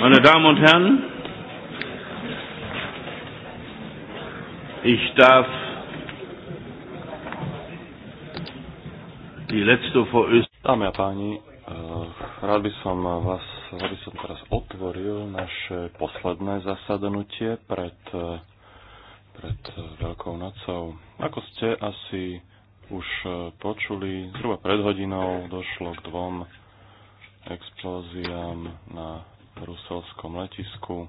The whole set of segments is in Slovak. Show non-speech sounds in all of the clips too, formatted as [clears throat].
Meine Damen und Herren, ich darf die letzte vor Dámy a páni, eh, rád by som vás, rád by som teraz otvoril naše posledné zasadnutie pred, eh, pred eh, Veľkou nocou. Ako ste asi už počuli, zhruba pred hodinou došlo k dvom explóziám na bruselskom letisku.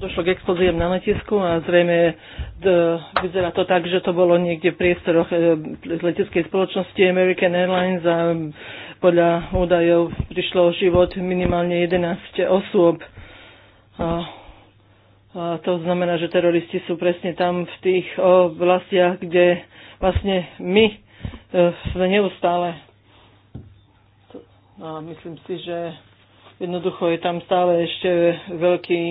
Došlo k explóziám na letisku a zrejme d- e, vyzerá to tak, že to bolo niekde v priestoroch e, leteckej spoločnosti American Airlines a podľa údajov prišlo o život minimálne 11 osôb. A a to znamená, že teroristi sú presne tam v tých oblastiach, kde vlastne my e, sme neustále a myslím si, že jednoducho je tam stále ešte veľký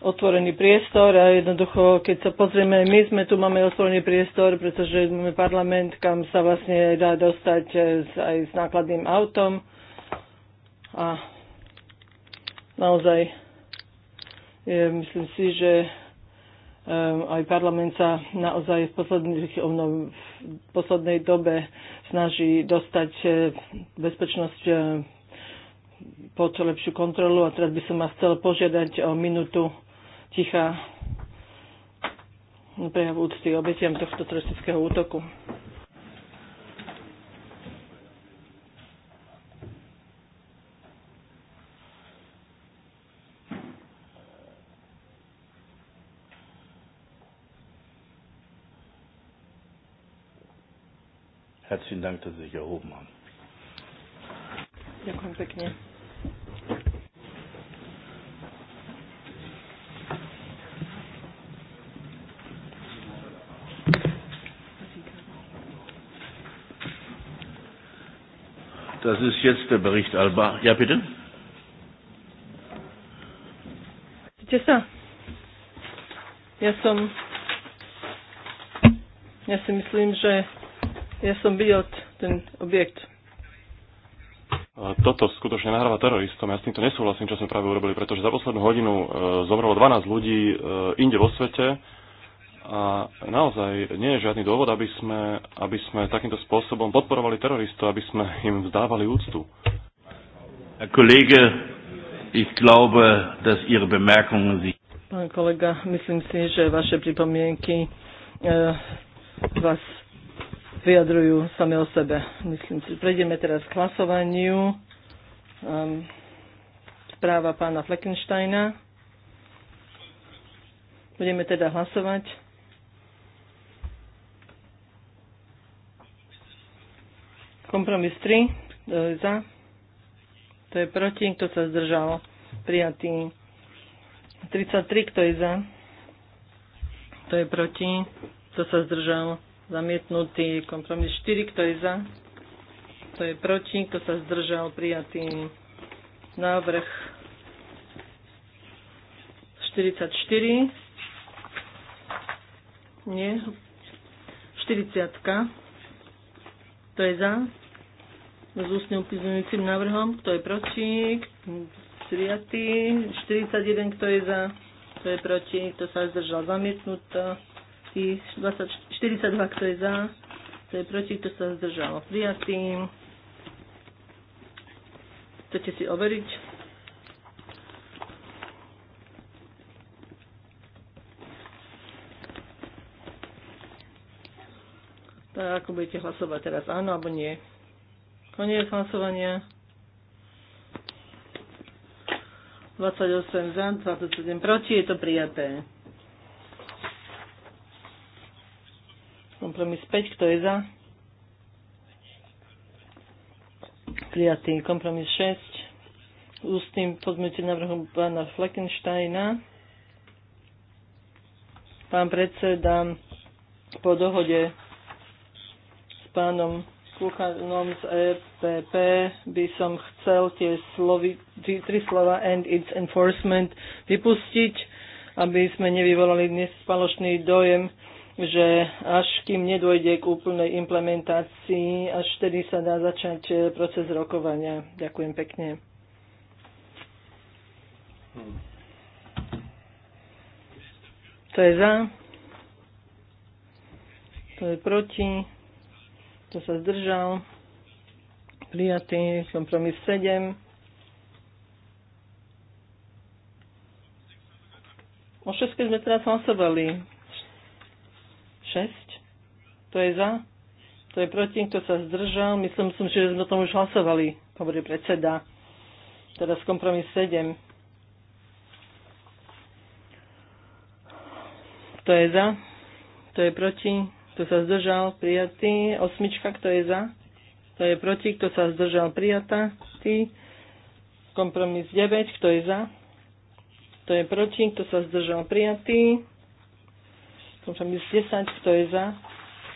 otvorený priestor a jednoducho, keď sa pozrieme, my sme tu máme otvorený priestor, pretože máme parlament, kam sa vlastne dá dostať eh, aj s nákladným autom a naozaj je, myslím si, že eh, aj parlament sa naozaj v posledných, v v poslednej dobe snaží dostať e, bezpečnosť e, pod lepšiu kontrolu a teraz by som vás chcel požiadať o minútu ticha prejav úcty obetiam tohto teroristického útoku. Herzlichen Dank, dass Sie sich erhoben haben. Das ist jetzt der Bericht Alba. Ja, bitte. Ja som... Ja si myslím, že ja som videl ten objekt. E, toto skutočne nahráva teroristom. Ja s týmto nesúhlasím, čo sme práve urobili, pretože za poslednú hodinu e, zomrelo 12 ľudí e, inde vo svete a naozaj nie je žiadny dôvod, aby sme, aby sme takýmto spôsobom podporovali teroristov, aby sme im vzdávali úctu. ich glaube, dass Ihre Bemerkungen Sie... Pán kolega, myslím si, že vaše pripomienky e, vás vyjadrujú same o sebe. Myslím si, prejdeme teraz k hlasovaniu. Um, správa pána Fleckensteina. Budeme teda hlasovať. Kompromis 3. Kto je za? Kto je proti? Kto sa zdržal? Prijatý. 33. Kto je za? Kto je proti? Kto sa zdržal? Zamietnutý kompromis 4, kto je za? Kto je proti? Kto sa zdržal? Prijatý návrh 44. Nie. 40. Kto je za? S ústne upizujúcim návrhom. Kto je proti? Prijatý. 41. Kto je za? Kto je proti? Kto sa zdržal? Zamietnuto. Identický 20, 42, kto je za, kto je proti, kto sa zdržal. Prijatý. Chcete si overiť? Tak, ako budete hlasovať teraz, áno alebo nie? Koniec hlasovania. 28 za, 27 proti, je to prijaté. Kompromis 5, kto je za? Prijatý. Kompromis 6 ústnym pozmeňujúcim návrhom pána Fleckensteina. Pán predseda, po dohode s pánom Kuchanom z EPP by som chcel tie slovy, tri, tri slova and its enforcement vypustiť, aby sme nevyvolali dnes falošný dojem, že až kým nedôjde k úplnej implementácii, až vtedy sa dá začať eh, proces rokovania. Ďakujem pekne. To je za. To je proti. To sa zdržal. Prijatý kompromis 7. O všetky sme teraz hlasovali. 6. To je za. To je proti. Kto sa zdržal? Myslím som, že sme o tom už hlasovali, hovorí predseda. Teraz kompromis 7. Kto je za? Kto je proti? Kto sa zdržal? Prijatý. Osmička. Kto je za? Kto je proti? Kto sa zdržal? Prijatá. Ty. Kompromis 9. Kto je za? Kto je proti? Kto sa zdržal? Prijatý. Kompromis 10, kto je za,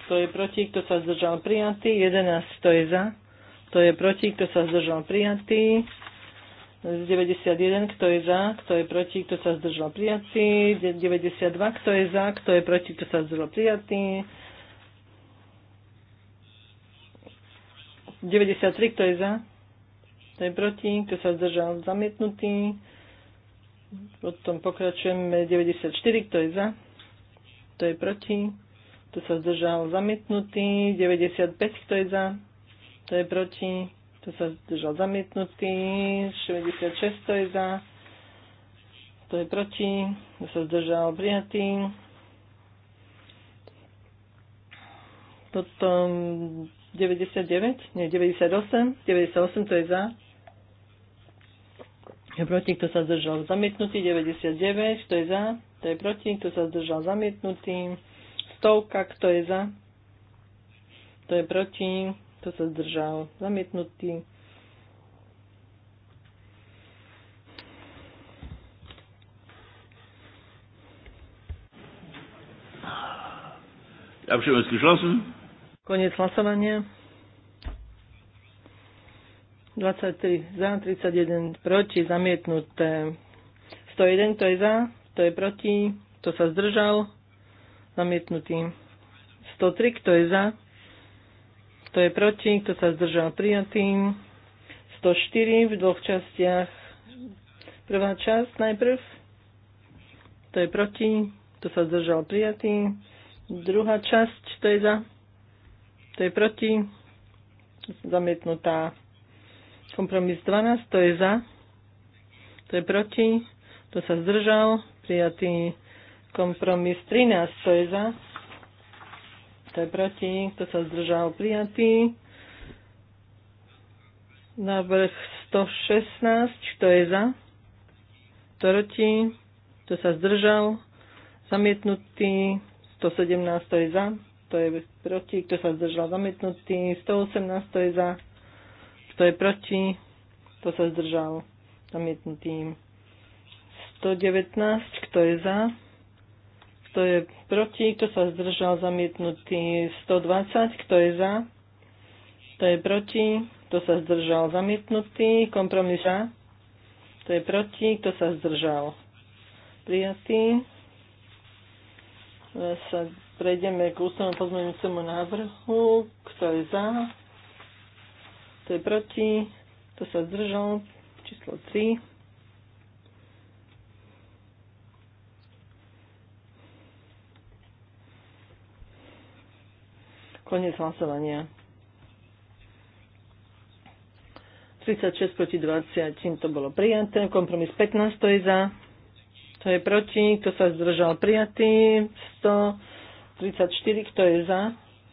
kto je proti, kto sa zdržal prijatý. 11, kto je za, kto je proti, kto sa zdržal prijatý. 91, kto je za, kto je proti, kto sa zdržal prijatý. 92, kto je za, kto je proti, kto sa zdržal prijatý. 93, kto je za, kto je proti, kto sa zdržal zamietnutý. Potom pokračujeme 94, kto je za, kto je proti, kto sa zdržal zamietnutý, 95, kto je za, kto je proti, kto sa zdržal zamietnutý, 66, kto je za, kto je proti, kto sa zdržal prijatý. Potom 99, nie, 98, 98 to je za, proti, kto sa zdržal zamietnutý, 99, kto je za, kto je proti, kto sa zdržal zamietnutý. Stovka, kto je za, kto je proti, kto sa zdržal zamietnutý. Abstimmung ist geschlossen. Koniec hlasovania. 23 za, 31 proti, zamietnuté. 101, to je za, kto je proti, kto sa zdržal, zamietnutý. 103, kto je za, kto je proti, kto sa zdržal prijatý. 104 v dvoch častiach. Prvá časť najprv, kto je proti, kto sa zdržal prijatý. Druhá časť, kto je za, kto je proti, zamietnutá. Kompromis 12, to je za, to je proti, to sa zdržal, prijatý kompromis 13, to je za, to je proti, kto sa zdržal prijatý. Návrh 116, kto je za, proti, kto sa zdržal, zamietnutý, 117, to je za, to je proti, kto sa zdržal, zamietnutý, 118, to je za, kto je proti, kto sa zdržal, zamietnutý. 119, kto je za, kto je proti, kto sa zdržal zamietnutý 120, kto je za, kto je proti, kto sa zdržal zamietnutý, kompromis za, kto je proti, kto sa zdržal prijatý. Teraz sa prejdeme k ústavnom pozmeňujúcemu návrhu, kto je za, kto je proti, kto sa zdržal, číslo 3. Konec hlasovania. 36 proti 20, čím to bolo prijaté. Kompromis 15, to je za. To je proti. Kto sa zdržal prijatý? 134, kto je za?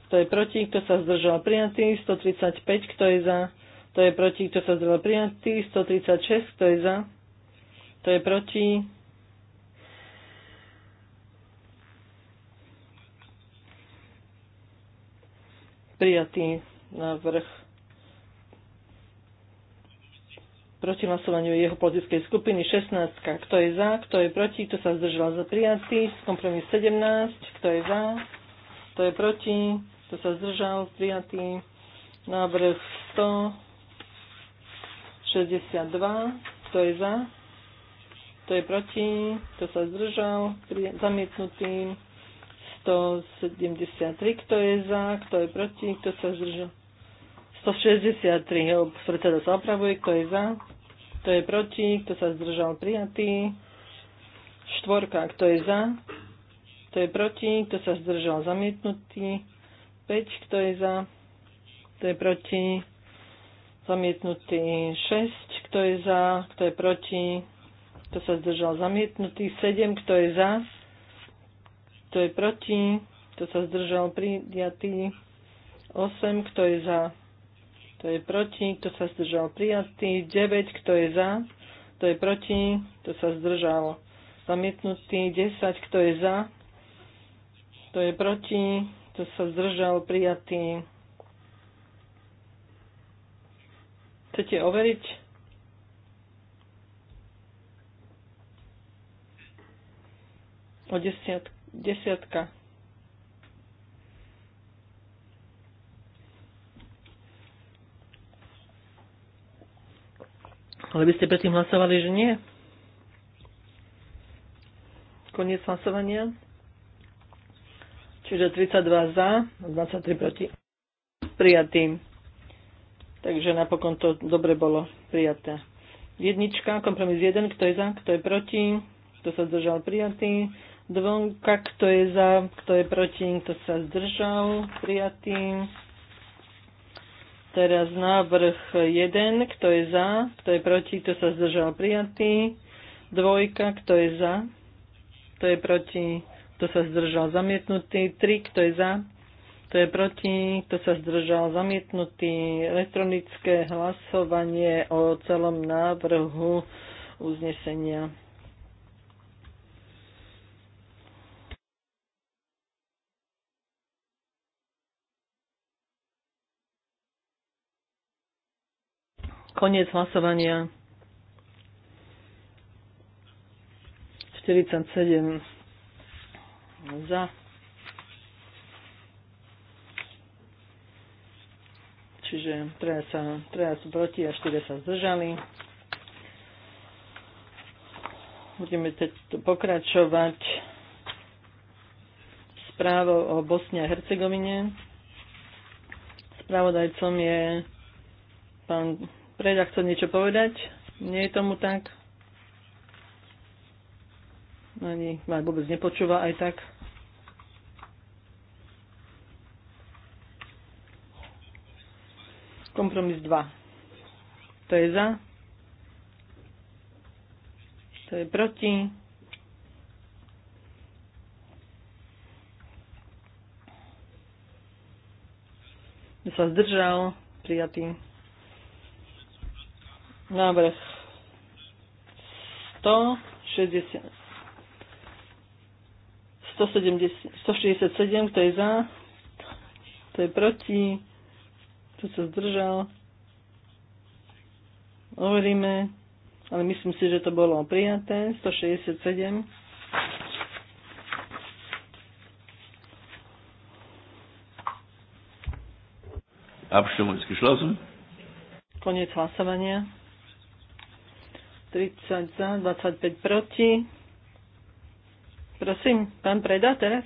to je proti? Kto sa zdržal prijatý? 135, kto je za? to je proti? Kto sa zdržal prijatý? 136, kto je za? to je proti? prijatý návrh proti hlasovaniu jeho politickej skupiny 16. Kto je za, kto je proti, kto sa zdržal za prijatý. Kompromis 17. Kto je za, kto je proti, kto sa zdržal prijatý. Návrh 162. Kto je za, kto je proti, kto sa zdržal, zamietnutý. 173, kto je za, kto je proti, kto sa zdržal. 163, jo, predseda sa opravuje, kto je za, kto je proti, kto sa zdržal prijatý. Štvorka, kto je za, kto je proti, kto sa zdržal zamietnutý. 5, kto je za, kto je proti, zamietnutý 6, kto je za, kto je proti, kto sa zdržal zamietnutý 7, kto je za, kto je proti? Kto sa zdržal? Prijatý. 8. Kto je za? Kto je proti? Kto sa zdržal? Prijatý. 9. Kto je za? Kto je proti? Kto sa zdržal? Zamietnutý. 10. Kto je za? Kto je proti? Kto sa zdržal? Prijatý. Chcete overiť? O desiatku desiatka. Ale by ste predtým hlasovali, že nie. Koniec hlasovania. Čiže 32 za, 23 proti. Prijatý. Takže napokon to dobre bolo prijaté. Jednička, kompromis 1, kto je za, kto je proti, kto sa zdržal prijatý. Dvonka, kto je za, kto je proti, kto sa zdržal, prijatý. Teraz návrh 1, kto je za, kto je proti, kto sa zdržal, prijatý. Dvojka, kto je za, kto je proti, kto sa zdržal, zamietnutý. 3, kto je za, kto je proti, kto sa zdržal, zamietnutý. Elektronické hlasovanie o celom návrhu uznesenia. Koniec hlasovania. 47 za. Čiže sa, sú proti a 4 sa zdržali. Budeme teď pokračovať správou o Bosne a Hercegovine. Spravodajcom je pán Preda chce niečo povedať? Nie je tomu tak? Ani ma vôbec nepočúva aj tak. Kompromis 2. To je za. To je proti. Kto sa zdržal, prijatý. Návrh 160, 170, 167, kto je za, kto je proti, kto sa zdržal. Overíme, ale myslím si, že to bolo prijaté. 167. Abstimmung ist geschlossen. Koniec hlasovania. 30 za, 25 proti. Prosím, pán Preda teraz.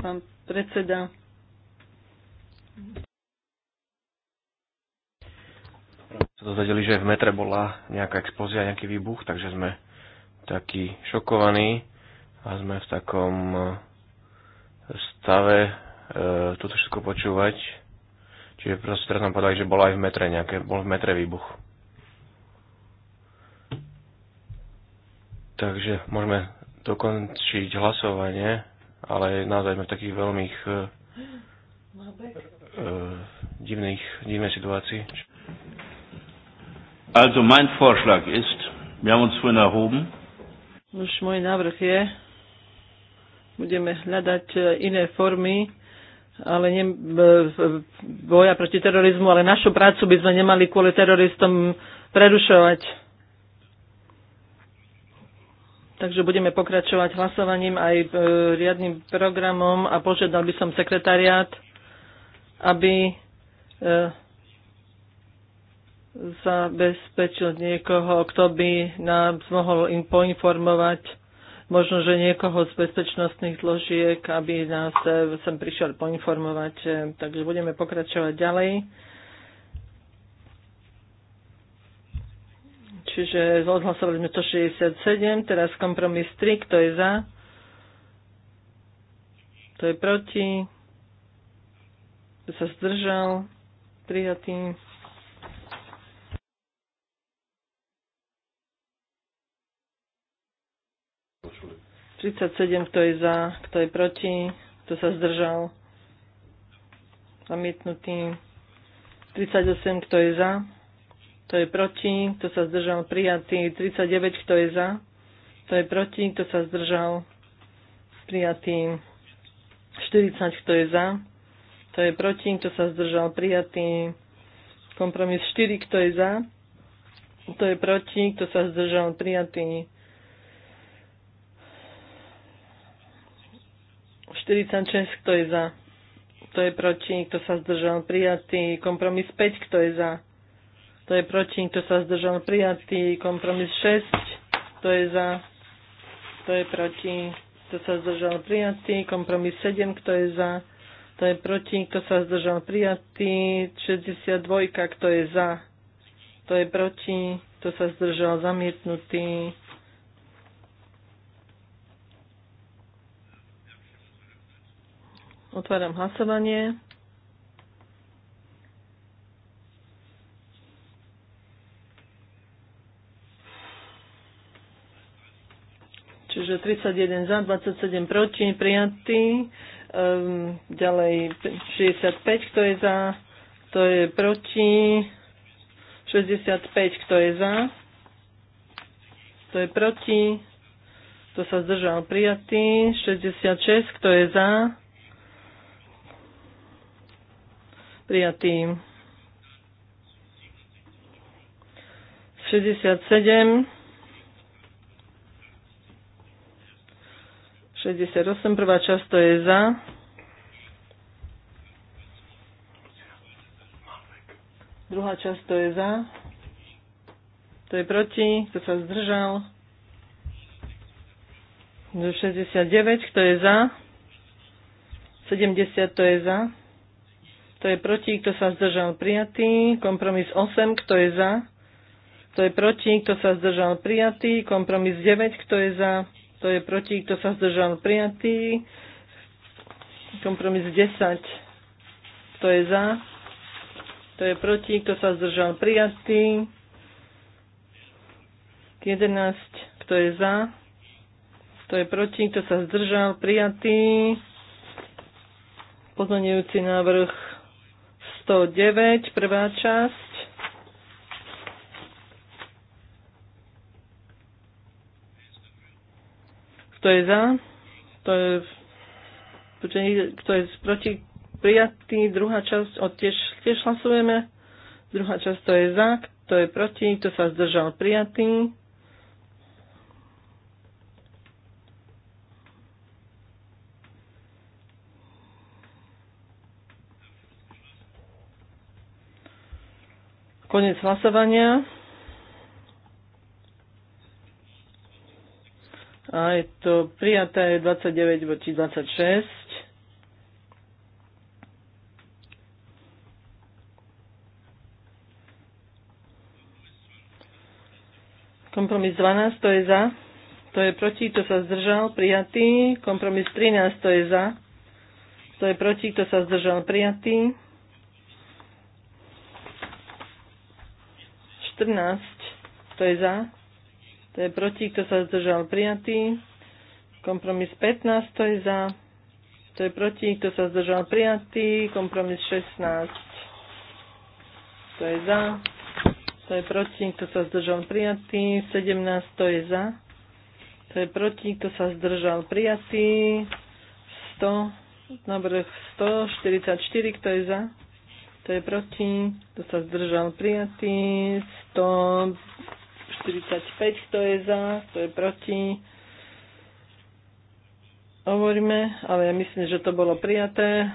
Pán predseda. sa dozvedeli, že v metre bola nejaká explózia, nejaký výbuch, takže sme takí šokovaní a sme v takom eh, stave e, eh, toto všetko počúvať Čiže proste teraz nám povedali, že bol aj v metre nejaké, bol v metre výbuch. Takže môžeme dokončiť hlasovanie, ale naozaj sme v takých veľmi uh, uh, divných, divnej situácii. Also mein Vorschlag ist, wir haben uns vorhin erhoben. Už môj návrh je, budeme hľadať eh, iné formy, ale ne, e, boja proti terorizmu, ale našu prácu by sme nemali kvôli teroristom prerušovať. Takže budeme pokračovať hlasovaním aj e, riadnym programom a požiadal by som sekretariát, aby e, zabezpečil niekoho, kto by nám mohol im poinformovať možno, že niekoho z bezpečnostných zložiek, aby nás e, sem prišiel poinformovať. E, takže budeme pokračovať ďalej. Čiže odhlasovali sme 167, teraz kompromis 3, kto je za? Kto je proti? Kto sa zdržal? Prijatý. 37, kto je za, kto je proti, kto sa zdržal. Zamietnutý. 38, kto je za, kto je proti, kto sa zdržal. Prijatý. 39, kto je za, kto je proti, kto sa zdržal. Prijatý. 40, kto je za, kto je proti, kto sa zdržal. Prijatý. Kompromis 4, kto je za, kto je proti, kto sa zdržal. Prijatý. 46, kto je za? Kto je proti? Kto sa zdržal? Prijatý. Kompromis 5, kto je za? Kto je proti? Kto sa zdržal? Prijatý. Kompromis 6, kto je za? Kto je proti? Kto sa zdržal? Prijatý. Kompromis 7, kto je za? Kto je proti? Kto sa zdržal? Prijatý. 62, kto je za? Kto je proti? Kto sa zdržal? Zamietnutý. Otváram hlasovanie. Čiže 31 za, 27 proti, prijatý. Um, ďalej 65, kto je za, kto je proti. 65, kto je za, kto je proti. Kto sa zdržal prijatý. 66, kto je za, prijatý. 67, 68, prvá časť to je za. Druhá časť to je za. To je proti, kto sa zdržal. 69, kto je za. 70, to je za kto je proti, kto sa zdržal prijatý. Kompromis 8, kto je za, kto je proti, kto sa zdržal prijatý. Kompromis 9, kto je za, kto je proti, kto sa zdržal prijatý. Kompromis 10, kto je za, kto je proti, kto sa zdržal prijatý. 11, kto je za, kto je proti, kto sa zdržal prijatý. Pozmenujúci návrh 109, prvá časť. Kto je za? Kto je, kto je proti? Prijatý. Druhá časť, o tiež, tiež hlasujeme. Druhá časť, to je za, kto je proti, kto sa zdržal prijatý. Konec hlasovania. A je to prijaté 29 voči 26. Kompromis 12, to je za. To je proti, kto sa zdržal, prijatý. Kompromis 13, to je za. To je proti, kto sa zdržal, prijatý. 14, to je za, to je proti, kto sa zdržal prijatý. Kompromis 15, to je za, to je proti, kto sa zdržal prijatý. Kompromis 16, to je za, to je proti, kto sa zdržal prijatý. 17, to je za, to je proti, kto sa zdržal prijatý. 100, návrh 144, kto je za, to je proti, to sa zdržal prijatý, 145, kto je za, kto je proti. Hovoríme, ale ja myslím, že to bolo prijaté.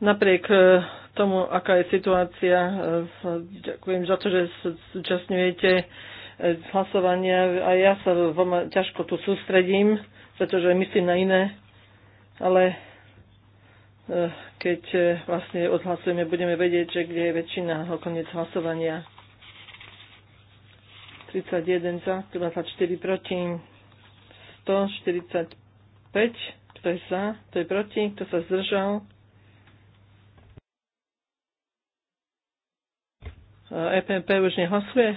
Napriek eh, tomu, aká je situácia, eh, ďakujem za to, že zúčastňujete eh, hlasovania a ja sa ťažko tu sústredím pretože myslím na iné, ale eh, keď eh, vlastne odhlasujeme, budeme vedieť, že kde je väčšina o koniec hlasovania. 31 za, 24 proti, 145, kto je za, kto je proti, kto sa zdržal. EPP eh, e už nehlasuje.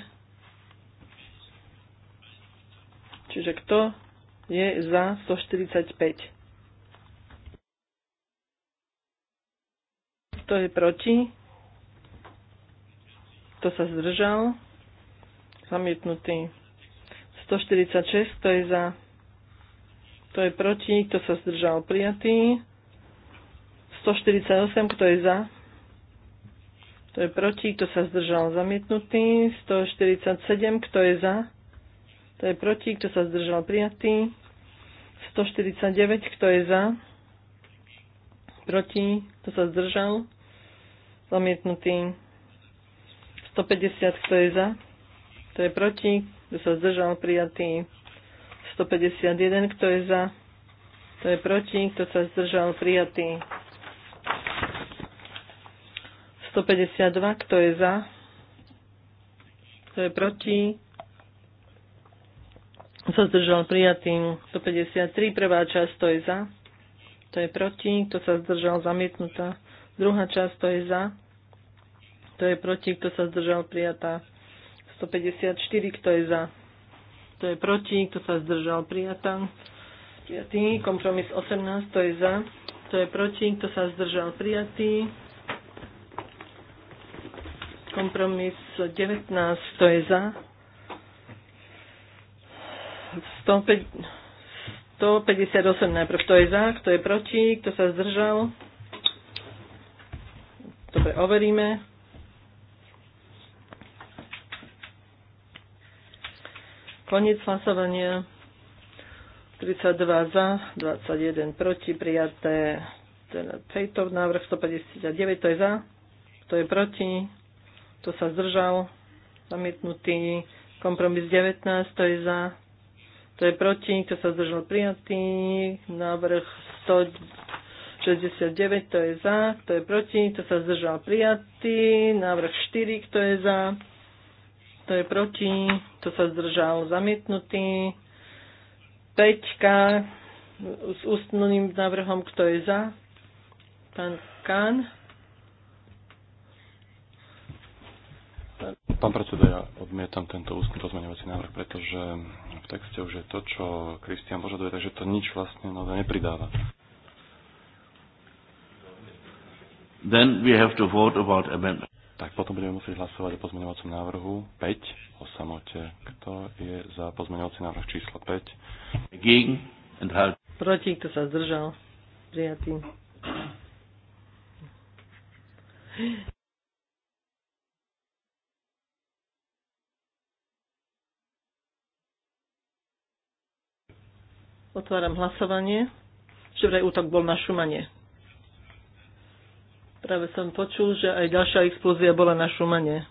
Čiže kto je za 145. Kto je proti? Kto sa zdržal? Zamietnutý. 146, kto je za? Kto je proti? Kto sa zdržal? Prijatý. 148, kto je za? Kto je proti? Kto sa zdržal? Zamietnutý. 147, kto je za? Kto je proti? Kto sa zdržal? Prijatý. 149, kto je za? Proti? Kto sa zdržal? Zamietnutý. 150, kto je za? Kto je proti? Kto sa zdržal? Prijatý. 151, kto je za? Kto je proti? Kto sa zdržal? Prijatý. 152, kto je za? Kto je proti? sa zdržal prijatý 153, prvá časť to je za, to je proti, kto sa zdržal zamietnutá, druhá časť to je za, to je proti, kto sa zdržal prijatá, 154, kto je za, to je proti, kto sa zdržal prijatá, prijatý, kompromis 18, to je za, to je proti, kto sa zdržal prijatý, kompromis 19, to je za, 158 najprv. Kto je za, kto je proti, kto sa zdržal? Dobre, overíme. Koniec hlasovania. 32 za, 21 proti, prijaté tejto návrh 159, to je za, to je proti, to sa zdržal, zamietnutý kompromis 19, to je za, to je proti, kto sa zdržal prijatý, návrh 169, to je za, kto je proti, kto sa zdržal prijatý, návrh 4, kto je za, kto je proti, kto sa zdržal zamietnutý, 5 s ústnuným návrhom, kto je za, pán Kán. Pán predseda, ja odmietam tento ústny pozmeňovací návrh, pretože v texte už je to, čo Kristian požaduje, takže to nič vlastne nové nepridáva. Then we have to vote about amendment. Tak potom budeme musieť hlasovať o pozmeňovacom návrhu 5, o samote. Kto je za pozmeňovací návrh číslo 5? Proti, kto sa zdržal? Prijatý. Otváram hlasovanie. Že vraj útok bol na Šumanie. Práve som počul, že aj ďalšia explózia bola na Šumanie.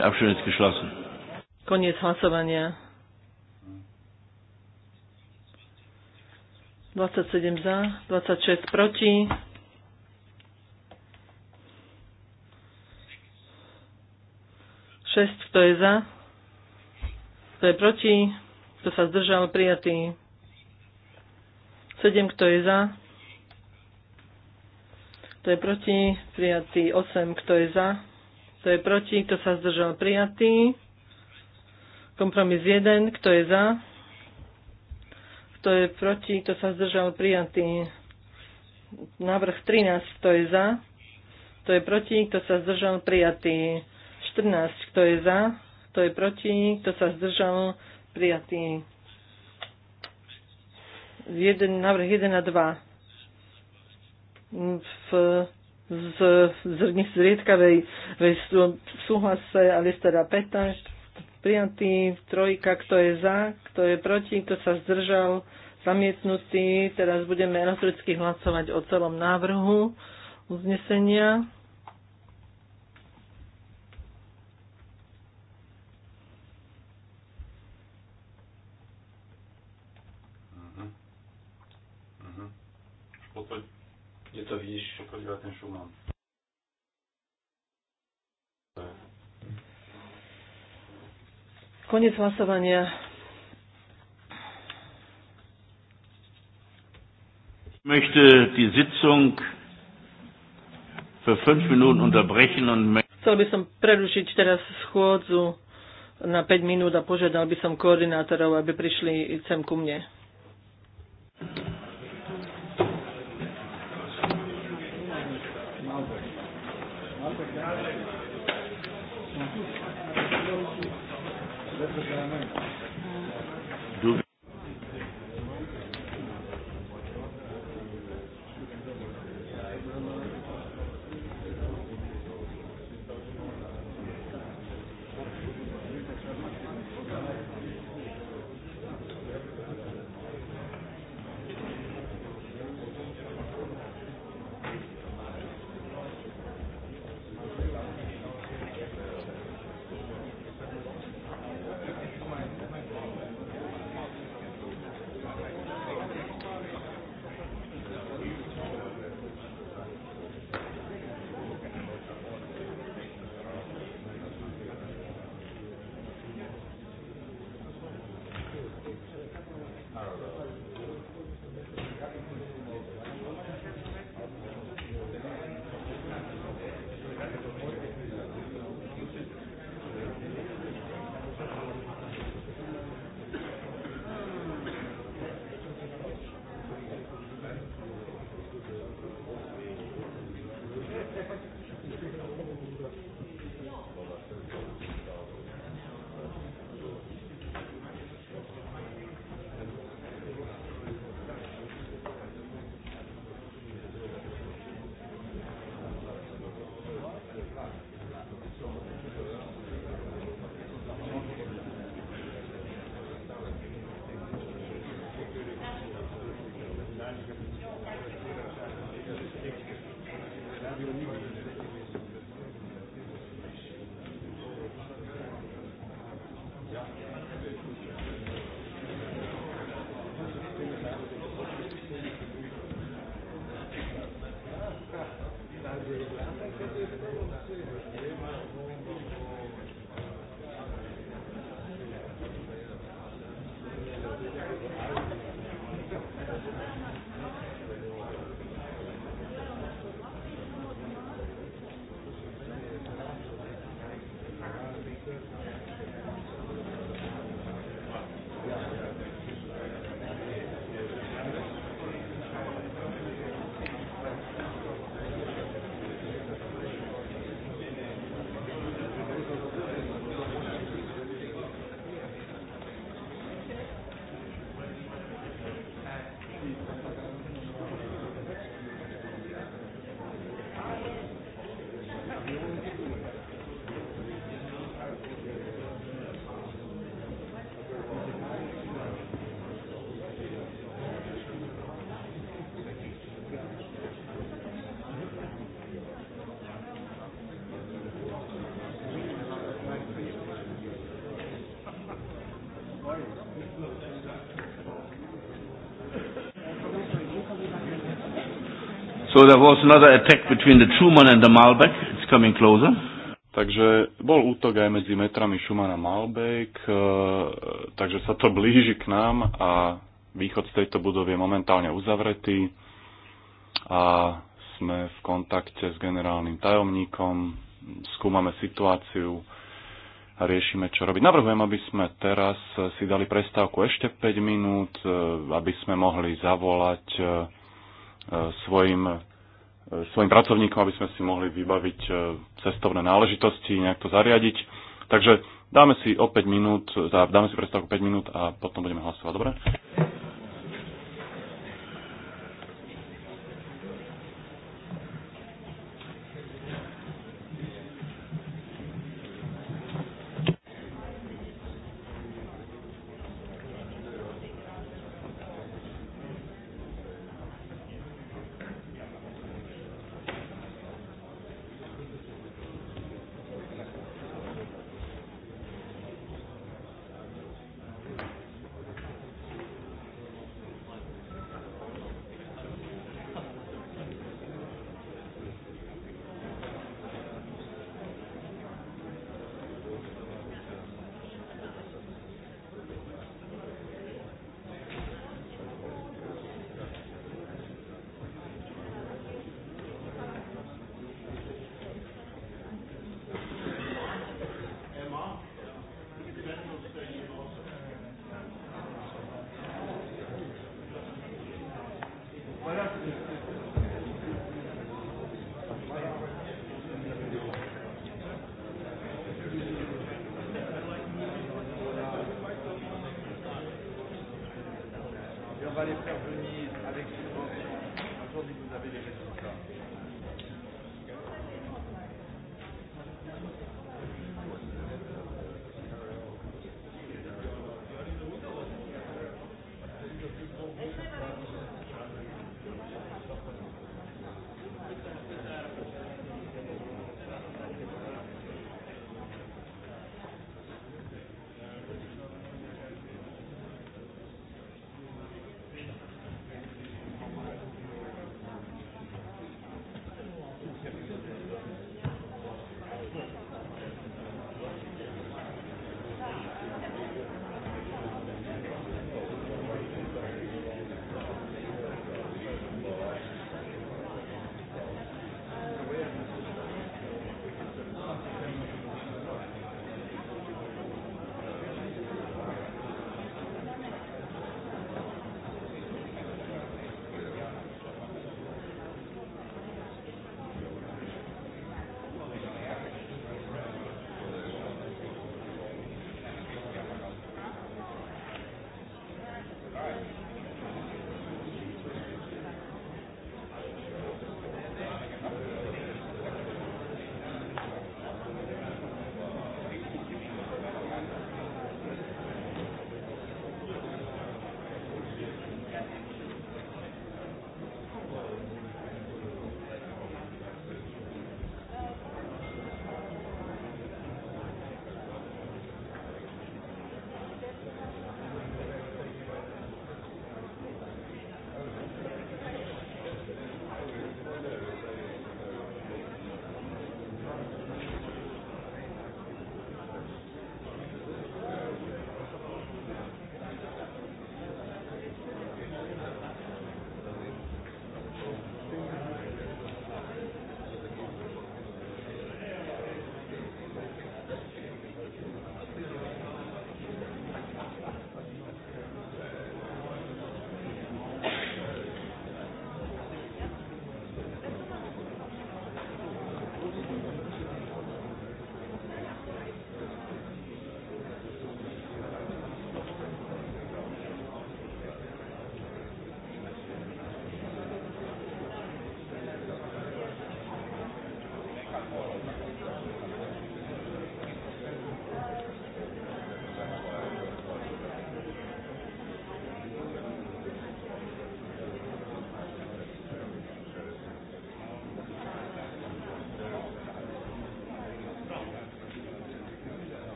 Abstimmung ist geschlossen. Koniec hlasovania. 27 za, 26 proti. 6, kto je za, kto je proti, kto sa zdržal, prijatý. 7, kto je za, kto je proti, prijatý. 8, kto je za, kto je proti, kto sa zdržal, prijatý. Kompromis 1, kto je za, kto je proti, kto sa zdržal, prijatý. Návrh 13, kto je za, kto je proti, kto sa zdržal, prijatý. 14. Kto je za? Kto je proti? Kto sa zdržal? Prijatý. Jeden, návrh 1 a 2. V, z, z, z riedkavej súhlase Alistera teda Peta prijatý, trojka, kto je za, kto je proti, kto sa zdržal, zamietnutý. Teraz budeme elektricky hlasovať o celom návrhu uznesenia. Konec hlasovania. möchte die Sitzung für fünf Minuten unterbrechen und Chcel by som prerušiť teraz schôdzu na 5 minút a požiadal by som koordinátorov, aby prišli sem ku mne. So there was another attack between the Truman and the Malbec. It's coming closer. Takže bol útok aj medzi metrami Schumann a Malbec, eh, takže sa to blíži k nám a východ z tejto budovy je momentálne uzavretý a sme v kontakte s generálnym tajomníkom, skúmame situáciu a riešime, čo robiť. Navrhujem, aby sme teraz si dali prestávku ešte 5 minút, eh, aby sme mohli zavolať eh, svojim svojim pracovníkom, aby sme si mohli vybaviť e, cestovné náležitosti, nejak to zariadiť. Takže dáme si o 5 minút, dáme si predstavku 5 minút a potom budeme hlasovať, dobre?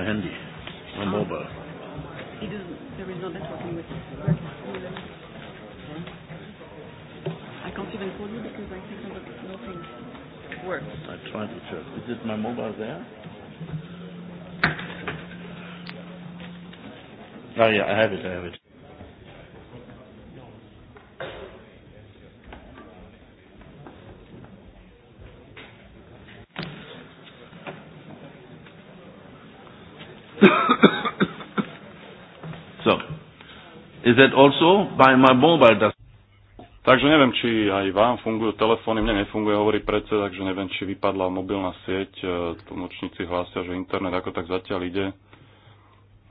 my handy, my um, mobile. He doesn't, there is no networking with I can't even call you because I think nothing works. I tried to check. Is it my mobile there? Oh yeah, I have it, I have it. Is that also by my mobile? Does... Takže neviem, či aj vám fungujú telefóny, mne nefunguje, hovorí predseda, takže neviem, či vypadla mobilná sieť, e, tlmočníci hlásia, že internet ako tak zatiaľ ide,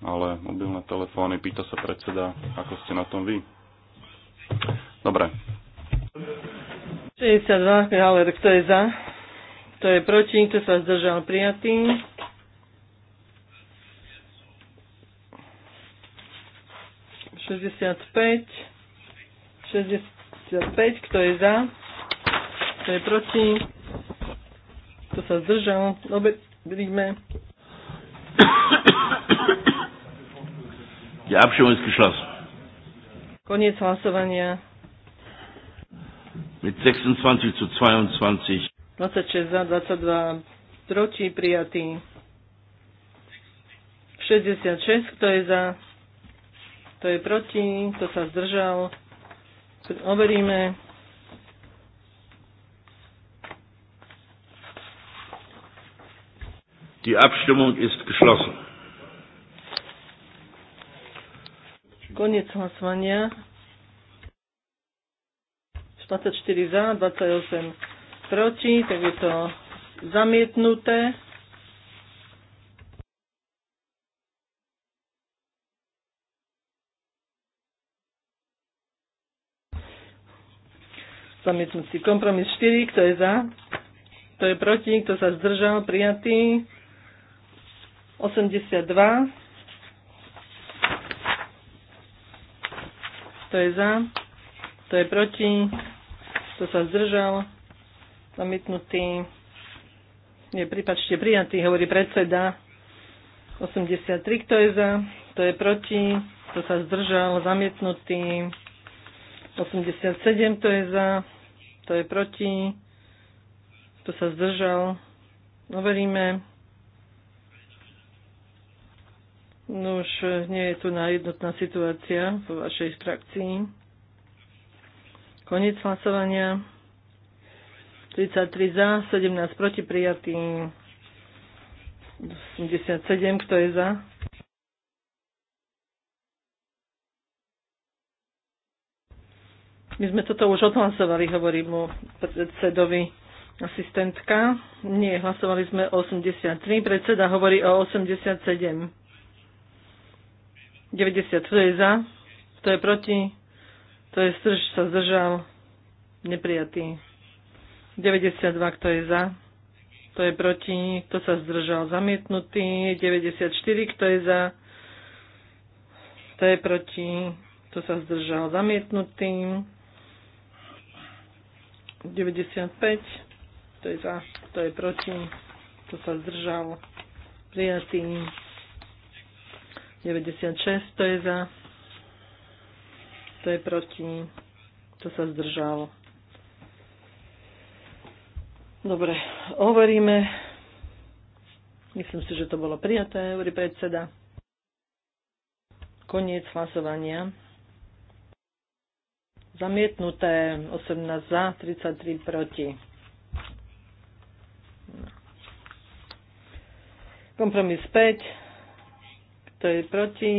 ale mobilné telefóny, pýta sa predseda, ako ste na tom vy. Dobre. 62, ale kto je za? Kto je proti? Kto sa zdržal prijatý? 65, 65, kto je za, kto je proti, kto sa zdržal, oberíme. Die Abstimmung ist geschlossen. Koniec hlasovania. Mit 26 zu 22. 26 za, 22 proti, prijatý. 66, kto je za? kto je proti, kto sa zdržal. Overíme. Die Abstimmung ist geschlossen. Koniec hlasovania. 24 za, 28 proti, tak je to zamietnuté. Zamietnutí Kompromis 4, kto je za? Kto je proti? Kto sa zdržal? Prijatý. 82. Kto je za? Kto je proti? Kto sa zdržal? Zamietnutý. Nie, pripačte, prijatý, hovorí predseda. 83, kto je za? Kto je proti? Kto sa zdržal? Zamietnutý. 87, kto je za? kto je proti, kto sa zdržal. veríme. No už nie je tu na jednotná situácia vo vašej frakcii. Koniec hlasovania. 33 za, 17 proti prijatý. 87, kto je za? My sme toto už odhlasovali, hovorí mu predsedovi asistentka. Nie, hlasovali sme 83, predseda hovorí o 87. 90, kto je za, kto je proti, to je strž, sa zdržal, neprijatý. 92, kto je za, kto je proti, kto sa zdržal, zamietnutý. 94, kto je za, kto je proti, kto sa zdržal, zamietnutý. 95, to je za, to je proti, to sa zdržal, prijatý. 96, to je za, to je proti, to sa zdržal. Dobre, overíme. Myslím si, že to bolo prijaté, hovorí predseda. Koniec hlasovania. Zamietnuté 18 za, 33 proti. Kompromis 5. Kto je proti?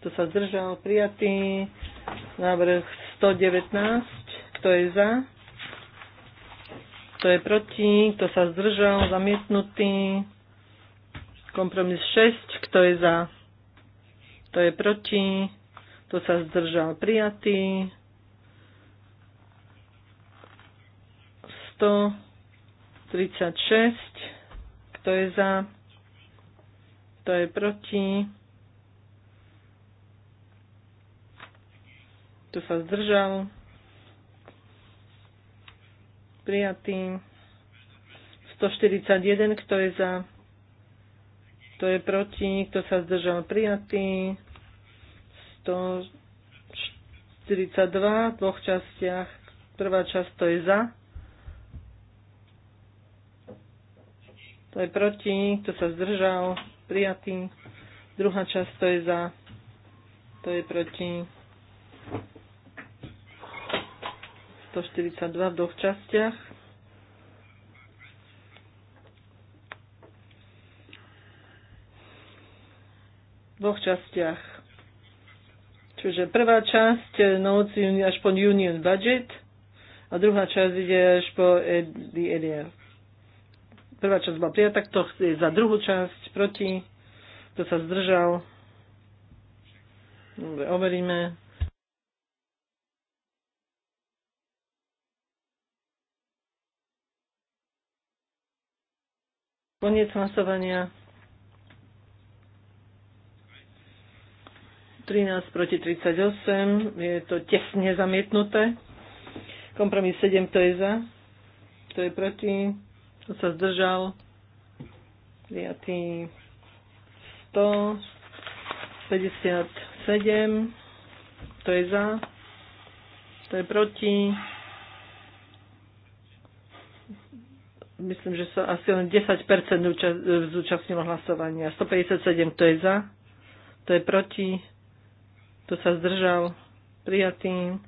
Kto sa zdržal? Prijatý. Návrh 119. Kto je za? Kto je proti? Kto sa zdržal? Zamietnutý. Kompromis 6. Kto je za? Kto je proti? Kto sa zdržal? Prijatý. 136. Kto je za? Kto je proti? Kto sa zdržal? Prijatý. 141. Kto je za? Kto je proti? Kto sa zdržal? Prijatý. 142 v dvoch častiach. Prvá časť to je za, to je proti, kto sa zdržal, prijatý. Druhá časť, to je za, to je proti. 142 v dvoch častiach. V dvoch častiach. Čiže prvá časť eh, Notes až po Union Budget a druhá časť ide až po EDF. Prvá časť bola prijatá, kto je za druhú časť, proti, kto sa zdržal. Dobre, overíme. Koniec hlasovania. 13 proti 38, je to tesne zamietnuté. Kompromis 7, kto je za, kto je proti, kto sa zdržal? Prijatý 157. To je za. To je proti. Myslím, že sa asi len 10% zúčastnilo hlasovania. 157, to je za? to je proti? to sa zdržal? Prijatý.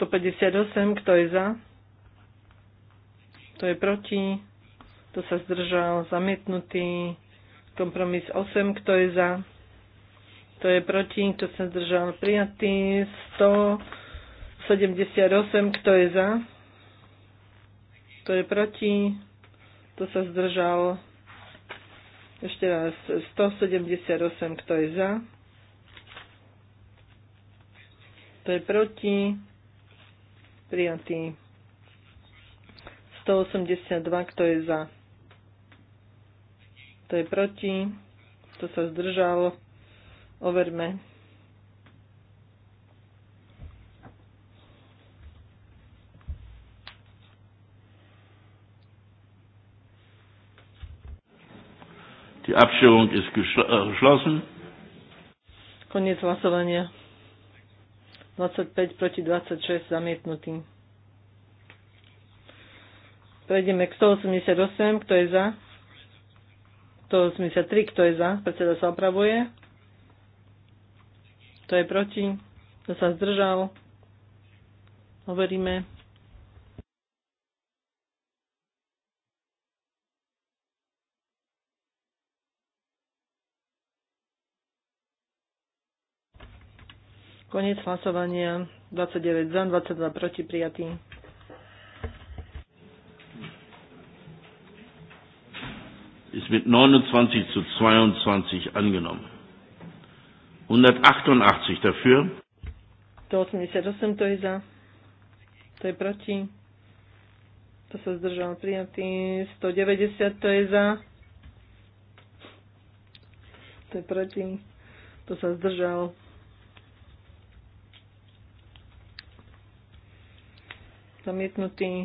158, kto je za? to je proti, to sa zdržal, zamietnutý. Kompromis 8, kto je za, to je proti, kto sa zdržal, prijatý. 178, kto je za, to je proti, To sa zdržal, ešte raz, 178, kto je za, to je proti, prijatý. 182, kto je za? Kto je proti? Kto sa zdržal? Overme. Die Abstimmung ist äh, geschlossen. Konec hlasovania. 25 proti 26 zamietnutý. Prejdeme k 188, kto je za? 183, kto je za? Predseda sa opravuje. Kto je proti? Kto sa zdržal? Hovoríme. Konec hlasovania. 29 za, 22 proti prijatý. ist mit 29 zu 22 angenommen. 188 dafür. 188 to je za, to je proti, to sa zdržal prijatý, 190 to je za, to je proti, to sa zdržal. Zamietnutý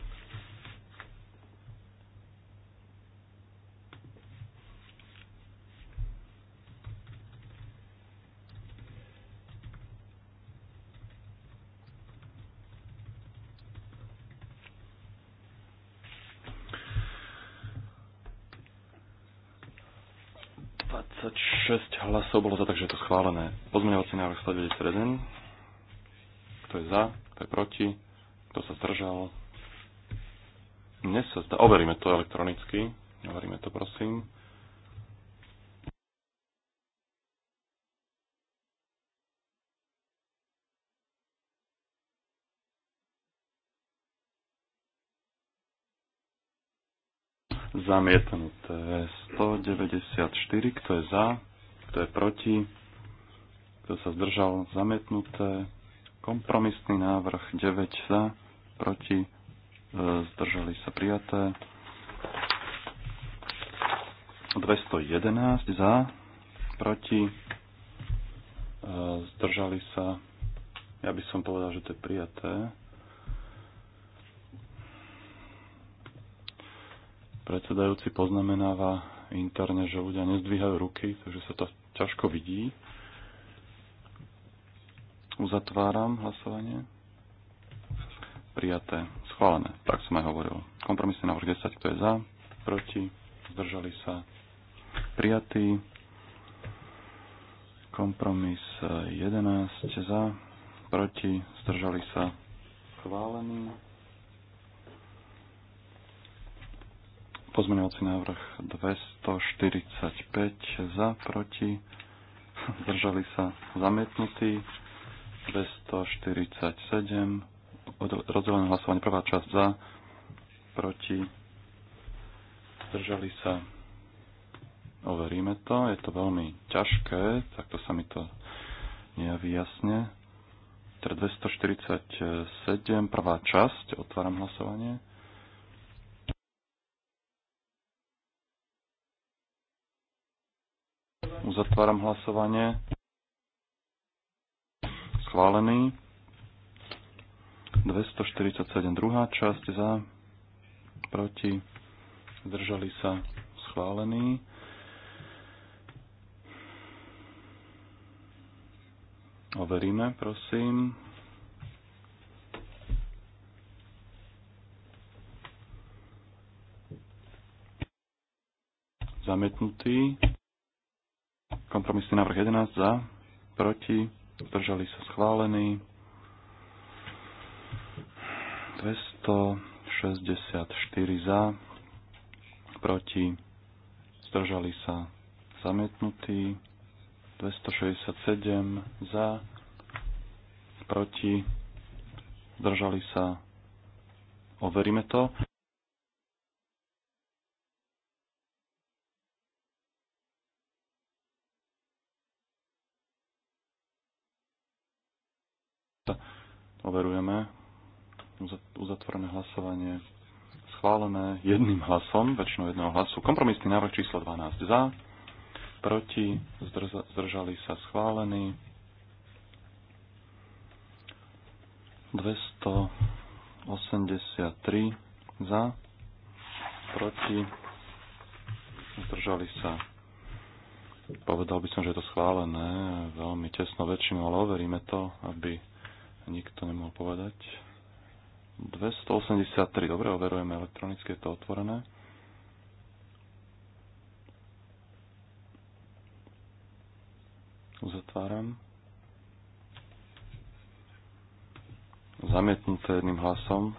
191. Kto je za? Kto je proti? Kto sa zdržal? Dnes sa zda, Overíme to elektronicky. Overíme to, prosím. Zamietnuté 194. Kto je za? Kto je proti? kto sa zdržal, zametnuté, Kompromisný návrh 9 za, proti, e, zdržali sa prijaté. 211 za, proti, e, zdržali sa, ja by som povedal, že to je prijaté. Predsedajúci poznamenáva interne, že ľudia nezdvíhajú ruky, takže sa to ťažko vidí. Uzatváram hlasovanie. Prijaté. Schválené. Tak som aj hovoril. Kompromisný návrh 10. Kto je za? Proti? Zdržali sa? Prijatý. Kompromis 11. Eh, za? Proti? Zdržali sa? Schválený. Pozmeňovací návrh 245 za, proti, zdržali sa zamietnutí. 247. Rozdelené hlasovanie. Prvá časť za. Proti. Zdržali sa. Overíme to. Je to veľmi ťažké. Takto sa mi to nejaví jasne. Teda 247. Prvá časť. Otváram hlasovanie. Uzatváram hlasovanie schválený. 247 druhá časť za, proti, zdržali sa, schválený. Overíme, prosím. Zamietnutý. Kompromisný návrh 11 za, proti, zdržali sa schválení. 264 za, proti, zdržali sa zamietnutí. 267 za, proti, zdržali sa. Overíme to. Overujeme. Uzatvorené hlasovanie schválené jedným hlasom, väčšinou jedného hlasu. Kompromisný návrh číslo 12 za, proti, zdržali sa schválení. 283 za, proti, zdržali sa. Povedal by som, že je to schválené veľmi tesno väčšinou, ale overíme to, aby nikto nemohol povedať. 283, dobre, overujeme elektronicky, je to otvorené. Uzatváram. Zamietnuté jedným hlasom.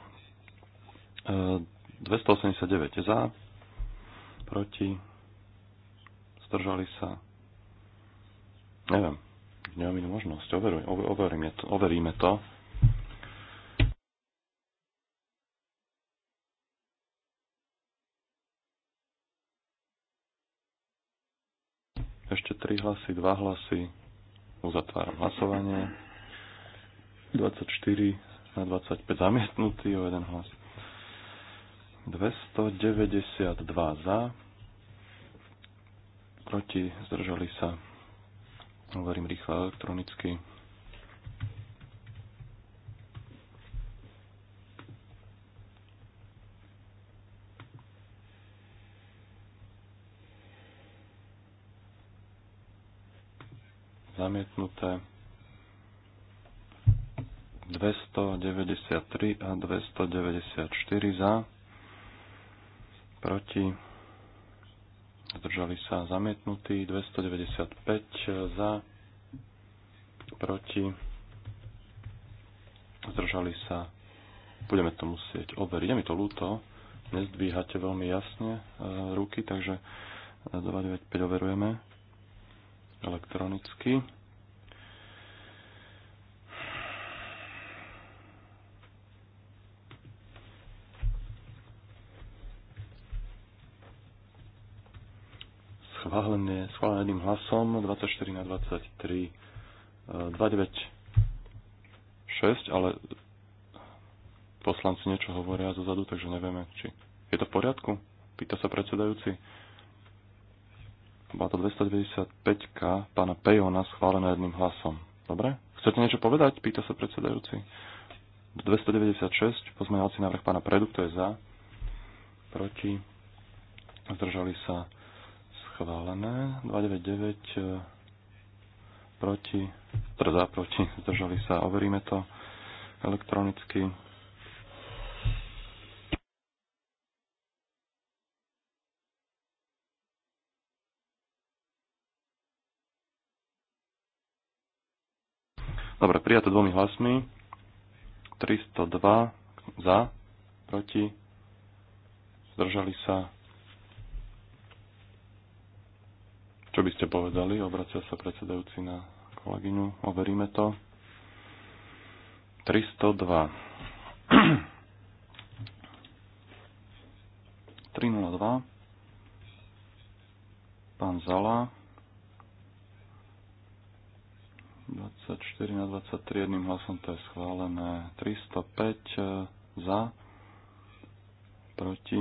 289 e, je za, proti, zdržali sa. Neviem. Nemám inú možnosť. Overuj, overíme, to, overíme to. Ešte 3 hlasy, 2 hlasy. Uzatváram hlasovanie. 24 na 25 zamietnutý o jeden hlas. 292 za, proti zdržali sa Hovorím rýchlo elektronicky. Zamietnuté. 293 a 294 za, proti zdržali sa zamietnutí, 295 za, proti, zdržali sa, budeme to musieť overiť. Je mi to ľúto, nezdvíhate veľmi jasne e, ruky, takže 295 e, overujeme elektronicky. hlavne schváleným hlasom 24 na 23 296, e, ale poslanci niečo hovoria zadu, takže nevieme, či je to v poriadku? Pýta sa predsedajúci. Bola to 295 pána Pejona schválená jedným hlasom. Dobre? Chcete niečo povedať? Pýta sa predsedajúci. 296, pozmeňovací návrh pána Predu, kto je za, proti, zdržali sa schválené. 299 e, proti, teda za proti, zdržali sa. Overíme to elektronicky. Dobre, prijaté dvomi hlasmi. 302 za, proti, zdržali sa Čo by ste povedali? Obracia sa predsedajúci na kolegyňu. Overíme to. 302. 302. [clears throat] Pán Zala. 24 na 23 jedným hlasom to je schválené. 305 eh, za, proti,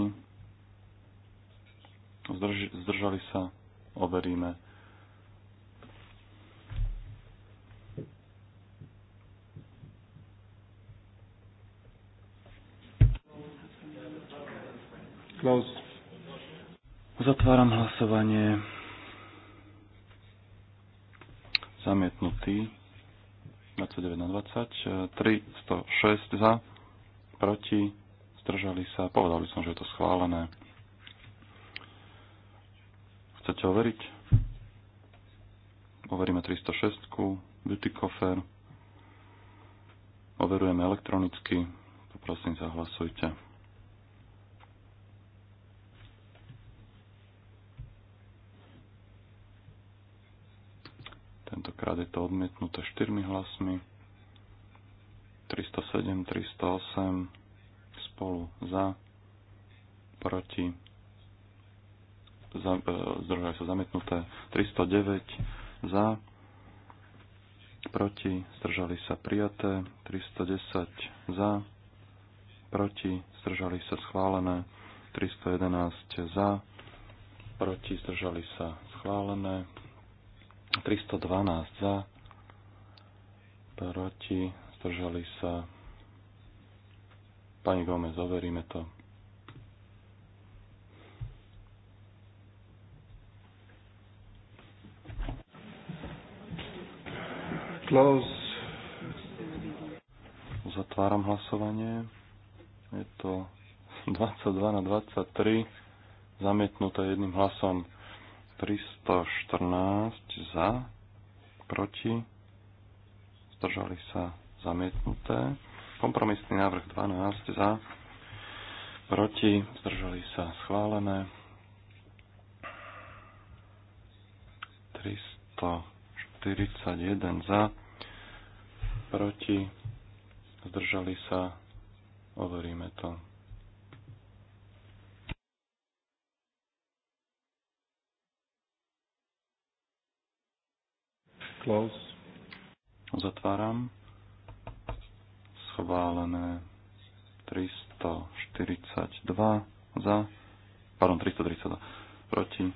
zdrž, zdržali sa overíme. Close. Uzatváram hlasovanie. Zamietnutý. 29 na 20. 3, 106 za. Proti. Zdržali sa. Povedal by som, že je to schválené. Chcete overiť? Overíme 306, beauty cofer. Overujeme elektronicky. Poprosím, zahlasujte. Tentokrát je to odmietnuté 4 hlasmi. 307, 308 spolu za, proti za, e, zdržali sa zamietnuté 309 za, proti, zdržali sa prijaté 310 za, proti, zdržali sa schválené 311 za, proti, zdržali sa schválené 312 za, proti, zdržali sa. Pani Gomez, overíme to. closed. Zatváram hlasovanie. Je to 22 [laughs] na 23, zamietnuté jedným hlasom 314 za, proti, zdržali sa zamietnuté. Kompromisný návrh 12 za, proti, zdržali sa schválené. 341 za, proti, zdržali sa, overíme to. Close. Zatváram. Schválené 342 za, pardon, 332 proti,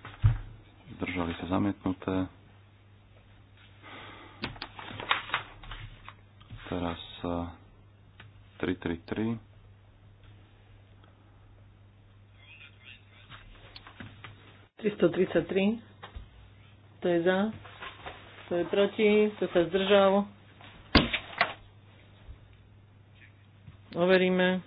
zdržali sa zamietnuté. Teraz 333. Tristo To je za. To je proti. To sa zdržal. Overíme.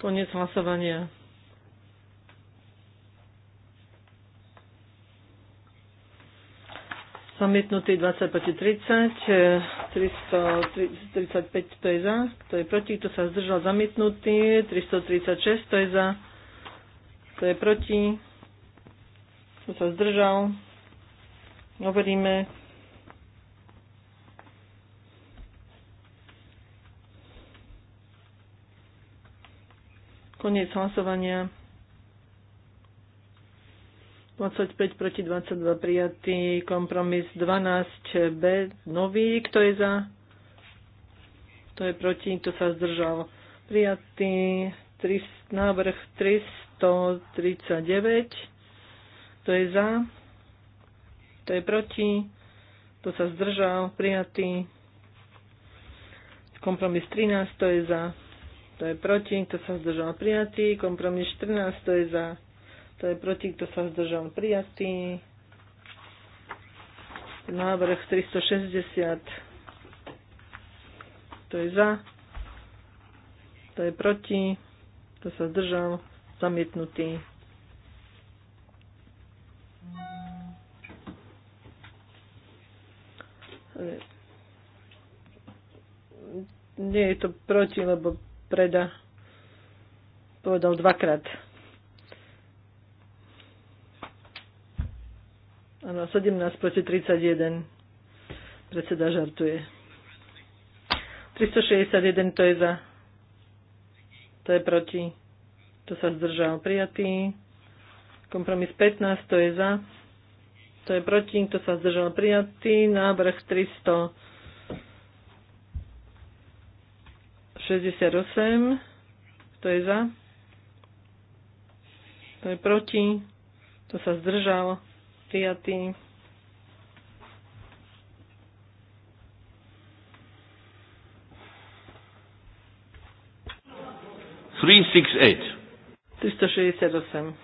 Koniec hlasovania. Zamietnutý 20 proti 30, 335 e, to je za, kto je proti, kto sa zdržal zamietnutý, 336 to je za, kto je proti, kto sa zdržal, hovoríme. Koniec hlasovania. 25 proti 22 prijatý, kompromis 12b, nový, kto je za, kto je proti, kto sa zdržal. Prijatý návrh 339, kto je za, kto je proti, kto sa zdržal, prijatý. Kompromis 13, to je za, kto je proti, kto sa zdržal, prijatý. Kompromis 14, Kto je za, to je proti, kto sa zdržal prijatý. Návrh 360. To je za? to je proti? Kto sa zdržal? Zamietnutý. Nie je to proti, lebo preda povedal dvakrát. Áno, 17 proti 31. Predseda žartuje. 361 to je za. To je proti. To sa zdržal. Prijatý. Kompromis 15 to je za. To je proti. To sa zdržal. Prijatý. Návrh 68. To je za. To je proti. To sa zdržalo prijatý. Three, six, eight. 368.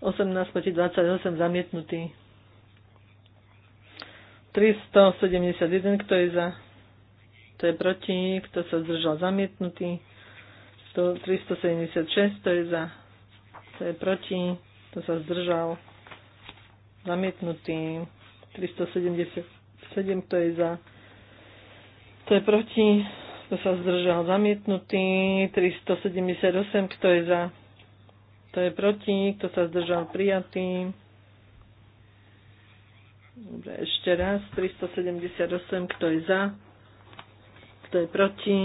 Osemnásť proti 28 zamietnutý. 371, kto je za? to je proti, kto sa zdržal zamietnutý, 376, to je za, to je proti, kto sa zdržal zamietnutý, 377, to je za, to je proti, kto sa zdržal zamietnutý, 378, kto je za, to je proti, kto sa zdržal prijatý, Dobre, ešte raz, 378, kto je za, kto je proti,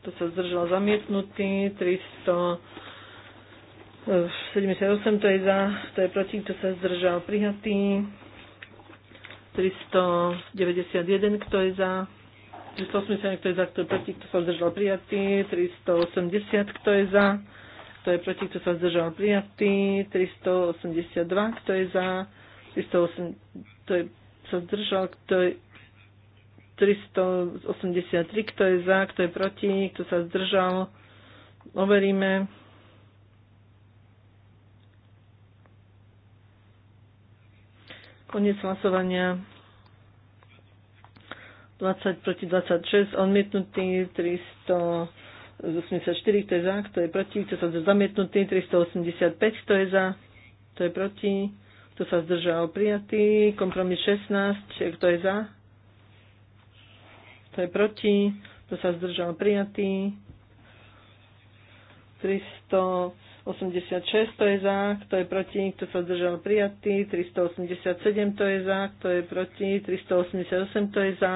kto sa zdržal zamietnutý, 378, eh, to je za, kto je proti, kto sa zdržal prijatý, 391, kto je za, 381 kto je za, kto je proti, kto sa zdržal prijatý, 380, kto je za, kto je proti, kto sa zdržal prijatý, 382, kto je za, 308, kto je, sa zdržal, kto je 383, kto je za, kto je proti, kto sa zdržal. Overíme. Koniec hlasovania. 20 proti 26, odmietnutý 384, kto je za, kto je proti, kto sa zdržal, zamietnutý 385, kto je za, kto je proti, kto sa zdržal, prijatý, kompromis 16, kto je za, kto je proti? Kto sa zdržal? Prijatý. 386, to je za, kto je proti, kto sa zdržal prijatý, 387, to je za, kto je proti, 388, to je za,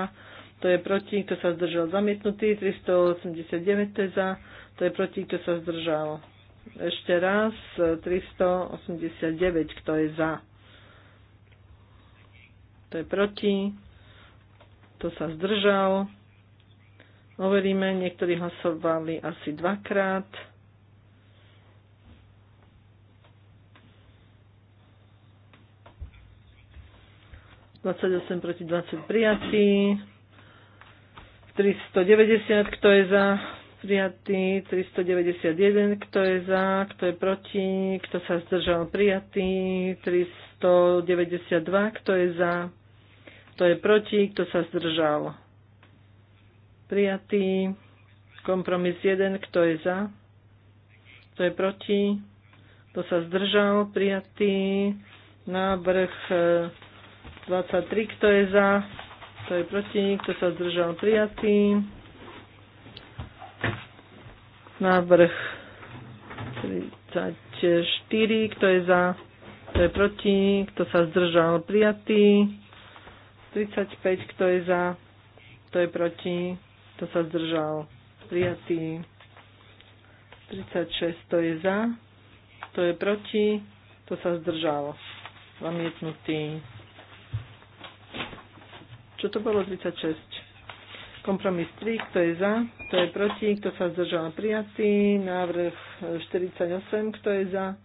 kto je proti, kto sa zdržal zamietnutý, 389, to je za, kto je proti, kto sa zdržal. Ešte raz, 389, kto je za, to je proti, kto sa zdržal. Overíme, niektorí hlasovali asi dvakrát. ...28 proti 20 prijatí, 390, kto je za, prijatý, 391, kto je za, kto je proti, kto sa zdržal prijatý, 392, kto je za, kto je proti? Kto sa zdržal? Prijatý. Kompromis 1. Kto je za? Kto je proti? Kto sa zdržal? Prijatý. Návrh 23. Eh, Kto je za? Kto je proti? Kto sa zdržal? Prijatý. Návrh 34. Kto je za? Kto je proti? Kto sa zdržal? Prijatý. 35, kto je za, kto je proti, kto sa zdržal, prijatý. 36, kto je za, kto je proti, kto sa zdržal, zamietnutý. Čo to bolo 36? Kompromis 3, kto je za, kto je proti, kto sa zdržal, prijatý. Návrh 48, kto je za,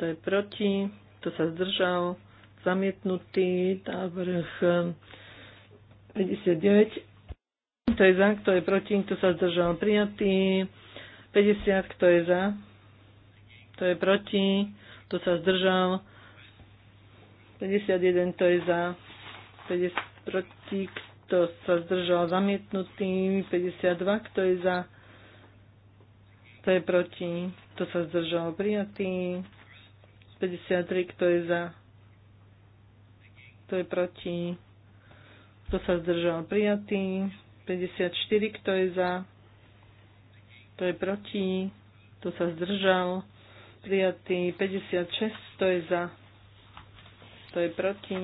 kto je proti, kto sa zdržal, zamietnutý, návrh 59, eh, kto je za, kto je proti, kto sa zdržal, prijatý, 50, kto je za, kto je proti, kto sa zdržal, 51, kto je za, 50, proti, kto sa zdržal, zamietnutý, 52, kto je za, kto je proti, kto sa zdržal, prijatý, 53, kto je za, kto je proti, kto sa zdržal prijatý, 54, kto je za, kto je proti, kto sa zdržal prijatý, 56, kto je za, kto je proti,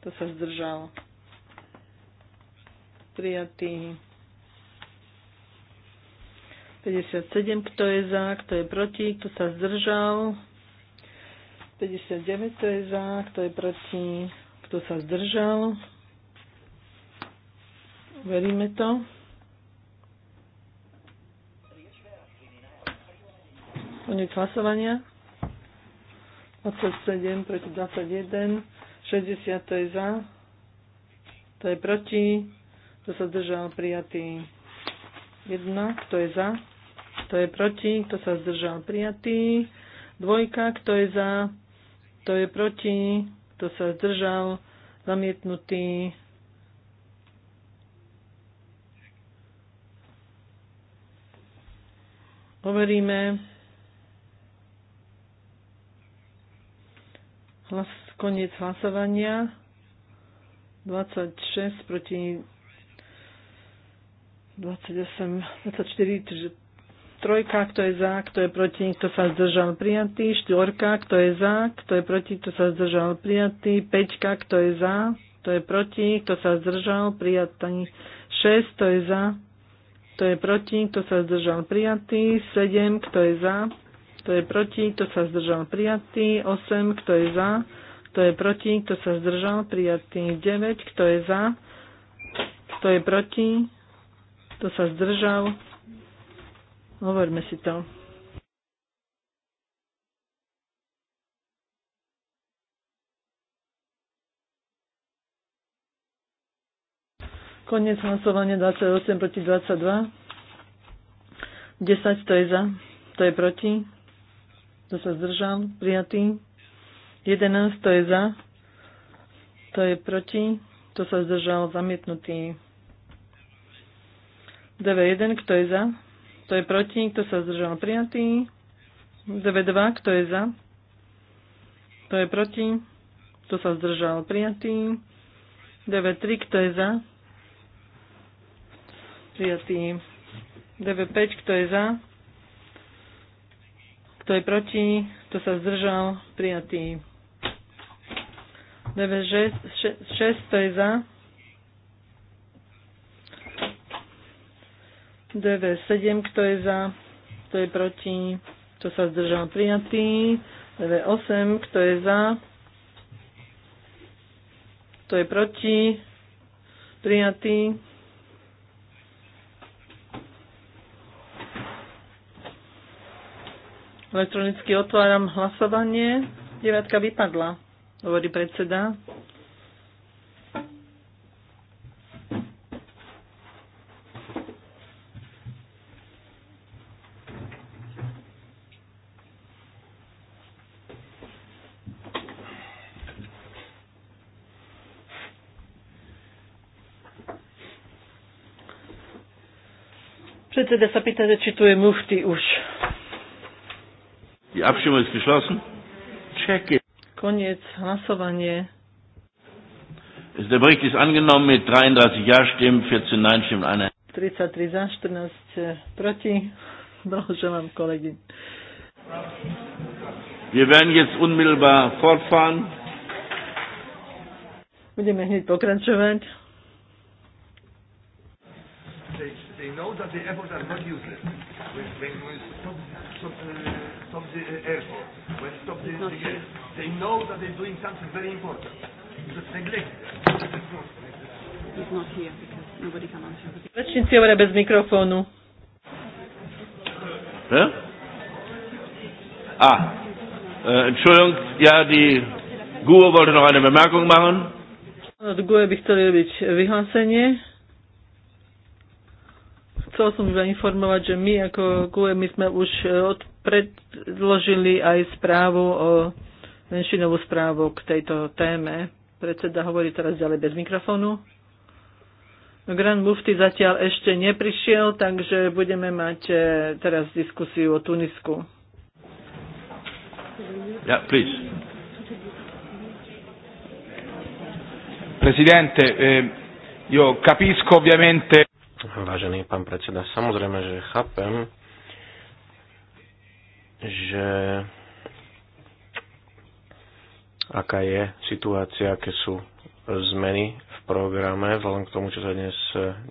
kto sa zdržal prijatý. 57, kto je za, kto je proti, kto sa zdržal, 59, kto je za, kto je proti, kto sa zdržal. Veríme to. Koniec hlasovania. 27 proti 21. 60 to je za. To je proti. Kto sa zdržal prijatý 1. Kto je za. Kto je proti. Kto sa zdržal prijatý. Dvojka. Kto je za. Kto je proti? Kto sa zdržal? Zamietnutý. Overíme. Hlas, koniec hlasovania. 26 proti 28, 24, čiže Trojka, kto je za, kto je proti, kto sa zdržal prijatý. Štvorka, kto je za, kto je proti, kto sa zdržal prijatý. Peťka, kto je za, kto je proti, kto sa zdržal prijatý. Šesť, kto je za, kto je proti, kto sa zdržal prijatý. Sedem, kto je za, kto je proti, kto sa zdržal prijatý. Osem, kto je za, kto je proti, kto sa zdržal prijatý. deväť, kto je za, kto je proti, kto sa zdržal Hovorme si to. Konec hlasovania 28 proti 22. 10 to je za, to je proti. To sa zdržal, prijatý. 11 to je za, to je proti. To sa zdržal, zamietnutý. 9.1, kto je za? Kto je proti? Kto sa zdržal? Prijatý. 92. Kto je za? Kto je proti? Kto sa zdržal? Prijatý. 93. Kto je za? Prijatý. 95. Kto je za? Kto je proti? Kto sa zdržal? Prijatý. 96. Kto je za? DV7, kto je za, kto je proti, kto sa zdržal prijatý. DV8, kto je za, kto je proti, prijatý. Elektronicky otváram hlasovanie. Deviatka vypadla, hovorí predseda. bitte teda sa bitte že či tu je mufty Die Abstimmung ist geschlossen. Check it. Koniec hlasovanie. Der Bericht ist angenommen mit 33 Ja-Stimmen, 14 Nein-Stimmen, einer. 33 za, 14 eh, proti. [laughs] Blahoželám kolegy. Wir werden jetzt unmittelbar fortfahren. Budeme hneď pokračovať. they know that the airport are not useless. When, when we stop, stop, uh, stop the uh, airport, when stop the, the air, they know that they're doing something very important. It's neglect. He's not here because nobody can answer. Rečníci bez mikrofónu. Huh? Ah, äh, Entschuldigung, ja, die Guo e wollte noch eine Bemerkung machen. Od Guo e by chceli robiť vyhlásenie chcel som iba informovať, že my ako GUE my sme už e, predložili aj správu o menšinovú správu k tejto téme. Predseda hovorí teraz ďalej bez mikrofónu. Grand Mufti zatiaľ ešte neprišiel, takže budeme mať e, teraz diskusiu o Tunisku. Ja, please. Presidente, eh, io capisco ovviamente Vážený pán predseda, samozrejme, že chápem, že aká je situácia, aké sú zmeny v programe, vzhľadom k tomu, čo sa dnes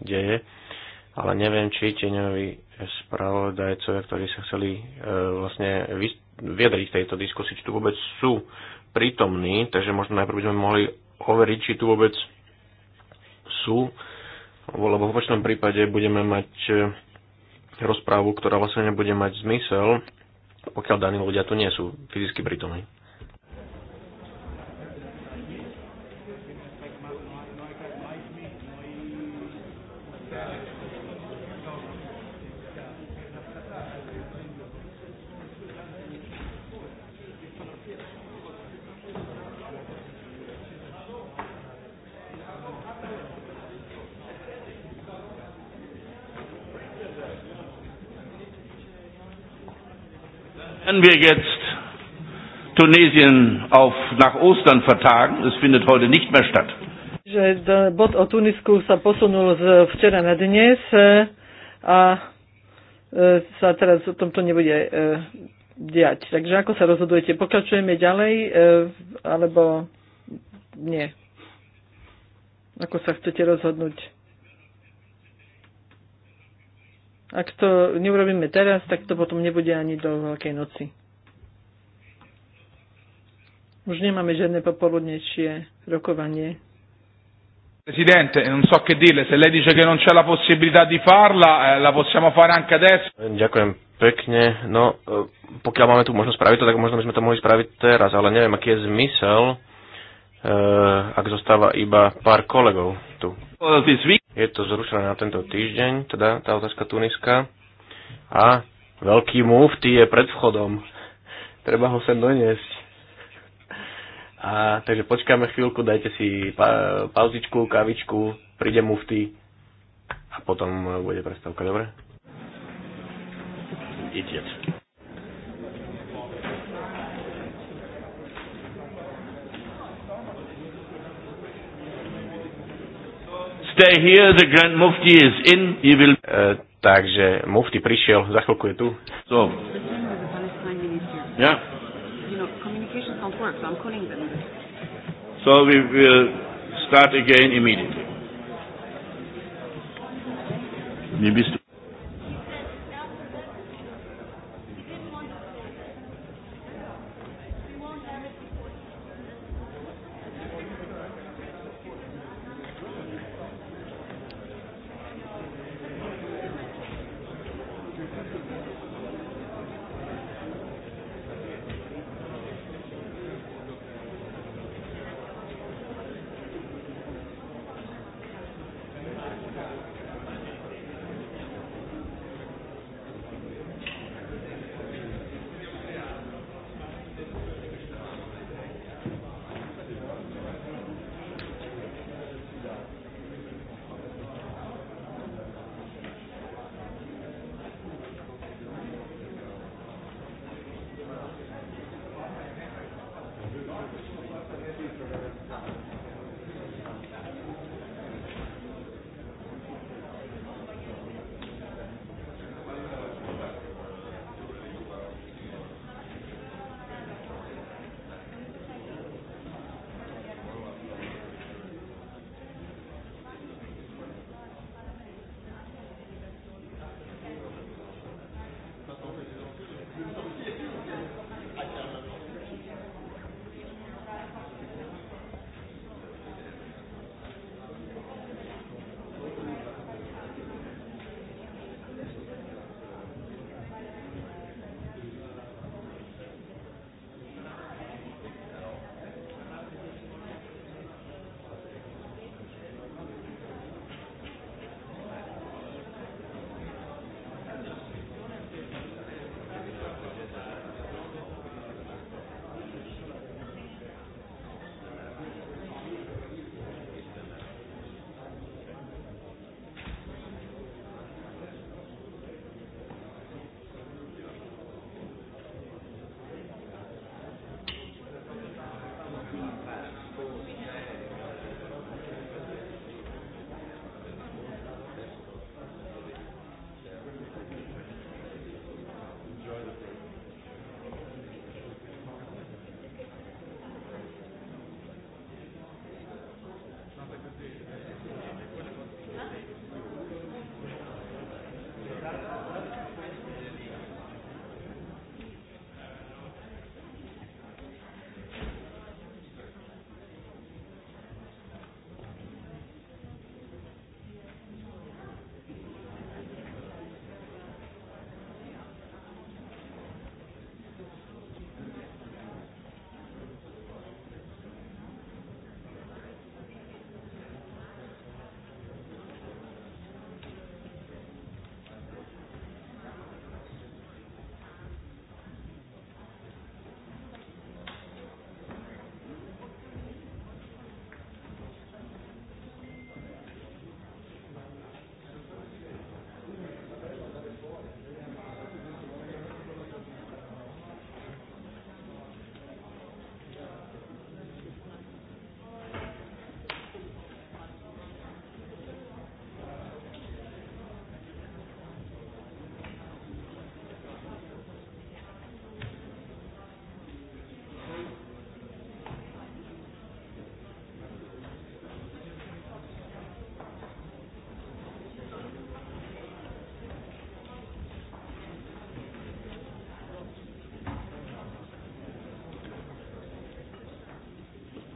deje, ale neviem, či tieňoví spravodajcovia, ktorí sa chceli e, vlastne vyjadriť v tejto diskusii, či tu vôbec sú prítomní, takže možno najprv by sme mohli overiť, či tu vôbec sú lebo v opačnom prípade budeme mať e, rozprávu, ktorá vlastne nebude mať zmysel, pokiaľ daní ľudia tu nie sú fyzicky prítomní. wir jetzt Tunesien auf, nach Ostern vertagen. Es findet heute nicht mehr statt. Že bod o Tunisku sa posunul z včera na dnes e, a e, sa teraz o tomto nebude e, diať. Takže ako sa rozhodujete? Pokračujeme ďalej alebo nie? Ako sa chcete rozhodnúť? Ak to neurobíme teraz, tak to potom nebude ani do Veľkej noci. Už nemáme žiadne popoludnejšie rokovanie. Presidente, non so che dirle, se lei dice che non c'è la possibilità di farla, eh, la possiamo fare anche adesso. Ďakujem pekne. No, eh, pokiaľ máme tu možnosť spraviť to, tak možno by sme to mohli spraviť teraz, ale neviem, aký je zmysel, eh, ak zostáva iba pár kolegov štátu. Je to zrušené na tento týždeň, teda tá otázka Tuniska. A veľký mufti je pred vchodom. Treba ho sem doniesť. A, takže počkáme chvíľku, dajte si pa, pauzičku, kavičku, príde mufty a potom bude prestávka, dobre? Idiot. Stay here, the Grand Mufti is in, he will... Uh, takže Mufti prišiel, za chvíľku je tu. So. Yeah. so we will start again immediately.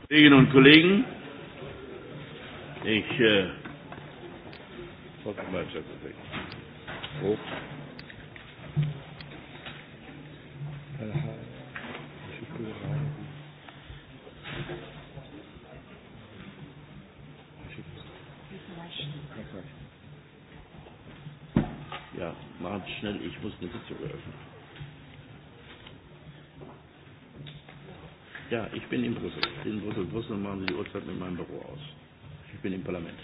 Kolleginnen und Kollegen, ich äh, oh. Ja, machen Sie schnell, ich muss eine Sitzung eröffnen. Ja, ich bin in Brüssel. In Brüssel, Brüssel machen Sie die Uhrzeit mit meinem Büro aus. Ich bin im Parlament.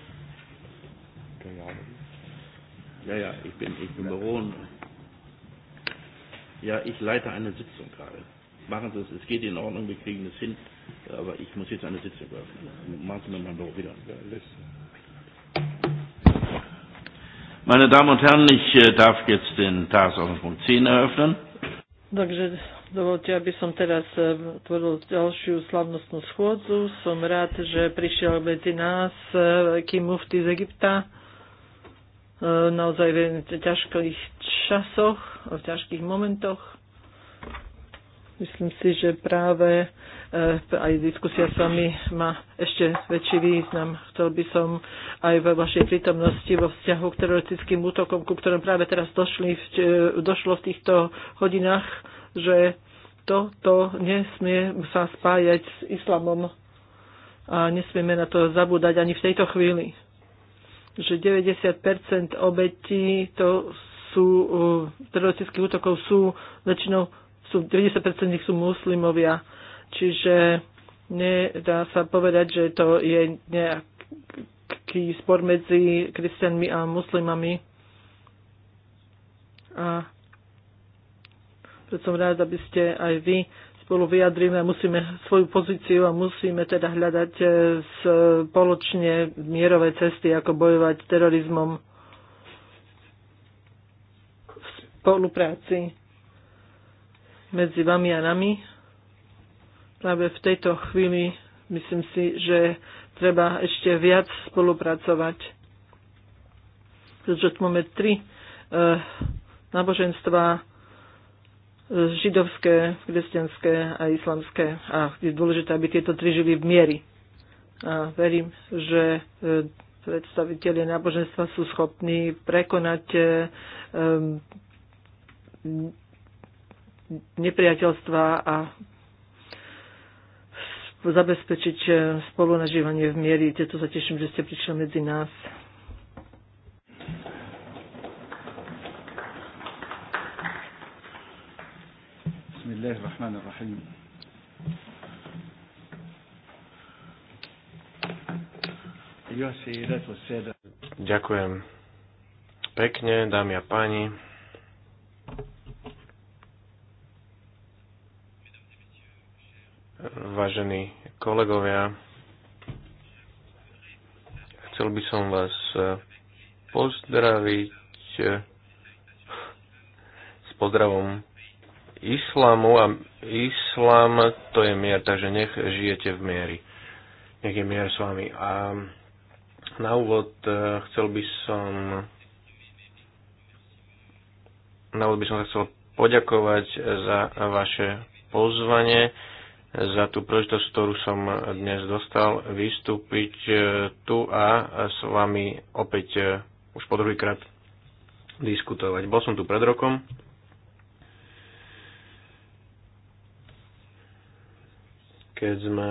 Ja, ja, ich bin, ich bin Büro. Und ja, ich leite eine Sitzung gerade. Machen Sie es, es geht in Ordnung, wir kriegen es hin. Aber ich muss jetzt eine Sitzung eröffnen. Machen Sie mir mein Büro wieder. Meine Damen und Herren, ich äh, darf jetzt den Tagesordnungspunkt 10 eröffnen. Takže Dovolte, aby som teraz eh, tvoril ďalšiu slavnostnú schôdzu. Som rád, že prišiel medzi nás eh, Kim Mufti z Egypta. Eh, naozaj v ťažkých časoch, v ťažkých momentoch. Myslím si, že práve aj diskusia s vami má ešte väčší význam. Chcel by som aj vo vašej prítomnosti vo vzťahu k teroristickým útokom, ku ktorom práve teraz došli, došlo v týchto hodinách, že toto nesmie sa spájať s islamom a nesmieme na to zabúdať ani v tejto chvíli. Že 90% obetí to sú, eh, teroristických útokov sú väčšinou, sú, 90% sú muslimovia. Čiže nedá sa povedať, že to je nejaký spor medzi kresťanmi a muslimami. A som rád, aby ste aj vy spolu a musíme svoju pozíciu a musíme teda hľadať e, spoločne mierové cesty, ako bojovať s terorizmom v spolupráci medzi vami a nami. Práve v tejto chvíli myslím si, že treba ešte viac spolupracovať. Pretože máme tri e, náboženstva, židovské, kresťanské a islamské. A je dôležité, aby tieto tri žili v miery. A verím, že e, predstaviteľe náboženstva sú schopní prekonať um, nepriateľstva a zabezpečiť e, spolunažívanie v miery. Tieto sa teším, že ste prišli medzi nás. بسم الله الرحمن الرحيم أيها السيدات والسادة Ďakujem pekne, dámy a páni. Vážení kolegovia, chcel by som vás eh, pozdraviť eh, s pozdravom islamu a islam to je mier, takže nech žijete v miery. Nech je mier s vami. A na úvod e, chcel by som na úvod by som sa chcel poďakovať za vaše pozvanie, za tú príležitosť, ktorú som dnes dostal vystúpiť e, tu a s vami opäť e, už po druhýkrát diskutovať. Bol som tu pred rokom keď sme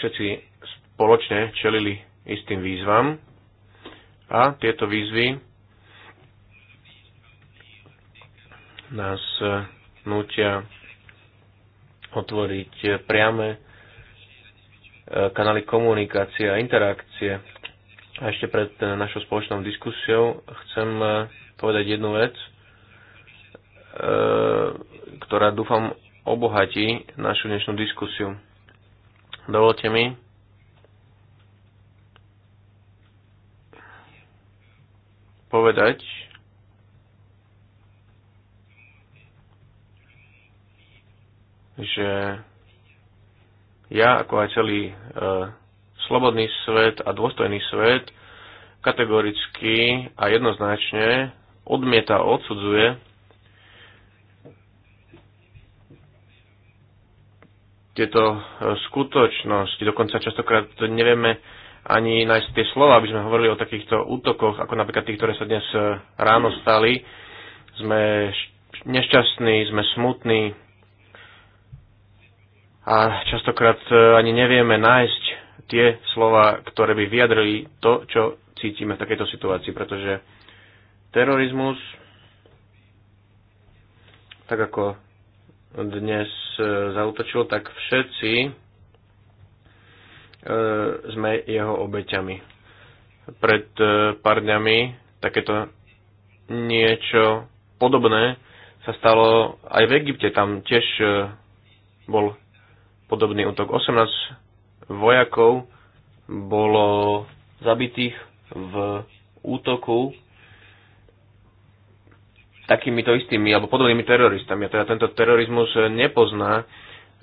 všetci spoločne čelili istým výzvam a tieto výzvy nás nutia otvoriť priame e, kanály komunikácie a interakcie. A ešte pred našou spoločnou diskusiou chcem e, povedať jednu vec, e, ktorá dúfam obohatí našu dnešnú diskusiu. Dovolte mi povedať, že ja, ako aj celý e, slobodný svet a dôstojný svet, kategoricky a jednoznačne odmieta, odsudzuje tieto e, skutočnosti. Dokonca častokrát nevieme ani nájsť tie slova, aby sme hovorili o takýchto útokoch, ako napríklad tých, ktoré sa dnes e, ráno stali. Sme nešťastní, sme smutní a častokrát e, ani nevieme nájsť tie slova, ktoré by vyjadrili to, čo cítime v takejto situácii, pretože terorizmus, tak ako dnes e, zautočil, tak všetci e, sme jeho obeťami. Pred e, pár dňami takéto niečo podobné sa stalo aj v Egypte. Tam tiež bol podobný útok. 18 vojakov bolo zabitých v útoku takýmito istými alebo podobnými teroristami. A teda tento terorizmus e, nepozná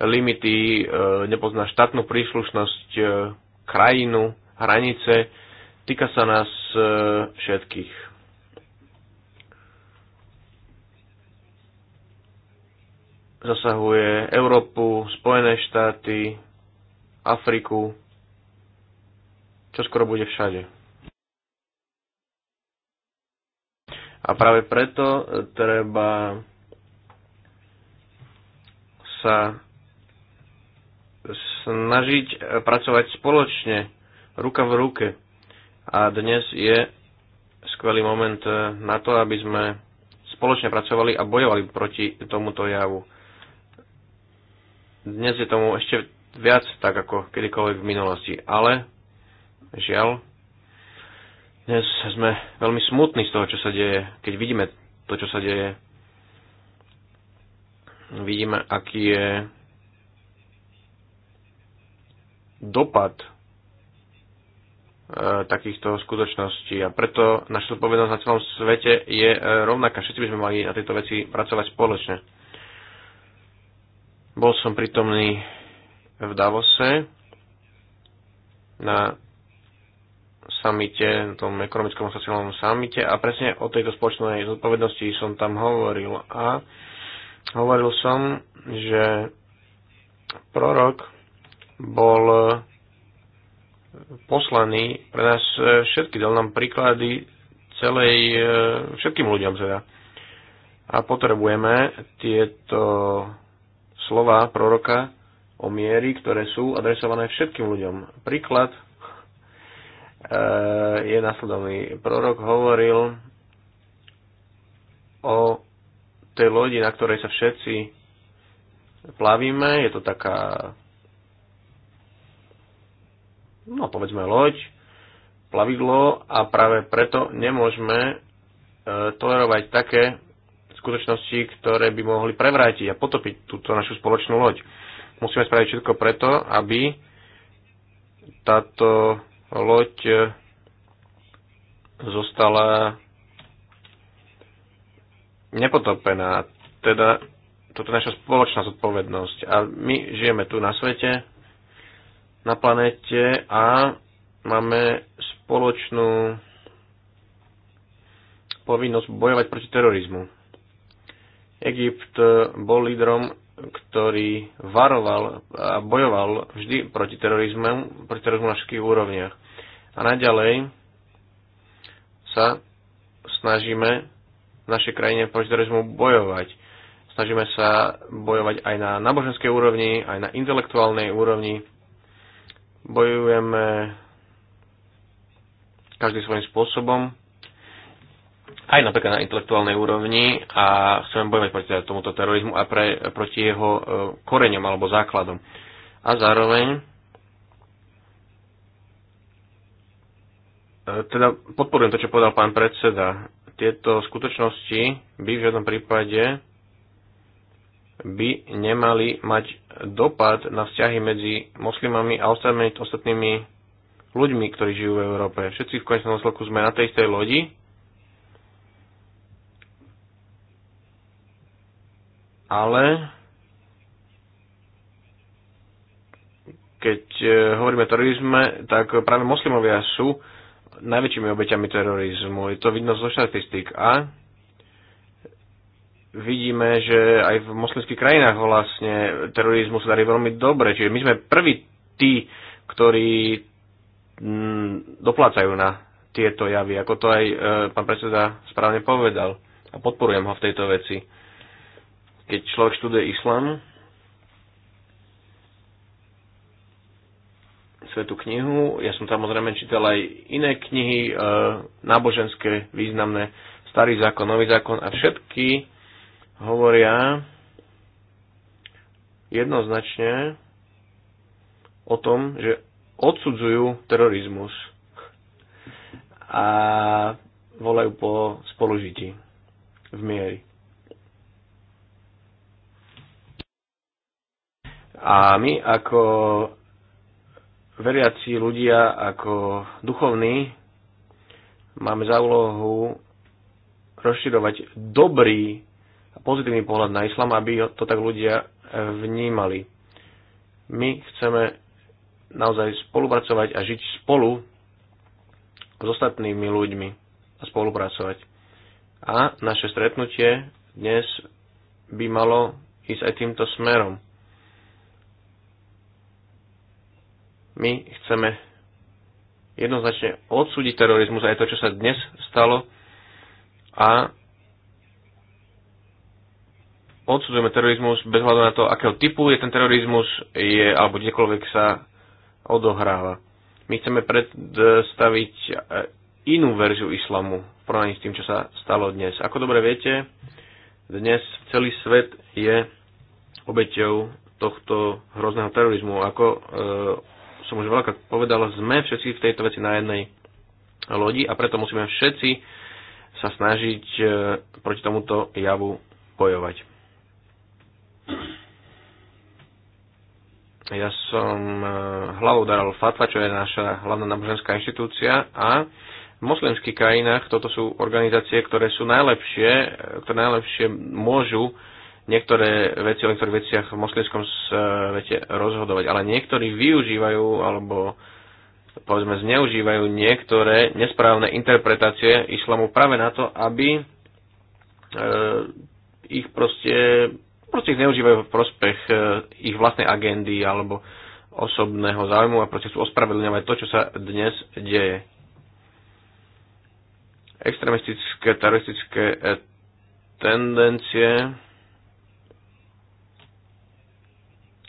limity, e, nepozná štátnu príslušnosť, e, krajinu, hranice, týka sa nás všetkých. Zasahuje Európu, Spojené štáty, Afriku, čo skoro bude všade. A práve preto e, treba sa snažiť e, pracovať spoločne, ruka v ruke. A dnes je skvelý moment e, na to, aby sme spoločne pracovali a bojovali proti tomuto javu. Dnes je tomu ešte viac tak ako kedykoľvek v minulosti, ale žiaľ, dnes sme veľmi smutní z toho, čo sa deje, keď vidíme to, čo sa deje. Vidíme, aký je dopad e, takýchto skutočností. A preto naša zodpovednosť na celom svete je e, rovnaká. Všetci by sme mali na tejto veci pracovať spoločne. Bol som prítomný v Davose na samite, tom ekonomickom a sociálnom samite a presne o tejto spoločnej zodpovednosti som tam hovoril a hovoril som, že prorok bol poslaný pre nás všetky, dal nám príklady celej, e, všetkým ľuďom teda. A potrebujeme tieto slova proroka o miery, ktoré sú adresované všetkým ľuďom. Príklad Eh, je nasledovný. Prorok hovoril o tej lodi, na ktorej sa všetci plavíme. Je to taká, no povedzme loď, plavidlo a práve preto nemôžeme eh, tolerovať také skutočnosti, ktoré by mohli prevrátiť a potopiť túto našu spoločnú loď. Musíme spraviť všetko preto, aby táto loď e, zostala nepotopená. Teda toto je naša spoločná zodpovednosť. A my žijeme tu na svete, na planete a máme spoločnú povinnosť bojovať proti terorizmu. Egypt bol lídrom, ktorý varoval a bojoval vždy proti terorizmu, proti terorizmu na všetkých úrovniach. A naďalej sa snažíme v našej krajine proti terorizmu bojovať. Snažíme sa bojovať aj na náboženskej úrovni, aj na intelektuálnej úrovni. Bojujeme každý svojím spôsobom, aj napríklad na intelektuálnej úrovni a chceme bojovať proti tomuto terorizmu a pre, proti jeho e, koreňom alebo základom. A zároveň E, teda podporujem to, čo povedal pán predseda. Tieto skutočnosti by v žiadnom prípade by nemali mať dopad na vzťahy medzi moslimami a ostatnými ľuďmi, ktorí žijú v Európe. Všetci v konečnom dôsledku sme na tej istej lodi. Ale keď e, hovoríme o terorizme, tak práve moslimovia sú najväčšími obeťami terorizmu. Je to vidno zo štatistík. A vidíme, že aj v moslimských krajinách vlastne terorizmu sa darí veľmi dobre. Čiže my sme prví tí, ktorí mm, doplácajú na tieto javy, ako to aj e, pán predseda správne povedal. A podporujem ho v tejto veci. Keď človek študuje islám, Svetú knihu. Ja som samozrejme čítal aj iné knihy, e, náboženské, významné, Starý zákon, Nový zákon a všetky hovoria jednoznačne o tom, že odsudzujú terorizmus a volajú po spolužití v miery. A my ako veriaci ľudia ako duchovní máme za úlohu rozširovať dobrý a pozitívny pohľad na islam, aby to tak ľudia vnímali. My chceme naozaj spolupracovať a žiť spolu s ostatnými ľuďmi a spolupracovať. A naše stretnutie dnes by malo ísť aj týmto smerom. My chceme jednoznačne odsúdiť terorizmus aj to, čo sa dnes stalo a odsudujeme terorizmus bez hľadu na to, akého typu je ten terorizmus je, alebo kdekoľvek sa odohráva. My chceme predstaviť inú verziu islamu v porovnaní s tým, čo sa stalo dnes. Ako dobre viete, dnes celý svet je obeťou tohto hrozného terorizmu. Ako e, som už veľakrát povedal, sme všetci v tejto veci na jednej lodi a preto musíme všetci sa snažiť e, proti tomuto javu bojovať. Ja som e, hlavou daral Fatva, čo je naša hlavná náboženská inštitúcia a v moslimských krajinách toto sú organizácie, ktoré sú najlepšie, e, ktoré najlepšie môžu niektoré veci, o niektorých veciach v moslimskom svete rozhodovať, ale niektorí využívajú alebo povedzme zneužívajú niektoré nesprávne interpretácie islamu práve na to, aby e, ich proste, proste ich zneužívajú v prospech e, ich vlastnej agendy alebo osobného záujmu a proste chcú ospravedlňovať to, čo sa dnes deje. Extremistické, teroristické e, tendencie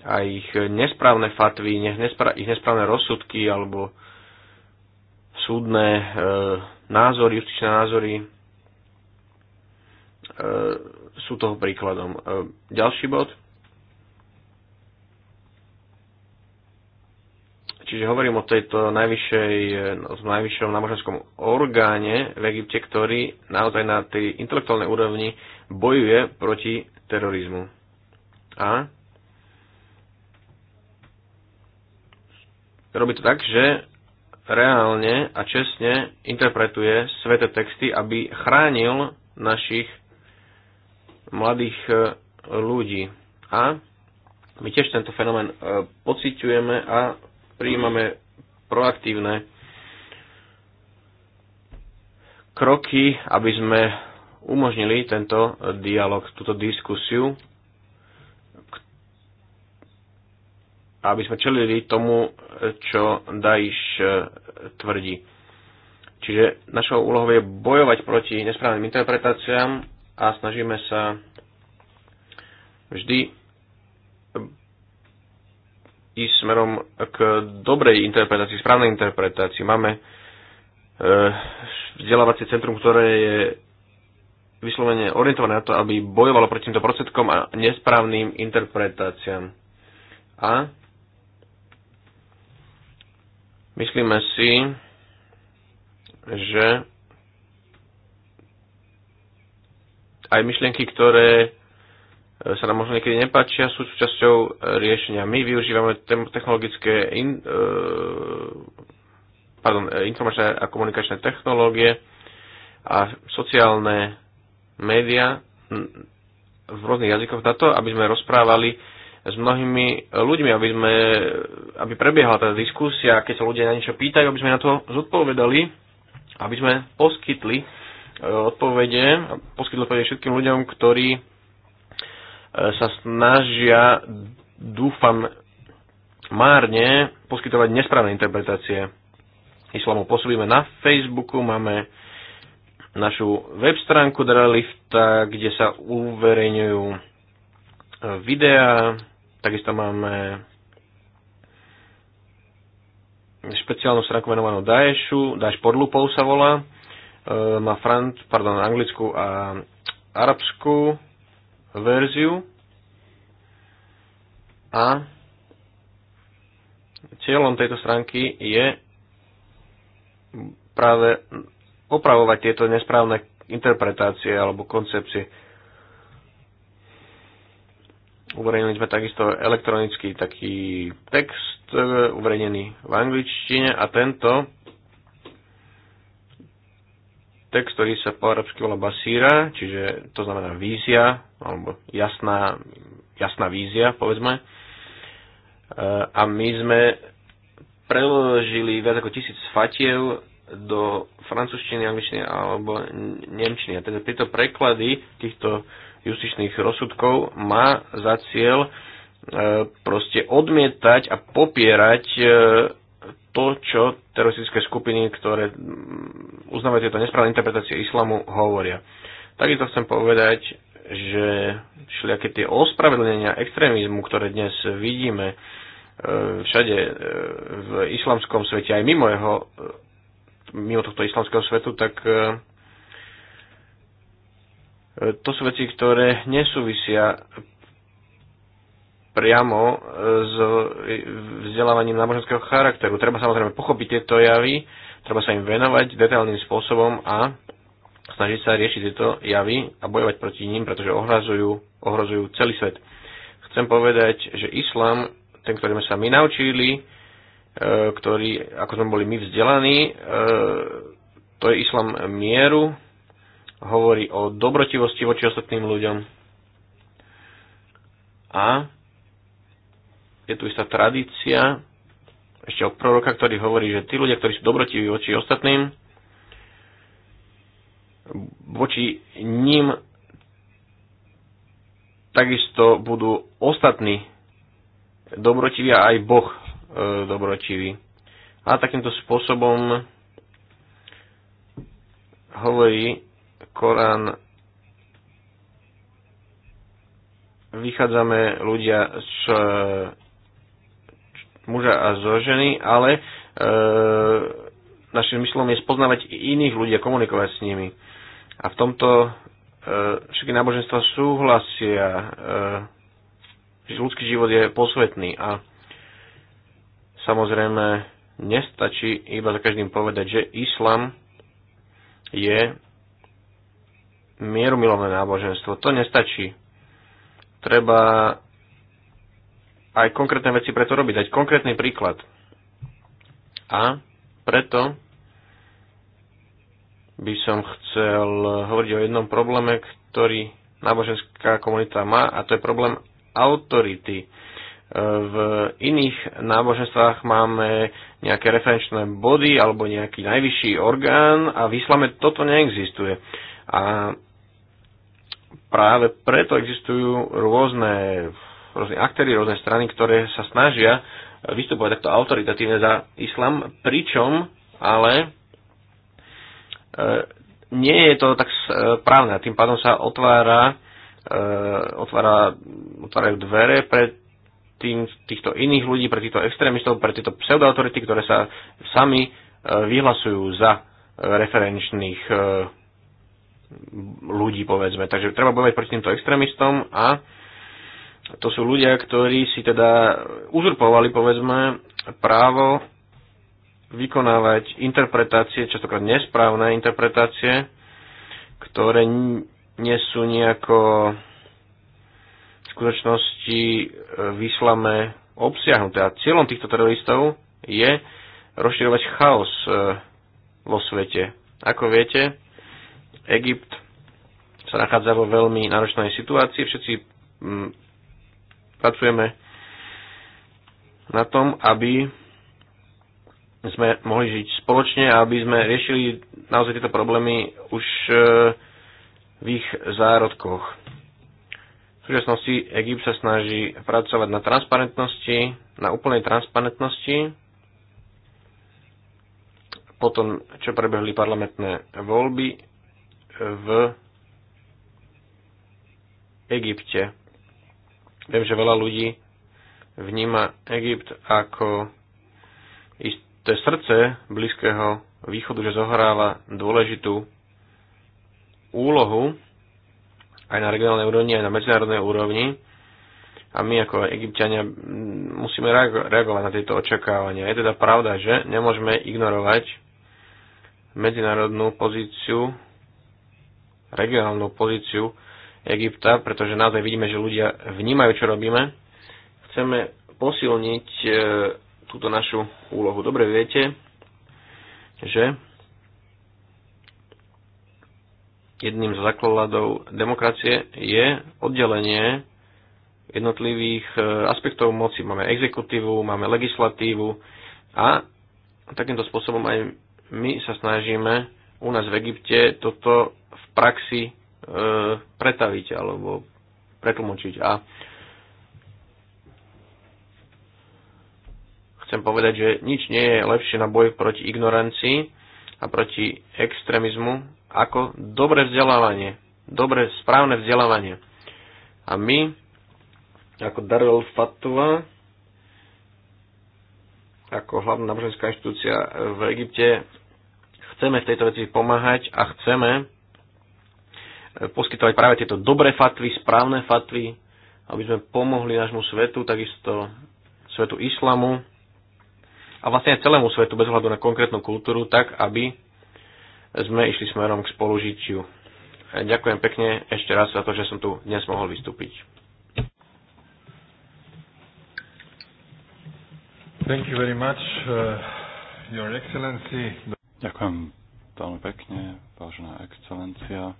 a ich nesprávne fatvy, ich nesprávne rozsudky alebo súdne e, názory, justičné názory e, sú toho príkladom. E, ďalší bod. Čiže hovorím o tejto najvyššej, o no, najvyššom náboženskom orgáne v Egypte, ktorý naozaj na tej intelektuálnej úrovni bojuje proti terorizmu. A robí to tak, že reálne a čestne interpretuje sveté texty, aby chránil našich mladých e, ľudí. A my tiež tento fenomén e, pociťujeme a prijímame proaktívne kroky, aby sme umožnili tento dialog, túto diskusiu aby sme čelili tomu, čo Daesh eh, tvrdí. Čiže našou úlohou je bojovať proti nesprávnym interpretáciám a snažíme sa vždy ísť smerom k dobrej interpretácii, správnej interpretácii. Máme eh, vzdelávacie centrum, ktoré je vyslovene orientované na to, aby bojovalo proti týmto prostriedkom a nesprávnym interpretáciám. A Myslíme si, že aj myšlienky, ktoré sa nám možno niekedy nepáčia, sú súčasťou riešenia. My využívame technologické in, e, pardon, e, informačné a komunikačné technológie a sociálne médiá v rôznych jazykoch na to, aby sme rozprávali s mnohými ľuďmi, aby, sme, aby prebiehala tá diskusia, keď sa ľudia na niečo pýtajú, aby sme na to zodpovedali, aby sme poskytli e, odpovede, poskytli odpovede všetkým ľuďom, ktorí e, sa snažia, dúfam, márne poskytovať nesprávne interpretácie islamu. Pôsobíme na Facebooku, máme našu web stránku Dralifta, kde sa uverejňujú e, videá, Takisto máme špeciálnu stránku venovanú Daeshu Daesh pod lupou sa volá, e, má Frant, pardon, anglickú a arabskú verziu a cieľom tejto stránky je práve opravovať tieto nesprávne interpretácie alebo koncepcie. Uverejnili sme takisto elektronický taký text, e, uverejnený v angličtine a tento text, ktorý sa po arabsky volá basíra, čiže to znamená vízia, alebo jasná, jasná vízia, povedzme. E, a my sme preložili viac ako tisíc fatiev do francúzštiny, angličtiny alebo nemčiny. A teda tieto preklady týchto justičných rozsudkov má za cieľ e, proste odmietať a popierať e, to, čo teroristické skupiny, ktoré uznávajú tieto nesprávne interpretácie islamu, hovoria. Takisto chcem povedať, že všelijaké tie ospravedlenia extrémizmu, ktoré dnes vidíme e, všade v islamskom svete, aj mimo jeho, mimo tohto islamského svetu, tak E, to sú veci, ktoré nesúvisia priamo e, s e, vzdelávaním náboženského charakteru. Treba samozrejme pochopiť tieto javy, treba sa im venovať detailným spôsobom a snažiť sa riešiť tieto javy a bojovať proti ním, pretože ohrazujú, ohrozujú celý svet. Chcem povedať, že islám, ten, ktorý sme sa my naučili, ktorý, ako sme boli my vzdelaní, to je islám mieru, hovorí o dobrotivosti voči ostatným ľuďom a je tu istá tradícia ešte od proroka, ktorý hovorí, že tí ľudia, ktorí sú dobrotiví voči ostatným, voči ním takisto budú ostatní dobrotiví a aj Boh e, dobrotivý. A takýmto spôsobom hovorí Korán vychádzame ľudia z e, muža a zo ženy, ale e, našim myslom je spoznávať iných ľudí a komunikovať s nimi. A v tomto e, všetky náboženstva súhlasia, e, že ľudský život je posvetný a samozrejme nestačí iba za každým povedať, že islam je mierumilovné náboženstvo. To nestačí. Treba aj konkrétne veci preto robiť, dať konkrétny príklad. A preto by som chcel hovoriť o jednom probléme, ktorý náboženská komunita má, a to je problém autority. V iných náboženstvách máme nejaké referenčné body alebo nejaký najvyšší orgán a v islame toto neexistuje a práve preto existujú rôzne, rôzne aktéry, rôzne strany, ktoré sa snažia vystupovať takto autoritatívne za islam, pričom ale e, nie je to tak správne e, a tým pádom sa otvára, e, otvára, otvárajú dvere pre tým, týchto iných ľudí, pre týchto extrémistov, pre tieto pseudoautority, ktoré sa sami vyhlasujú za referenčných ľudí, povedzme. Takže treba bojovať proti týmto extrémistom a to sú ľudia, ktorí si teda uzurpovali, povedzme, právo vykonávať interpretácie, častokrát nesprávne interpretácie, ktoré nie sú nejako v skutočnosti e, v islame obsiahnuté. A cieľom týchto teroristov je rozširovať chaos e, vo svete. Ako viete, Egypt sa nachádza vo veľmi náročnej situácii. Všetci mm, pracujeme na tom, aby sme mohli žiť spoločne a aby sme riešili naozaj tieto problémy už e, v ich zárodkoch. V súčasnosti Egypt sa snaží pracovať na transparentnosti, na úplnej transparentnosti. Potom, čo prebehli parlamentné voľby, v Egypte. Viem, že veľa ľudí vníma Egypt ako isté srdce Blízkeho východu, že zohráva dôležitú úlohu aj na regionálnej úrovni, aj na medzinárodnej úrovni. A my ako egyptiania musíme reagovať na tieto očakávania. Je teda pravda, že nemôžeme ignorovať medzinárodnú pozíciu regionálnu pozíciu Egypta, pretože naozaj vidíme, že ľudia vnímajú, čo robíme. Chceme posilniť e, túto našu úlohu. Dobre viete, že jedným z základov demokracie je oddelenie jednotlivých e, aspektov moci. Máme exekutívu, máme legislatívu a takýmto spôsobom aj my sa snažíme u nás v Egypte toto praxi e, pretaviť alebo pretlmočiť. A chcem povedať, že nič nie je lepšie na boj proti ignorancii a proti extrémizmu ako dobré vzdelávanie, dobré správne vzdelávanie. A my, ako Darrell Fatua, ako hlavná náboženská inštitúcia v Egypte, chceme v tejto veci pomáhať a chceme poskytovať práve tieto dobré fatvy, správne fatvy, aby sme pomohli nášmu svetu, takisto svetu islamu a vlastne aj celému svetu bez hľadu na konkrétnu kultúru, tak aby sme išli smerom k spolužitiu. E, ďakujem pekne ešte raz za to, že som tu dnes mohol vystúpiť. Thank you very much, uh, Your Excellency. Ďakujem veľmi pekne, vážená excelencia.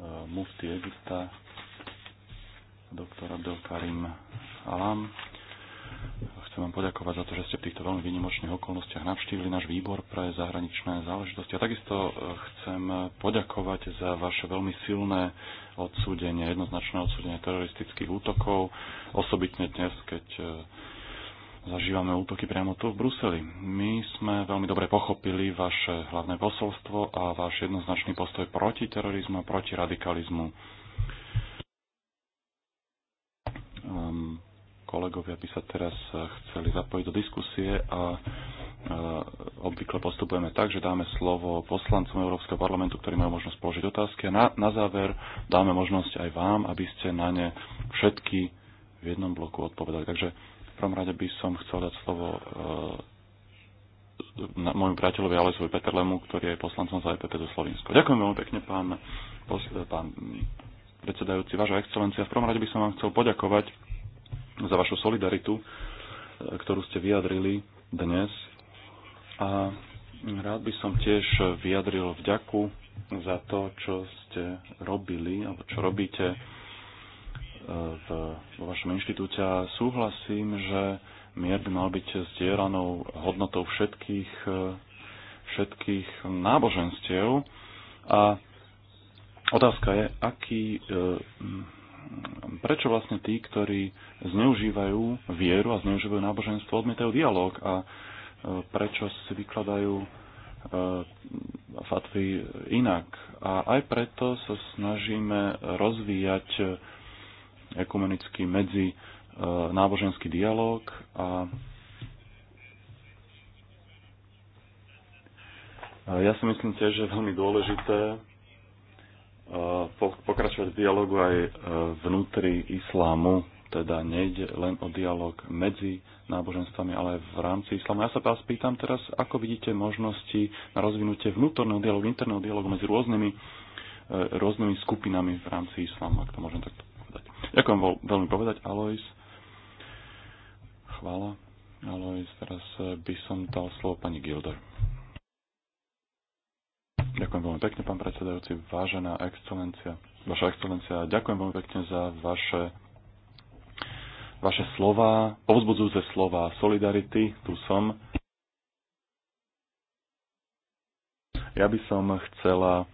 Eh, mufty Egypta, doktor Abdelkarim Alam. Chcem vám poďakovať za to, že ste v týchto veľmi výnimočných okolnostiach navštívili náš výbor pre zahraničné záležitosti. A takisto eh, chcem poďakovať za vaše veľmi silné odsúdenie, jednoznačné odsúdenie teroristických útokov, osobitne dnes, keď eh, zažívame útoky priamo tu v Bruseli. My sme veľmi dobre pochopili vaše hlavné posolstvo a váš jednoznačný postoj proti terorizmu a proti radikalizmu. Um, kolegovia by sa teraz chceli zapojiť do diskusie a e, obvykle postupujeme tak, že dáme slovo poslancom Európskeho parlamentu, ktorí majú možnosť položiť otázky a na, na záver dáme možnosť aj vám, aby ste na ne všetky v jednom bloku odpovedali. Takže prvom rade by som chcel dať slovo e, môjmu priateľovi Alezovi Peterlemu, ktorý je poslancom za EPP zo Slovinsko. Ďakujem veľmi pekne, pán, pos, pán predsedajúci, vaša excelencia. V prvom rade by som vám chcel poďakovať za vašu solidaritu, e, ktorú ste vyjadrili dnes. A rád by som tiež vyjadril vďaku za to, čo ste robili, alebo čo robíte v, vo vašom inštitúte a súhlasím, že mier by mal byť zdieranou hodnotou všetkých, e, všetkých náboženstiev. A otázka je, aký, e, prečo vlastne tí, ktorí zneužívajú vieru a zneužívajú náboženstvo, odmietajú dialog a e, prečo si vykladajú fatvy inak. A aj preto sa snažíme rozvíjať ekumenický medzi e, náboženský dialog a ja si myslím tiež, že je veľmi dôležité e, pokračovať v dialogu aj e, vnútri islámu, teda nejde len o dialog medzi náboženstvami, ale aj v rámci islámu. Ja sa vás pýtam teraz, ako vidíte možnosti na rozvinutie vnútorného dialogu, interného dialogu medzi rôznymi, rôznymi skupinami v rámci islámu, ak to môžem takto Ďakujem veľmi povedať, Alois. Chvála. Alois, teraz e, by som dal slovo pani Gilder. Ďakujem veľmi pekne, pán predsedajúci. Vážená excelencia, vaša excelencia, ďakujem veľmi pekne za vaše, vaše slova, povzbudzujúce slova solidarity. Tu som. Ja by som chcela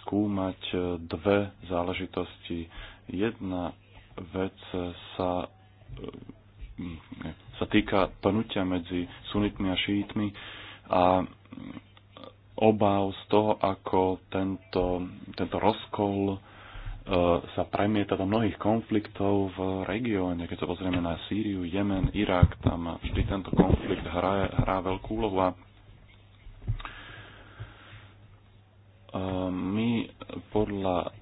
skúmať e, dve záležitosti. Jedna vec sa, eh, sa týka pnutia medzi sunitmi a šítmi a obáv z toho, ako tento, tento rozkol eh, sa premieta do mnohých konfliktov v regióne. Keď sa pozrieme na Sýriu, Jemen, Irak, tam vždy tento konflikt hrá, hrá veľkú úlohu a eh, my podľa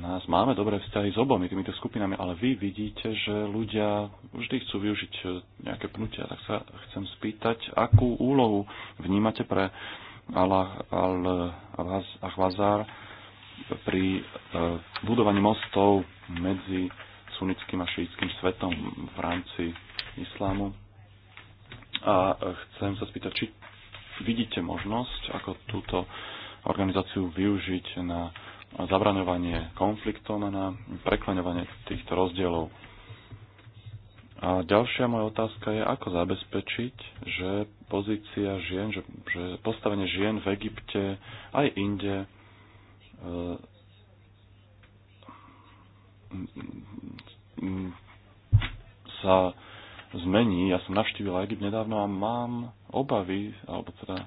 nás. Máme dobré vzťahy s obomi týmito skupinami, ale vy vidíte, že ľudia vždy chcú využiť e, nejaké pnutia. Tak sa chcem spýtať, akú úlohu vnímate pre Allah al-Ahvazar pri e, budovaní mostov medzi sunnickým a šítským svetom v rámci islámu. A e, chcem sa spýtať, či vidíte možnosť, ako túto organizáciu využiť na zabraňovanie konfliktom a na prekleňovanie týchto rozdielov. A ďalšia moja otázka je, ako zabezpečiť, že pozícia žien, že, že postavenie žien v Egypte aj inde e, sa zmení. Ja som navštívila Egypt nedávno a mám obavy, alebo teda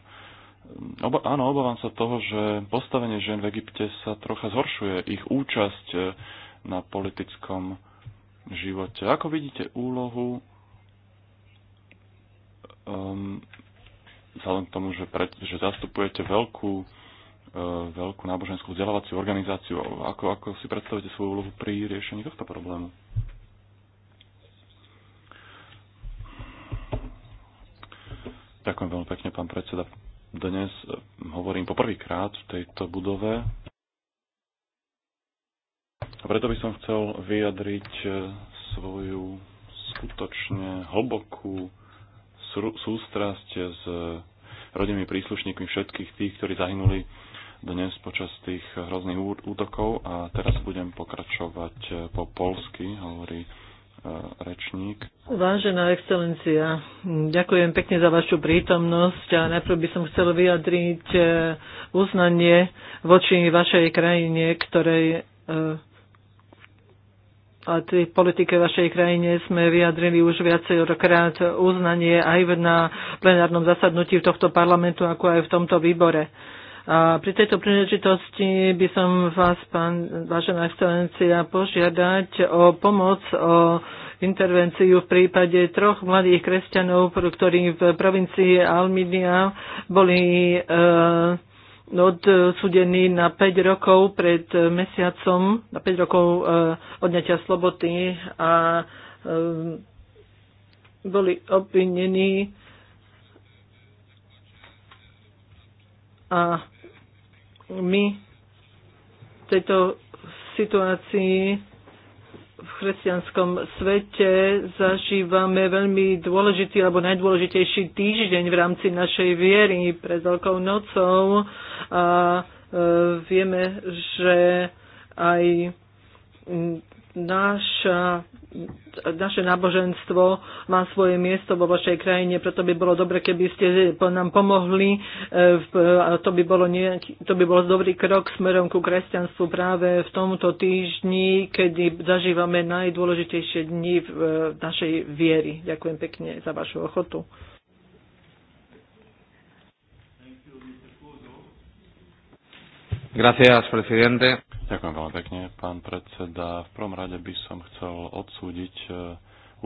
Oba, áno, obávam sa toho, že postavenie žien v Egypte sa trocha zhoršuje, ich účasť eh, na politickom živote. Ako vidíte úlohu, um, vzhľadom k tomu, že, pre, že zastupujete veľkú, uh, veľkú náboženskú vzdelávaciu organizáciu, ako, ako si predstavíte svoju úlohu pri riešení tohto problému? Ďakujem veľmi pekne, pán predseda. Dnes e, hovorím poprvýkrát v tejto budove. A preto by som chcel vyjadriť e, svoju skutočne hlbokú sústrasť s rodinnými príslušníkmi všetkých tých, ktorí zahynuli dnes počas tých hrozných útokov a teraz budem pokračovať e, po polsky, hovorí rečník. Vážená excelencia, ďakujem pekne za vašu prítomnosť a najprv by som chcel vyjadriť e, uznanie voči vašej krajine, ktorej e, a tej politike vašej krajine sme vyjadrili už viacerokrát uznanie aj na plenárnom zasadnutí v tohto parlamentu, ako aj v tomto výbore. A pri tejto príležitosti by som vás, pán, vážená excelencia, požiadať o pomoc, o intervenciu v prípade troch mladých kresťanov, ktorí v provincii Alminia boli e, odsudení na 5 rokov pred mesiacom, na 5 rokov e, odňatia sloboty a e, boli obvinení a my v tejto situácii v chresťanskom svete zažívame veľmi dôležitý alebo najdôležitejší týždeň v rámci našej viery pred Veľkou nocou a e, vieme, že aj naša naše náboženstvo má svoje miesto vo vašej krajine, preto by bolo dobre, keby ste nám pomohli. E, to by, bolo nejaký, to by bol dobrý krok smerom ku kresťanstvu práve v tomto týždni, kedy zažívame najdôležitejšie dni v e, našej viery. Ďakujem pekne za vašu ochotu. Gracias, presidente. Ďakujem veľmi pekne, pán predseda. V prvom rade by som chcel odsúdiť e,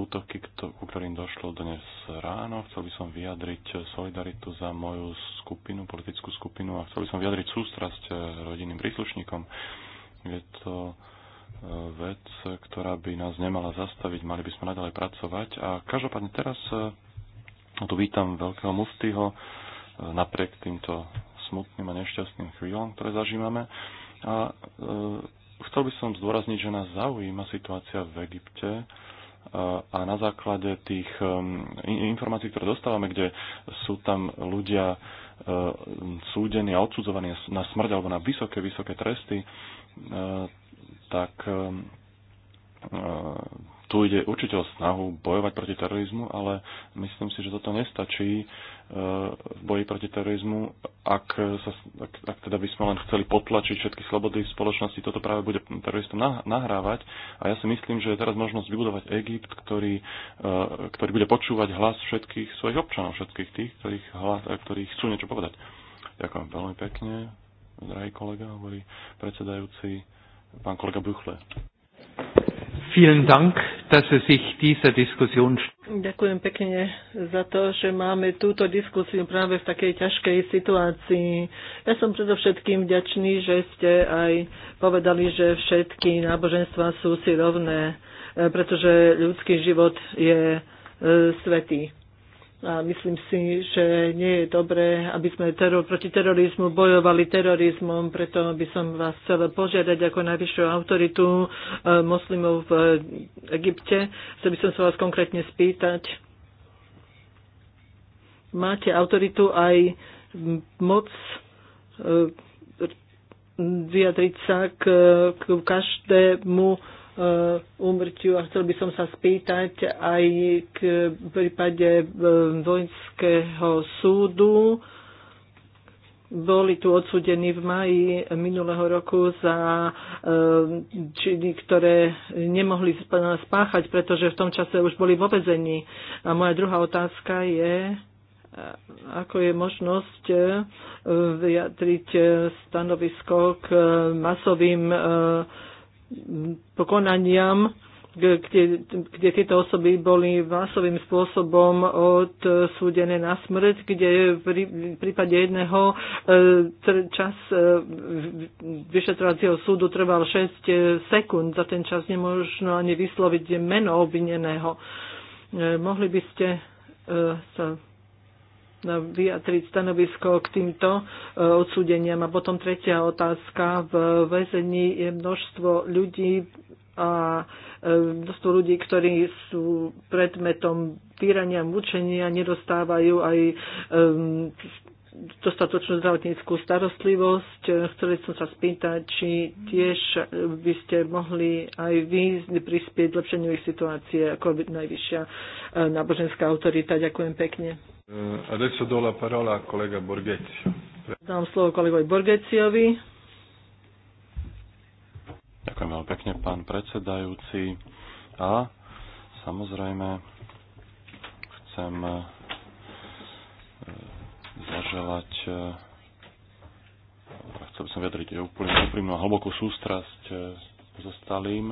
útoky, ku ktorým došlo dnes ráno. Chcel by som vyjadriť solidaritu za moju skupinu, politickú skupinu a chcel by som vyjadriť sústrasť e, rodinným príslušníkom. Je to e, vec, ktorá by nás nemala zastaviť, mali by sme nadalej pracovať. A každopádne teraz tu vítam veľkého muftyho napriek týmto smutným a nešťastným chvíľom, ktoré zažívame. A e, chcel by som zdôrazniť, že nás zaujíma situácia v Egypte e, a na základe tých e, informácií, ktoré dostávame, kde sú tam ľudia e, súdení a odsudzovaní na smrť alebo na vysoké, vysoké tresty, tak tu ide určite o snahu bojovať proti terorizmu, ale myslím si, že toto nestačí e, v boji proti terorizmu, ak, sa, ak, ak teda by sme len chceli potlačiť všetky slobody v spoločnosti, toto práve bude teroristom nahrávať. A ja si myslím, že je teraz možnosť vybudovať Egypt, ktorý, e, ktorý bude počúvať hlas všetkých svojich občanov, všetkých tých, ktorých, hlas, e, ktorých chcú niečo povedať. Ďakujem veľmi pekne, drahý kolega, hovorí predsedajúci pán kolega Buchle. Vielen Dank, dass Sie sich dieser Diskussion Ďakujem pekne za to, že máme túto diskusiu práve v takej ťažkej situácii. Ja som predovšetkým vďačný, že ste aj povedali, že všetky náboženstva sú si rovné, eh, pretože ľudský život je eh, svetý a myslím si, že nie je dobré, aby sme teror, proti terorizmu bojovali terorizmom, preto by som vás chcel požiadať ako najvyššiu autoritu e, moslimov v Egypte. Chcel by som sa vás konkrétne spýtať. Máte autoritu aj moc e, vyjadriť sa k, k každému úmrtiu e, a chcel by som sa spýtať aj k prípade e, vojenského súdu. Boli tu odsudení v maji minulého roku za e, činy, ktoré nemohli spáchať, pretože v tom čase už boli vo vezení. A moja druhá otázka je, ako je možnosť vyjadriť stanovisko k masovým pokonaniam, kde, kde tieto osoby boli vásovým spôsobom odsúdené na smrť, kde v prípade jedného e, čas e, vyšetrovacieho súdu trval 6 e, sekúnd. Za ten čas nemožno ani vysloviť meno obvineného. Mohli by ste sa vyjadriť stanovisko k týmto e, odsúdeniam. A potom tretia otázka. V väzení je množstvo ľudí a e, množstvo ľudí, ktorí sú predmetom týrania, mučenia, nedostávajú aj um, dostatočnú zdravotníckú starostlivosť. Chceli som sa spýtať, či tiež by ste mohli aj vy prispieť lepšeniu ich situácie ako najvyššia e, náboženská autorita. Ďakujem pekne. E, adesso do la parola kolega Borgecio. Dám slovo kolegovi Borgeciovi. Ďakujem veľmi pekne, pán predsedajúci. A samozrejme chcem e, zaželať e, chcel by som vyjadriť úplne úprimnú a hlbokú sústrasť e, so stalým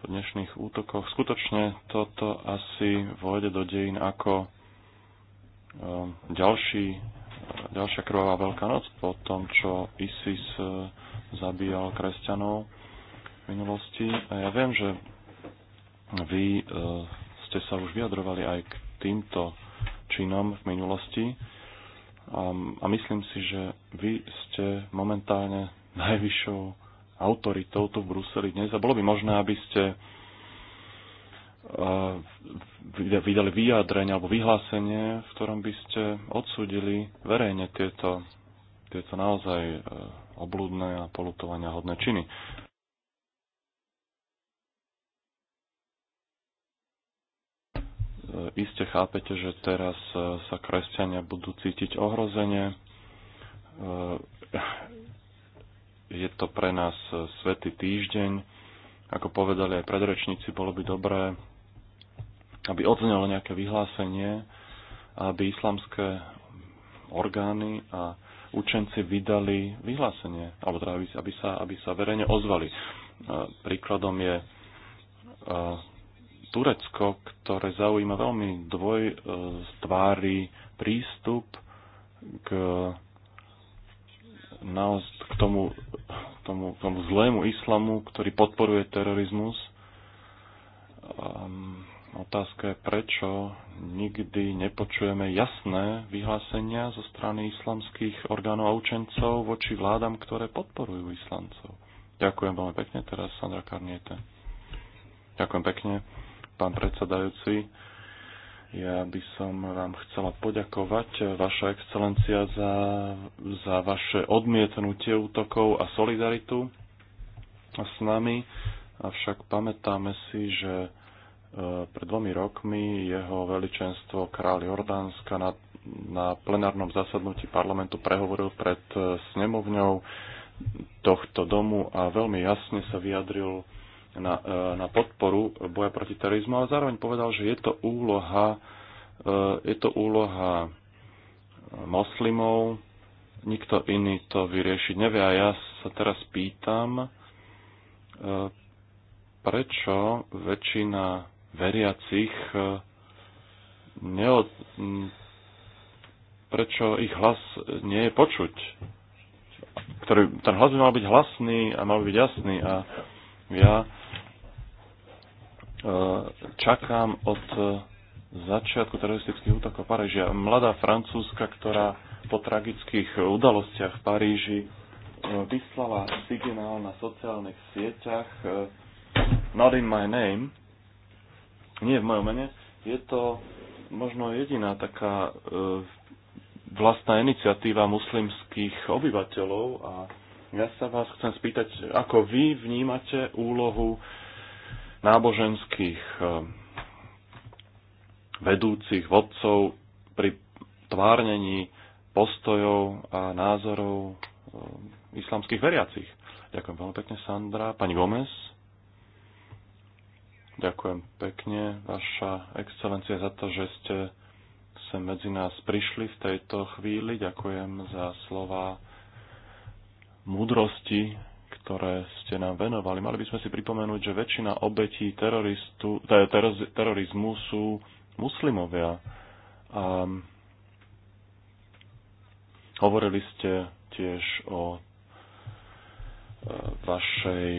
po dnešných útokoch. Skutočne toto asi vojde do dejín ako e, ďalší, ďalšia krvavá Veľká noc po tom, čo ISIS zabíjal kresťanov v minulosti. A ja viem, že vy ste sa už vyjadrovali aj k týmto činom v minulosti a myslím si, že vy ste momentálne najvyššou autoritou tu v Bruseli dnes a bolo by možné, aby ste vydali vyjadrenie alebo vyhlásenie, v ktorom by ste odsúdili verejne tieto, tieto naozaj e, oblúdne a polutovania hodné činy. E, iste chápete, že teraz e, sa kresťania budú cítiť ohrozene. E, je to pre nás svetý týždeň. Ako povedali aj predrečníci, bolo by dobré, aby odznelo nejaké vyhlásenie, aby islamské orgány a učenci vydali vyhlásenie, alebo teda aby, sa, aby sa verejne ozvali. Príkladom je Turecko, ktoré zaujíma veľmi dvoj e, tvári prístup k, naoz, k tomu, tomu, tomu zlému islamu, ktorý podporuje terorizmus. Um, otázka je, prečo nikdy nepočujeme jasné vyhlásenia zo strany islamských orgánov a učencov voči vládam, ktoré podporujú islamcov. Ďakujem veľmi pekne, teraz Sandra Karniete. Ďakujem pekne pán predsedajúci. Ja by som vám chcela poďakovať, Vaša excelencia, za, za vaše odmietnutie útokov a solidaritu s nami. Avšak pamätáme si, že e, pred dvomi rokmi jeho veličenstvo Kráľ Jordánska na, na plenárnom zasadnutí parlamentu prehovoril pred e, snemovňou tohto domu a veľmi jasne sa vyjadril na, e, na podporu boja proti terorizmu, ale zároveň povedal, že je to úloha, e, je to úloha e, moslimov, nikto iný to vyriešiť nevie. A ja sa teraz pýtam, prečo väčšina veriacich neod... prečo ich hlas nie je počuť. Ktorý, ten hlas by mal byť hlasný a mal byť jasný a ja e, čakám od e, začiatku teroristických útokov Parížia. Mladá francúzska, ktorá po tragických udalostiach v Paríži e, vyslala signál na sociálnych sieťach Not in my name, nie v mojom mene, je to možno jediná taká vlastná iniciatíva muslimských obyvateľov a ja sa vás chcem spýtať, ako vy vnímate úlohu náboženských eh, vedúcich vodcov pri tvárnení postojov a názorov eh, islamských veriacich. Ďakujem veľmi pekne, Sandra. Pani Gomez. Ďakujem pekne, Vaša excelencia, za to, že ste sem medzi nás prišli v tejto chvíli. Ďakujem za slova múdrosti, ktoré ste nám venovali. Mali by sme si pripomenúť, že väčšina obetí teroristu, terorizmu sú muslimovia. A hovorili ste tiež o e, vašej,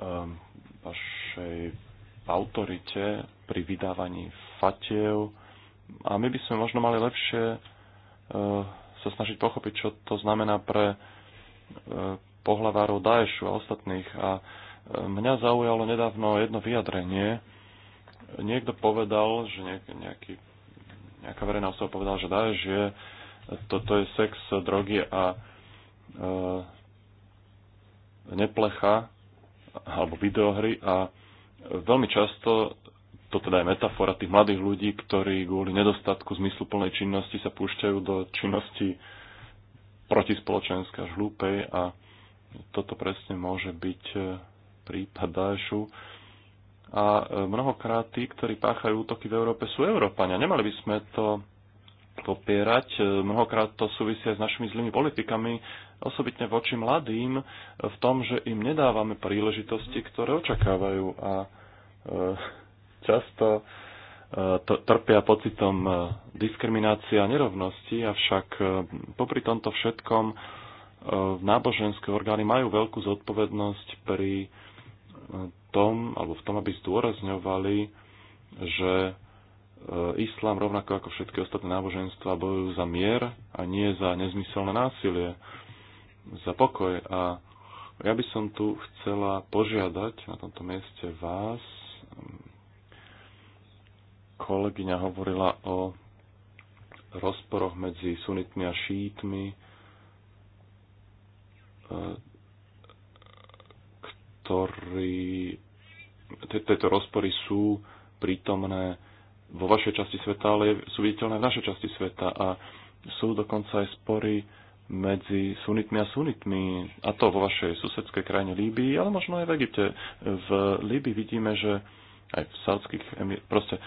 e, vašej autorite pri vydávaní fatiev a my by sme možno mali lepšie e, sa snažiť pochopiť, čo to znamená pre e, pohlavárov Daešu a ostatných. A e, mňa zaujalo nedávno jedno vyjadrenie. Niekto povedal, že nejaký, nejaká verejná osoba povedala, že Daeš je, toto je sex, drogy a e, neplecha alebo videohry a veľmi často to teda je metafora tých mladých ľudí, ktorí kvôli nedostatku zmysluplnej činnosti sa púšťajú do činnosti protispoločenské až hlúpej a toto presne môže byť e, prípad Daešu. A e, mnohokrát tí, ktorí páchajú útoky v Európe, sú Európania. Nemali by sme to popierať. E, mnohokrát to súvisia s našimi zlými politikami, osobitne voči mladým, v tom, že im nedávame príležitosti, ktoré očakávajú. A Často e, trpia pocitom e, diskriminácie a nerovnosti, avšak e, popri tomto všetkom náboženské orgány majú veľkú zodpovednosť pri tom, alebo v tom, aby zdôrazňovali, že islám rovnako ako všetky ostatné náboženstva bojujú za mier a nie za nezmyselné násilie, za pokoj. A ja by som tu chcela požiadať na tomto mieste vás, kolegyňa hovorila o rozporoch medzi sunitmi a šítmi, e, ktorí, tieto rozpory sú prítomné vo vašej časti sveta, ale sú viditeľné v našej časti sveta a sú dokonca aj spory medzi sunitmi a sunitmi, a to vo vašej susedskej krajine Líbii, ale možno aj v Egypte. V Líbii vidíme, že aj v emir- proste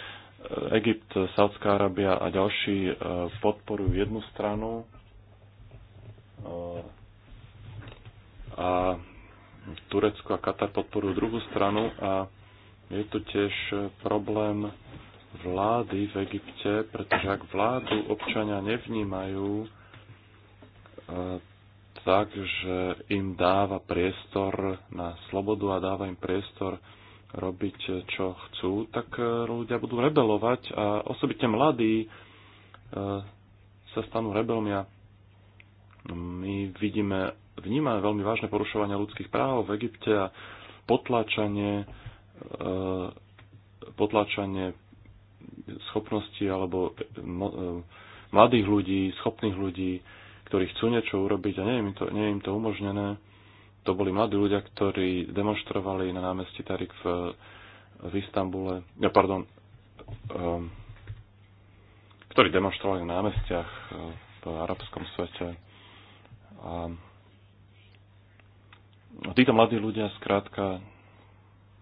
Egypt, Saudská Arábia a ďalší e, podporujú jednu stranu e, a Turecko a Katar podporujú druhú stranu a je to tiež problém vlády v Egypte, pretože ak vládu občania nevnímajú e, tak, že im dáva priestor na slobodu a dáva im priestor robiť, eh, čo chcú, tak eh, ľudia budú rebelovať a osobite mladí eh, sa stanú rebelmi a my vidíme, vnímame veľmi vážne porušovanie ľudských práv v Egypte a potláčanie, potláčanie schopností alebo mladých ľudí, schopných ľudí, ktorí chcú niečo urobiť a nie je im to, nie je im to umožnené to boli mladí ľudia, ktorí demonstrovali na námestí Tarik v, v Istambule, ja, pardon, um, ktorí demonstrovali na námestiach eh, v arabskom svete. A títo mladí ľudia skrátka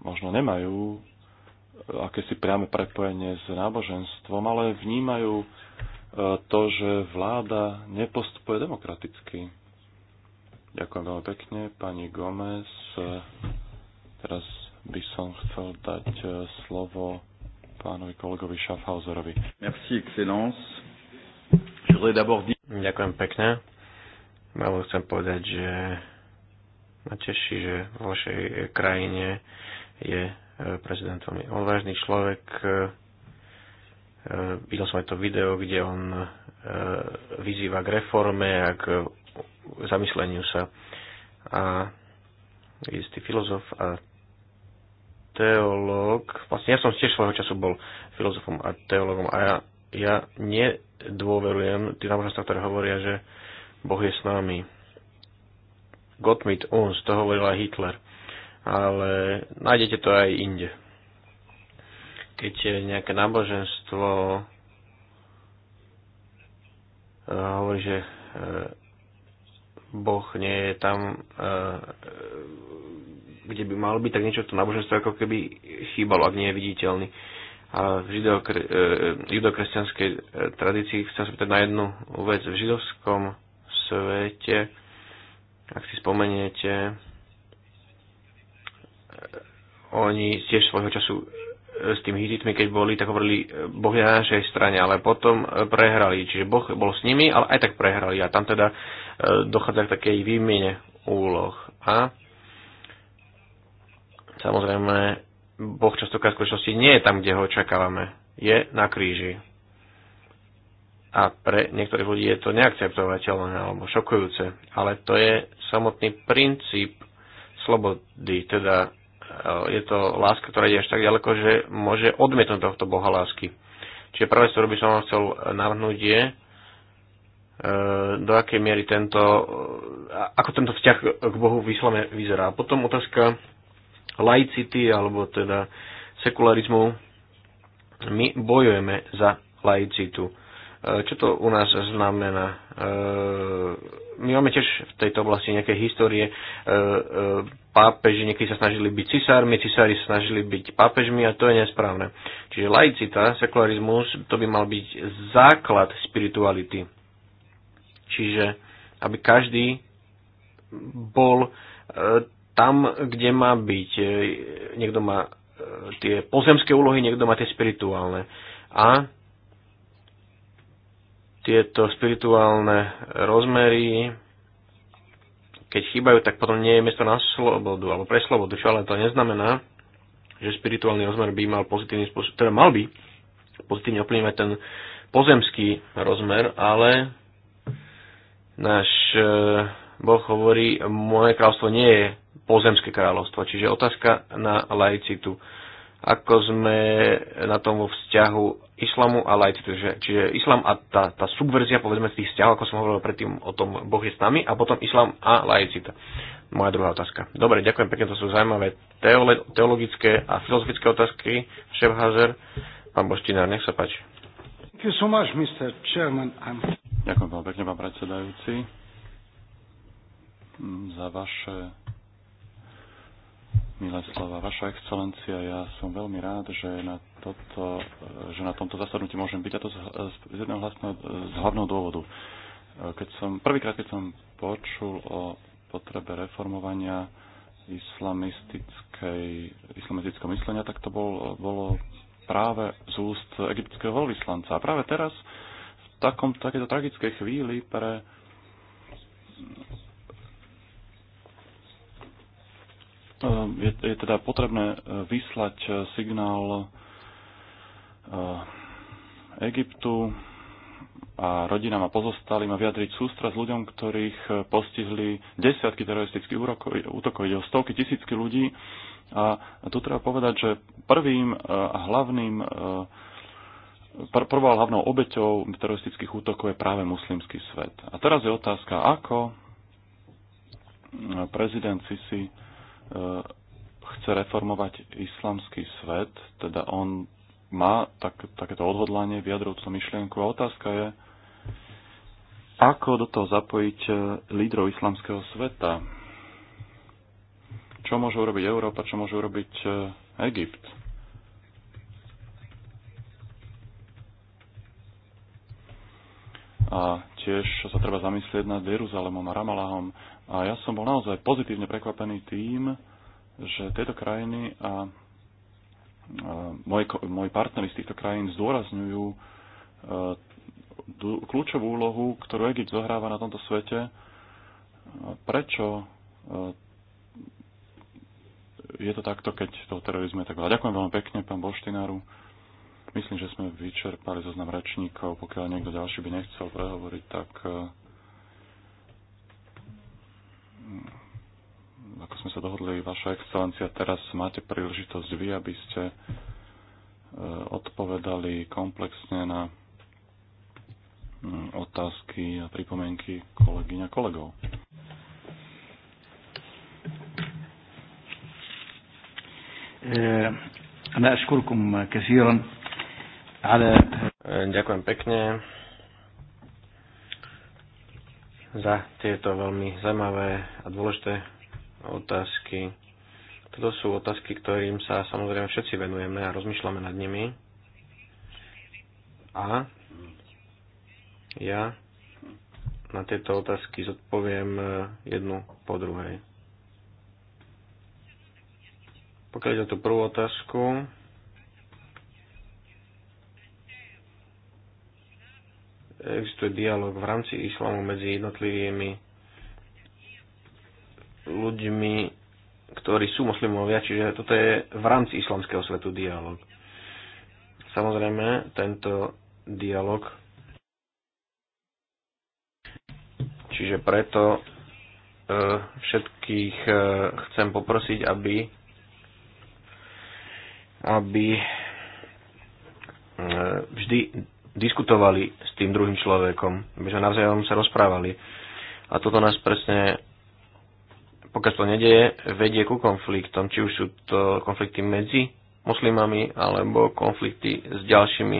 možno nemajú akési priame prepojenie s náboženstvom, ale vnímajú eh, to, že vláda nepostupuje demokraticky. Ďakujem veľmi pekne, pani Gomez. Teraz by som chcel dať e, slovo pánovi kolegovi Schaffhauserovi. Merci, excellence. Ďakujem pekne. Malo chcem povedať, že ma teší, že vo vašej e, krajine je e, prezident veľmi odvážny človek. Videl som aj to video, kde on vyzýva k reforme a k zamysleniu sa. A istý filozof a teológ, vlastne ja som tiež svojho času bol filozofom a teológom a ja, ja nedôverujem tým náboženstvom, ktoré hovoria, že Boh je s nami. Gott mit uns, to hovoril aj Hitler. Ale nájdete to aj inde. Keď je nejaké náboženstvo eh, hovorí, že eh, Boh nie je tam, e, kde by mal byť, tak niečo v tom náboženstve ako keby chýbalo, ak nie je viditeľný. A v e, e, judokresťanskej tradícii chcem sa pýtať na jednu vec. V židovskom svete, ak si spomeniete, oni tiež svojho času s tým hititmi, keď boli, tak hovorili, Boh je na našej strane, ale potom prehrali. Čiže Boh bol s nimi, ale aj tak prehrali. A tam teda dochádza k takej výmene úloh. A samozrejme, Boh častokrát v skutočnosti nie je tam, kde ho očakávame. Je na kríži. A pre niektorých ľudí je to neakceptovateľné alebo šokujúce. Ale to je samotný princíp slobody. Teda e, je to láska, ktorá ide až tak ďaleko, že môže odmietnúť tohto Boha lásky. Čiže prvé, čo by som vám chcel navrhnúť, je, E, do akej miery tento, e, ako tento vzťah k Bohu výslame vyzerá. Potom otázka laicity alebo teda sekularizmu. My bojujeme za laicitu. E, čo to u nás znamená? My máme tiež v tejto oblasti nejaké histórie. Pápeži niekedy sa snažili byť cisármi, cisári sa snažili byť pápežmi a to je nesprávne. Čiže laicita, sekularizmus, to by mal byť základ spirituality Čiže aby každý bol e, tam, kde má byť. E, niekto má e, tie pozemské úlohy, niekto má tie spirituálne. A tieto spirituálne rozmery, keď chýbajú, tak potom nie je miesto na slobodu alebo pre slobodu, čo ale to neznamená, že spirituálny rozmer by mal pozitívny spôsob, teda mal by pozitívne ovplyvňovať ten pozemský rozmer, ale Náš e, Boh hovorí, moje kráľovstvo nie je pozemské kráľovstvo. Čiže otázka na laicitu. Ako sme na tom vo vzťahu islamu a laicitu. Čiže islam a tá, tá subverzia, povedzme, tých vzťahov, ako som hovoril predtým o tom Boh je s nami, a potom islam a laicita. Moja druhá otázka. Dobre, ďakujem pekne, to sú zaujímavé teologické a filozofické otázky. Šefhazer, pán Boštinár, nech sa páči. Ďakujem veľmi pekne, pán predsedajúci, mm, za vaše milé slova. Vaša excelencia, ja som veľmi rád, že na, toto, e, že na tomto zasadnutí môžem byť a to z, z jedného hlasného, z hlavného dôvodu. E, keď som, prvýkrát, keď som počul o potrebe reformovania islamistickej, islamistického myslenia, tak to bol, bolo práve z úst egyptského veľvyslanca. A práve teraz, v takom, takéto tragickej chvíli pre ehm, je, je teda potrebné eh, vyslať eh, signál eh, Egyptu a rodinám a pozostalým a vyjadriť sústra s ľuďom, ktorých postihli desiatky teroristických útokov, ide o stovky tisícky ľudí a tu treba povedať, že prvým e, hlavným e, prvou hlavnou obeťou teroristických útokov je práve muslimský svet. A teraz je otázka, ako prezident Sisi e, chce reformovať islamský svet, teda on má tak, takéto odhodlanie, vyjadrujúcu myšlienku a otázka je, ako do toho zapojiť lídrov islamského sveta čo môže urobiť Európa, čo môže urobiť e, Egypt. A tiež sa treba zamyslieť nad Jeruzalemom a Ramalahom. A ja som bol naozaj pozitívne prekvapený tým, že tieto krajiny a moji, moji partneri z týchto krajín zdôrazňujú e, kľúčovú úlohu, ktorú Egypt zohráva na tomto svete, prečo e, je to takto, keď to terorizme tak veľa. Ďakujem veľmi pekne, pán Boštinaru. Myslím, že sme vyčerpali zoznam rečníkov. Pokiaľ niekto ďalší by nechcel prehovoriť, tak eh, mm, ako sme sa dohodli, vaša excelencia, teraz máte príležitosť vy, aby ste eh, odpovedali komplexne na mm, otázky a pripomienky kolegyň a kolegov. Ďakujem pekne za tieto veľmi zaujímavé a dôležité otázky. Toto sú otázky, ktorým sa samozrejme všetci venujeme a rozmýšľame nad nimi. A ja na tieto otázky zodpoviem eh, jednu po druhej. Pokiaľ ide o tú prvú otázku, existuje dialog v rámci islamu medzi jednotlivými ľuďmi, ktorí sú moslimovia, čiže toto je v rámci islamského svetu dialog. Samozrejme, tento dialog, čiže preto eh, všetkých eh, chcem poprosiť, aby aby e, vždy diskutovali s tým druhým človekom, aby sme navzájom sa rozprávali. A toto nás presne, pokiaľ to nedieje, vedie ku konfliktom, či už sú to konflikty medzi moslimami, alebo konflikty s ďalšími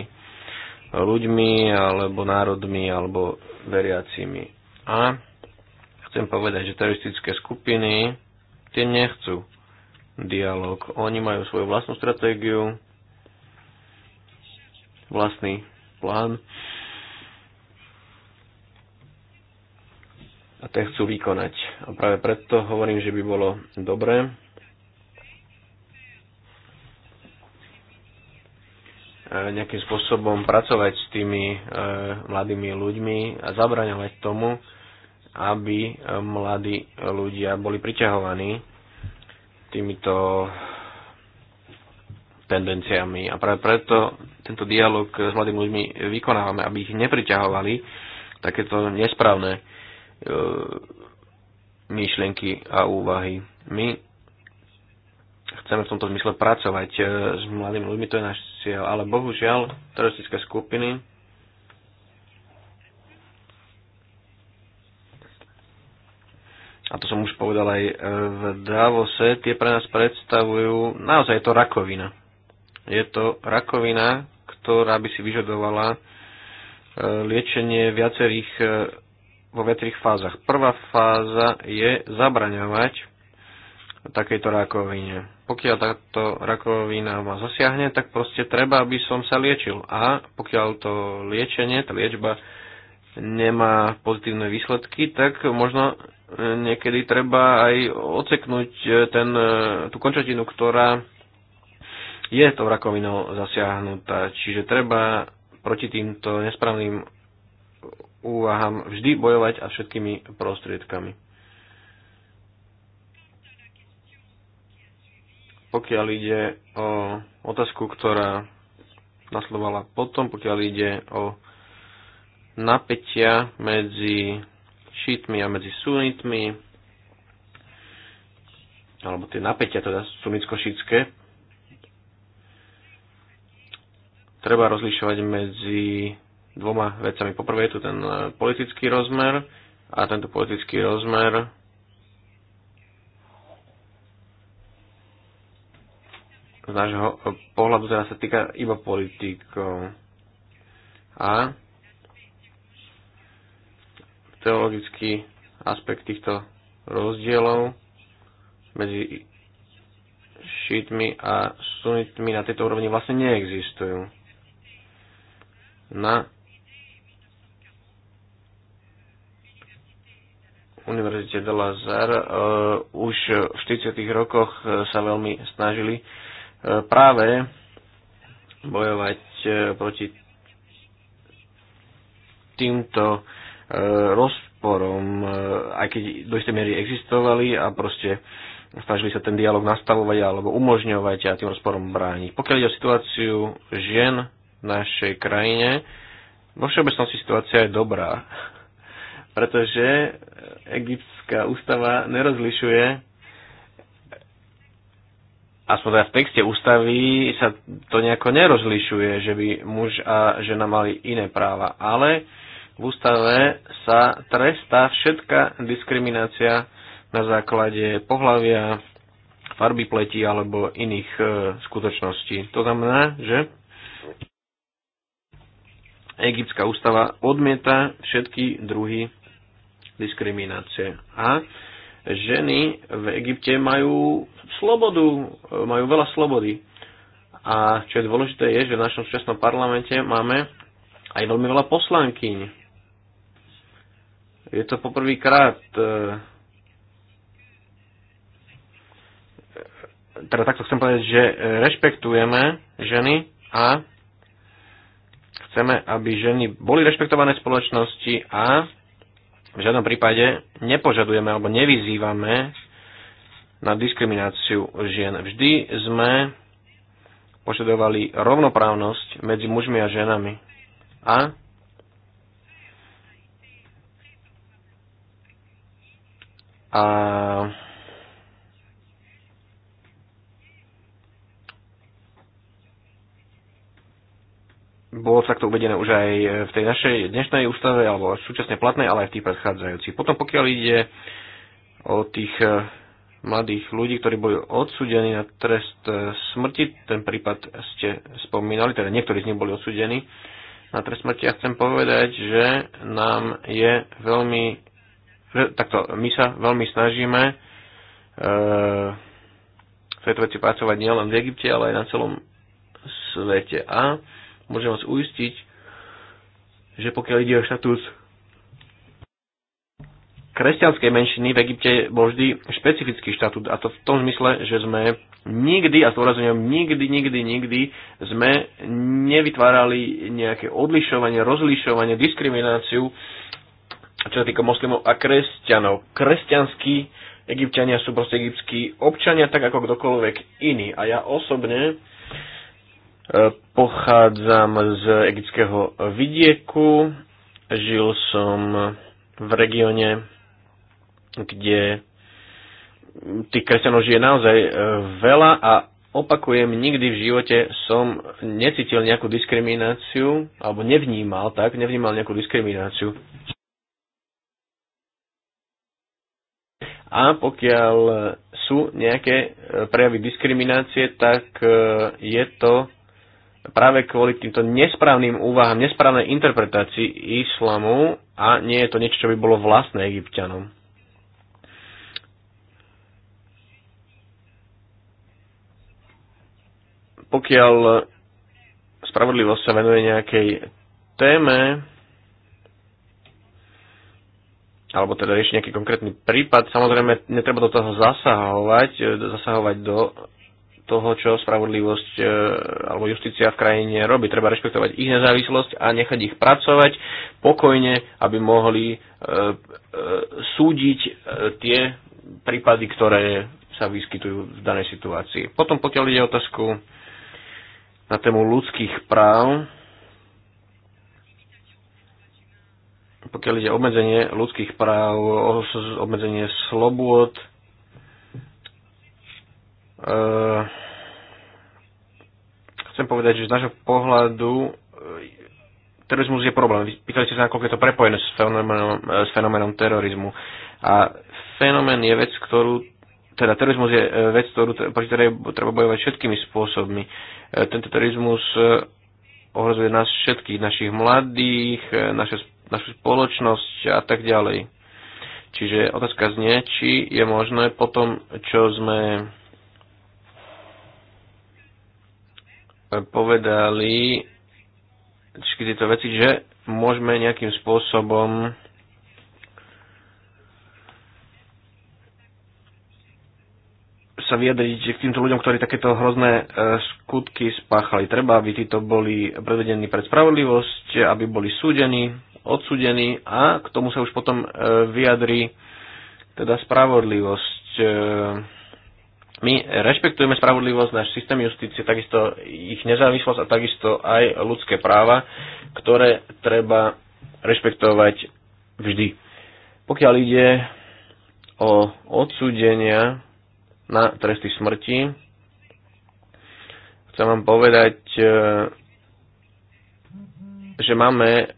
ľuďmi, alebo národmi, alebo veriacimi. A chcem povedať, že teroristické skupiny tie nechcú dialog. Oni majú svoju vlastnú stratégiu, vlastný plán a ten chcú vykonať. A práve preto hovorím, že by bolo dobré, e, nejakým spôsobom pracovať s tými e, mladými ľuďmi a zabraňovať tomu, aby e, mladí ľudia boli priťahovaní týmito tendenciami. A práve preto tento dialog s mladými ľuďmi vykonávame, aby ich nepriťahovali takéto nesprávne e, myšlienky a úvahy. My chceme v tomto zmysle pracovať e, s mladými ľuďmi, to je náš cieľ, ale bohužiaľ teroristické skupiny a to som už povedal aj e, v Davose, tie pre nás predstavujú, naozaj je to rakovina. Je to rakovina, ktorá by si vyžadovala e, liečenie viacerých, e, vo viacerých fázach. Prvá fáza je zabraňovať takejto rakovine. Pokiaľ táto rakovina ma zasiahne, tak proste treba, aby som sa liečil. A pokiaľ to liečenie, tá liečba nemá pozitívne výsledky, tak možno e, niekedy treba aj oceknúť e, ten, e, tú končatinu, ktorá je to rakovinou zasiahnutá. Čiže treba proti týmto nesprávnym úvahám vždy bojovať a všetkými prostriedkami. Pokiaľ ide o otázku, ktorá nasledovala potom, pokiaľ ide o napätia medzi šítmi a medzi sunitmi, alebo tie napätia teda sunitsko šítske treba rozlišovať medzi dvoma vecami. Poprvé je tu ten politický rozmer a tento politický rozmer z nášho pohľadu teraz sa týka iba politikov. A teologický aspekt týchto rozdielov medzi šítmi a sunitmi na tejto úrovni vlastne neexistujú. Na Univerzite de La uh, už v 40. rokoch e, sa veľmi snažili uh, práve bojovať uh, proti týmto rozporom, e, aj keď do istej miery existovali a proste snažili sa ten dialog nastavovať alebo umožňovať a tým rozporom brániť. Pokiaľ ide o situáciu žien v našej krajine, vo všeobecnosti situácia je dobrá, [laughs] pretože egyptská ústava nerozlišuje aspoň teda v texte ústavy sa to nejako nerozlišuje, že by muž a žena mali iné práva, ale v ústave sa trestá všetká diskriminácia na základe pohlavia, farby pleti alebo iných e, skutočností. To znamená, že egyptská ústava odmieta všetky druhy diskriminácie. A ženy v Egypte majú slobodu, e, majú veľa slobody. A čo je dôležité je, že v našom súčasnom parlamente máme aj veľmi veľa poslankyň. Je to poprvýkrát, e, teda takto chcem povedať, že rešpektujeme ženy a chceme, aby ženy boli rešpektované v spoločnosti a v žiadnom prípade nepožadujeme alebo nevyzývame na diskrimináciu žien. Vždy sme požadovali rovnoprávnosť medzi mužmi a ženami. A A bolo takto uvedené už aj v tej našej dnešnej ústave, alebo súčasne platnej, ale aj v tých predchádzajúcich. Potom pokiaľ ide o tých eh, mladých ľudí, ktorí boli odsudení na trest eh, smrti, ten prípad ste spomínali, teda niektorí z nich boli odsudení na trest smrti a chcem povedať, že nám je veľmi že takto my sa veľmi snažíme e, v tejto veci pracovať nielen v Egypte, ale aj na celom svete. A môžem vás uistiť, že pokiaľ ide o štatus kresťanskej menšiny v Egypte bol vždy špecifický štatút a to v tom zmysle, že sme nikdy, a zdôrazňujem nikdy, nikdy, nikdy, sme nevytvárali nejaké odlišovanie, rozlišovanie, diskrimináciu čo sa týka moslimov a kresťanov. Kresťanskí egyptiania sú proste egyptskí občania, tak ako kdokoľvek iný. A ja osobne e, pochádzam z egyptského vidieku, žil som v regióne, kde tých kresťanov žije naozaj e, veľa a opakujem, nikdy v živote som necítil nejakú diskrimináciu, alebo nevnímal tak, nevnímal nejakú diskrimináciu. a pokiaľ sú nejaké e, prejavy diskriminácie, tak e, je to práve kvôli týmto nesprávnym úvahám, nesprávnej interpretácii islamu a nie je to niečo, čo by bolo vlastné egyptianom. Pokiaľ spravodlivosť sa venuje nejakej téme, alebo teda riešiť nejaký konkrétny prípad. Samozrejme, netreba do toho zasahovať, e, zasahovať do toho, čo spravodlivosť e, alebo justícia v krajine robí. Treba rešpektovať ich nezávislosť a nechať ich pracovať pokojne, aby mohli e, súdiť tie prípady, ktoré sa vyskytujú v danej situácii. Potom pokiaľ ide otázku na tému ľudských práv, pokiaľ ide obmedzenie ľudských práv, obmedzenie slobôd, e, chcem povedať, že z nášho pohľadu e, terorizmus je problém. Pýtali ste sa, nakoľko je to prepojené s fenoménom, e, s fenoménom terorizmu. A fenomén je vec, ktorú teda terorizmus je vec, ktorú, proti ktorej treba bojovať všetkými spôsobmi. Tento terorizmus ohrozuje nás všetkých, našich mladých, naše našu spoločnosť a tak ďalej. Čiže otázka znie, či je možné po tom, čo sme e, povedali všetky tieto veci, že môžeme nejakým spôsobom sa vyjadriť k týmto ľuďom, ktorí takéto hrozné e, skutky spáchali. Treba, aby títo boli predvedení pred spravodlivosť, aby boli súdení odsudený a k tomu sa už potom e, vyjadri teda spravodlivosť. E, my rešpektujeme spravodlivosť, náš systém justície, takisto ich nezávislosť a takisto aj ľudské práva, ktoré treba rešpektovať vždy. Pokiaľ ide o odsúdenia na tresty smrti, chcem vám povedať, e, že máme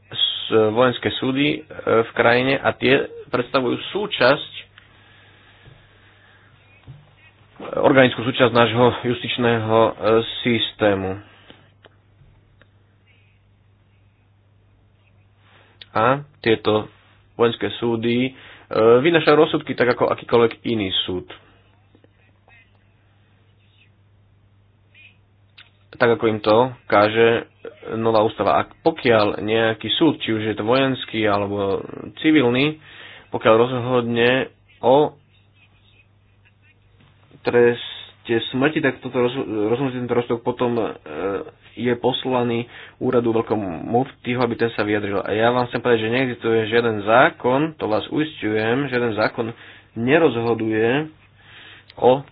E, vojenské súdy e, v krajine a tie predstavujú súčasť organickú súčasť nášho justičného e, systému. A tieto vojenské súdy vynašajú rozsudky tak ako akýkoľvek iný súd. tak ako im to káže nová ústava. A pokiaľ nejaký súd, či už je to vojenský alebo civilný, pokiaľ rozhodne o treste smrti, tak toto rozhodnutie tento rozsudok potom e, je poslaný úradu veľkom muftího, aby ten sa vyjadril. A ja vám chcem povedať, že neexistuje žiaden zákon, to vás uistujem, žiaden zákon nerozhoduje o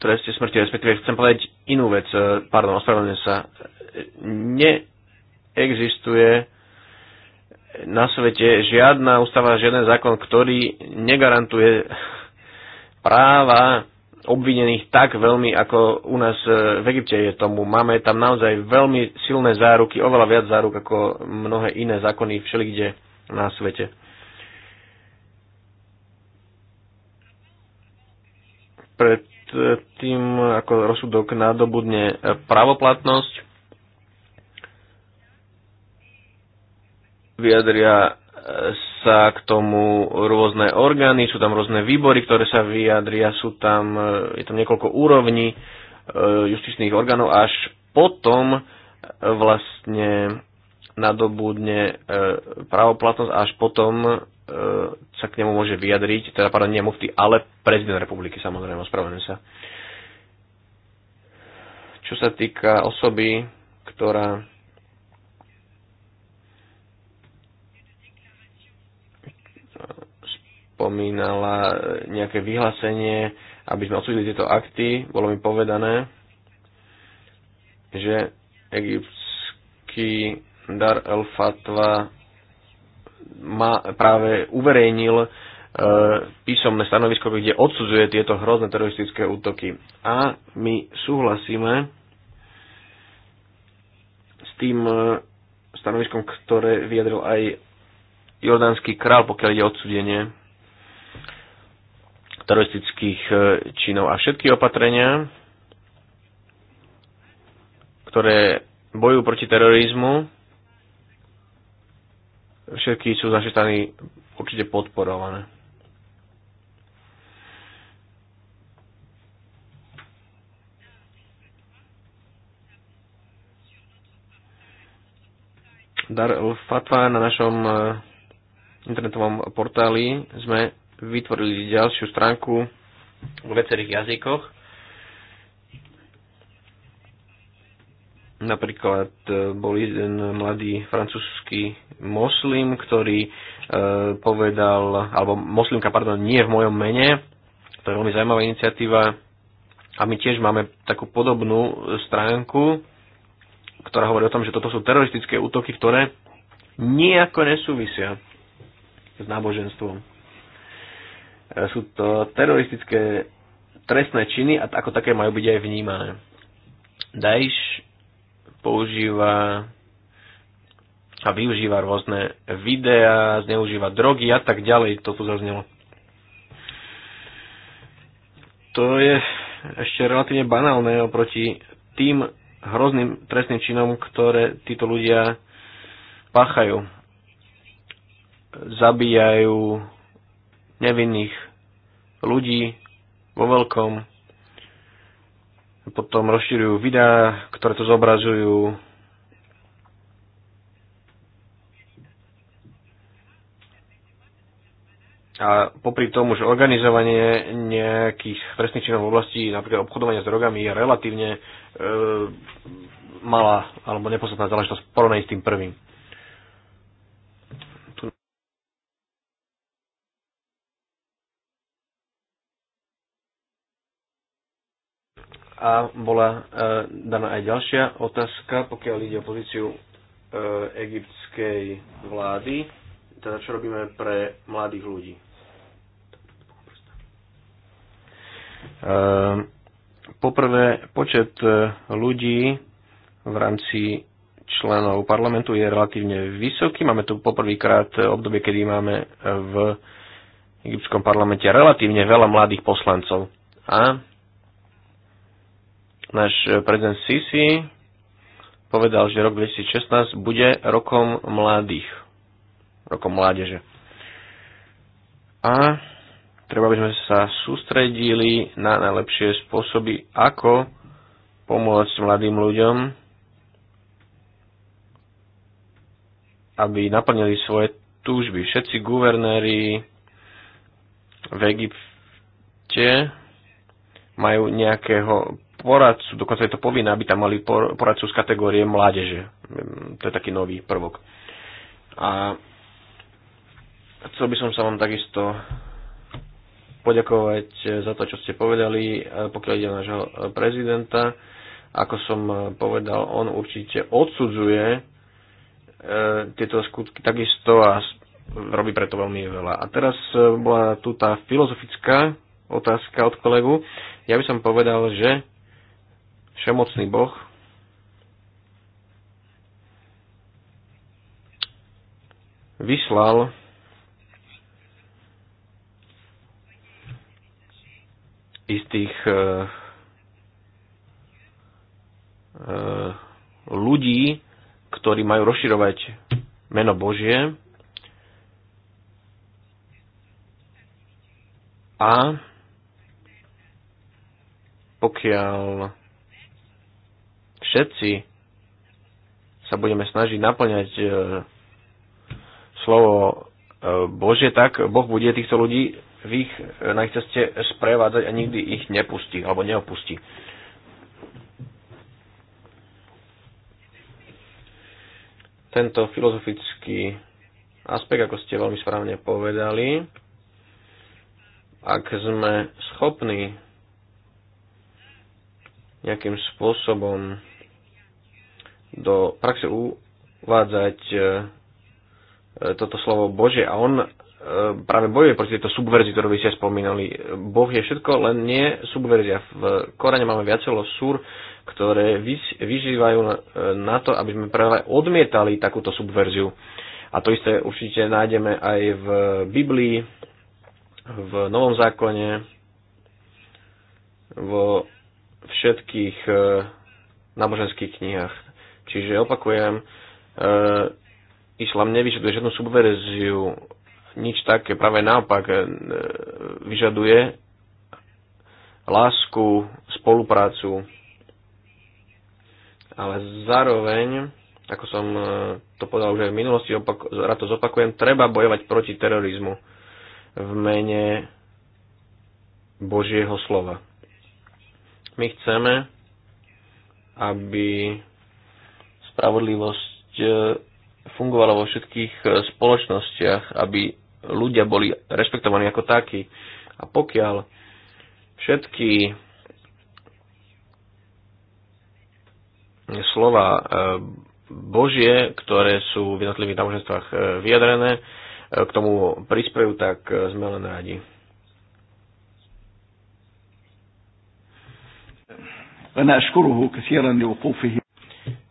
treste smrti, respektíve chcem povedať inú vec, e, pardon, ospravedlňujem sa. Neexistuje na svete žiadna ústava, žiaden zákon, ktorý negarantuje práva obvinených tak veľmi, ako u nás e, v Egypte je tomu. Máme tam naozaj veľmi silné záruky, oveľa viac záruk ako mnohé iné zákony všelikde na svete. Pre, tým, ako rozsudok nadobudne pravoplatnosť, vyjadria sa k tomu rôzne orgány, sú tam rôzne výbory, ktoré sa vyjadria, sú tam, je tam niekoľko úrovní e, justičných orgánov, až potom vlastne nadobudne e, pravoplatnosť, až potom E, sa k nemu môže vyjadriť, teda pardon, nie mufti, ale prezident republiky, samozrejme, ospravedlňujem sa. Čo sa týka osoby, ktorá spomínala nejaké vyhlásenie, aby sme odsúdili tieto akty, bolo mi povedané, že egyptský Dar el-Fatwa ma práve uverejnil e, písomné stanovisko, kde odsudzuje tieto hrozné teroristické útoky. A my súhlasíme s tým e, stanoviskom, ktoré vyjadril aj jordánsky král, pokiaľ ide odsudenie teroristických e, činov a všetky opatrenia, ktoré bojujú proti terorizmu, všetky sú z našej strany určite podporované. Dar Fatva na našom eh, internetovom portáli sme vytvorili ďalšiu stránku v viacerých jazykoch Napríklad e, bol jeden mladý francúzsky moslim, ktorý e, povedal, alebo moslimka, pardon, nie v mojom mene, to je veľmi zaujímavá iniciatíva a my tiež máme takú podobnú stránku, ktorá hovorí o tom, že toto sú teroristické útoky, ktoré nejako nesúvisia s náboženstvom. E, sú to teroristické trestné činy a ako také majú byť aj vnímané. Daesh používa a využíva rôzne videá, zneužíva drogy a tak ďalej, to tu zaznelo. To je ešte relatívne banálne oproti tým hrozným trestným činom, ktoré títo ľudia páchajú. Zabíjajú nevinných ľudí vo veľkom, potom rozšírujú videá, ktoré to zobrazujú. A popri tom že organizovanie nejakých trestných činov v oblasti napríklad obchodovania s drogami je relatívne e, malá alebo nepodstatná záležitosť porovnaní s tým prvým. A bola e, daná aj ďalšia otázka, pokiaľ ide o pozíciu e, egyptskej vlády, teda čo robíme pre mladých ľudí. E, poprvé, počet ľudí v rámci členov parlamentu je relatívne vysoký. Máme tu poprvýkrát obdobie, kedy máme v egyptskom parlamente relatívne veľa mladých poslancov. A Náš eh, prezident Sisi povedal, že rok 2016 bude rokom mladých. Rokom mládeže. A treba by sme sa sústredili na najlepšie spôsoby, ako pomôcť mladým ľuďom, aby naplnili svoje túžby. Všetci guvernéri v Egypte majú nejakého poradcu, dokonca je to povinné, aby tam mali poradcu z kategórie mládeže. To je taký nový prvok. A chcel by som sa vám takisto poďakovať za to, čo ste povedali, eh, pokiaľ ide nášho eh, prezidenta. Ako som eh, povedal, on určite odsudzuje tieto skutky takisto a robí preto veľmi veľa. A teraz bola tu tá filozofická otázka od kolegu. Ja by som povedal, že všemocný Boh vyslal istých eh, eh, ľudí, ktorí majú rozširovať meno Božie a pokiaľ všetci sa budeme snažiť naplňať e, slovo e, Bože, tak Boh bude týchto ľudí v ich, e, na ich ceste sprevádzať a nikdy ich nepustí alebo neopustí. Tento filozofický aspekt, ako ste veľmi správne povedali, ak sme schopní nejakým spôsobom do praxe uvádzať e, e, toto slovo Bože a on e, práve bojuje proti tejto subverzii, ktorú by ste spomínali. Boh je všetko, len nie subverzia. V Korane máme viacero súr, ktoré vyžívajú na to, aby sme práve odmietali takúto subverziu. A to isté určite nájdeme aj v Biblii, v Novom zákone, vo všetkých náboženských knihách. Čiže opakujem, e, islám nevyžaduje žiadnu subverziu, nič také, práve naopak e, vyžaduje lásku, spoluprácu, ale zároveň, ako som e, to povedal už aj v minulosti, opak- rád to zopakujem, treba bojovať proti terorizmu v mene Božieho slova. My chceme, aby spravodlivosť e, fungovala vo všetkých e, spoločnostiach, aby ľudia boli rešpektovaní ako takí. A pokiaľ všetky slova e, Božie, ktoré sú v jednotlivých náboženstvách vyjadrené, k tomu prispejú, tak sme len radi. ونشكره كثيرا لوقوفه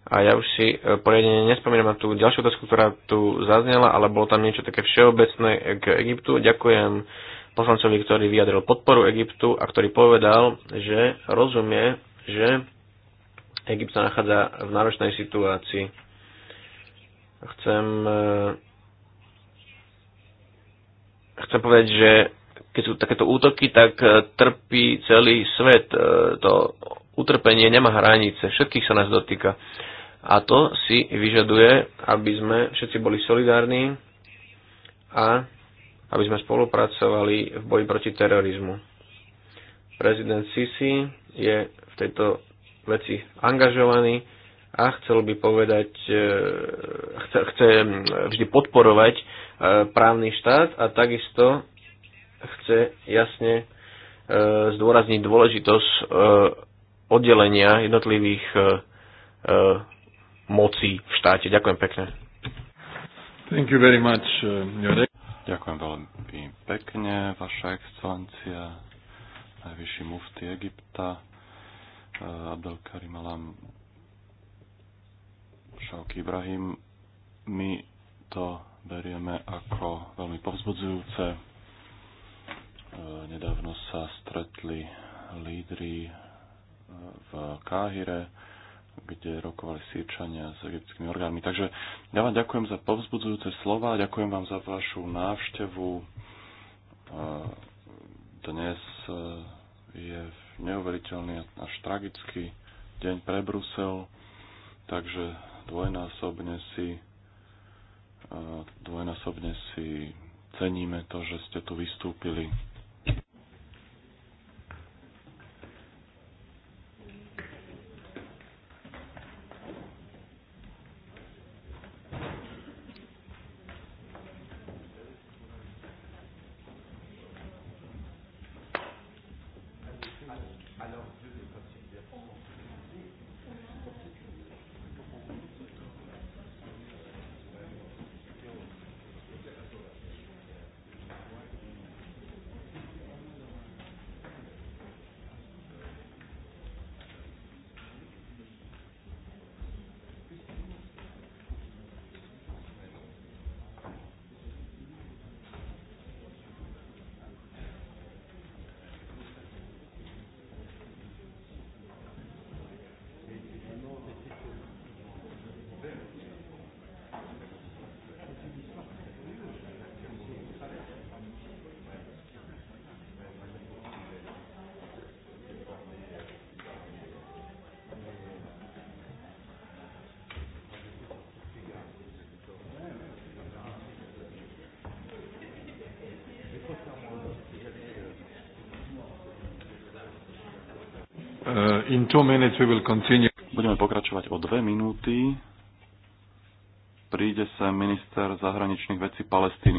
a ja už si e, poriadne nespomínam na tú ďalšiu otázku, ktorá tu zaznela, ale bolo tam niečo také všeobecné k Egyptu. Ďakujem poslancovi, ktorý vyjadril podporu Egyptu a ktorý povedal, že rozumie, že Egypt sa nachádza v náročnej situácii. Chcem, e, chcem povedať, že keď sú takéto útoky, tak e, trpí celý svet. To utrpenie nemá hranice, všetkých sa nás dotýka. A to si vyžaduje, aby sme všetci boli solidárni a aby sme spolupracovali v boji proti terorizmu. Prezident Sisi je v tejto veci angažovaný a chcel by povedať, e, chce, chce vždy podporovať e, právny štát a takisto chce jasne e, zdôrazniť dôležitosť oddelenia jednotlivých moci v štáte. Ďakujem pekne. Thank you very much, uh, Ďakujem veľmi pekne, vaša excelencia, najvyšší mufty Egypta, uh, Karim Alam Šauk Ibrahim. My to berieme ako veľmi povzbudzujúce. Uh, nedávno sa stretli lídry uh, v Káhire kde rokovali sírčania s egyptskými orgánmi. Takže ja vám ďakujem za povzbudzujúce slova, ďakujem vám za vašu návštevu. E, dnes e, je neuveriteľný až tragický deň pre Brusel, takže dvojnásobne si e, dvojnásobne si ceníme to, že ste tu vystúpili Uh, in two minutes we will continue. Budeme pokračovať o dve minúty. Príde sa minister zahraničných vecí Palestíny.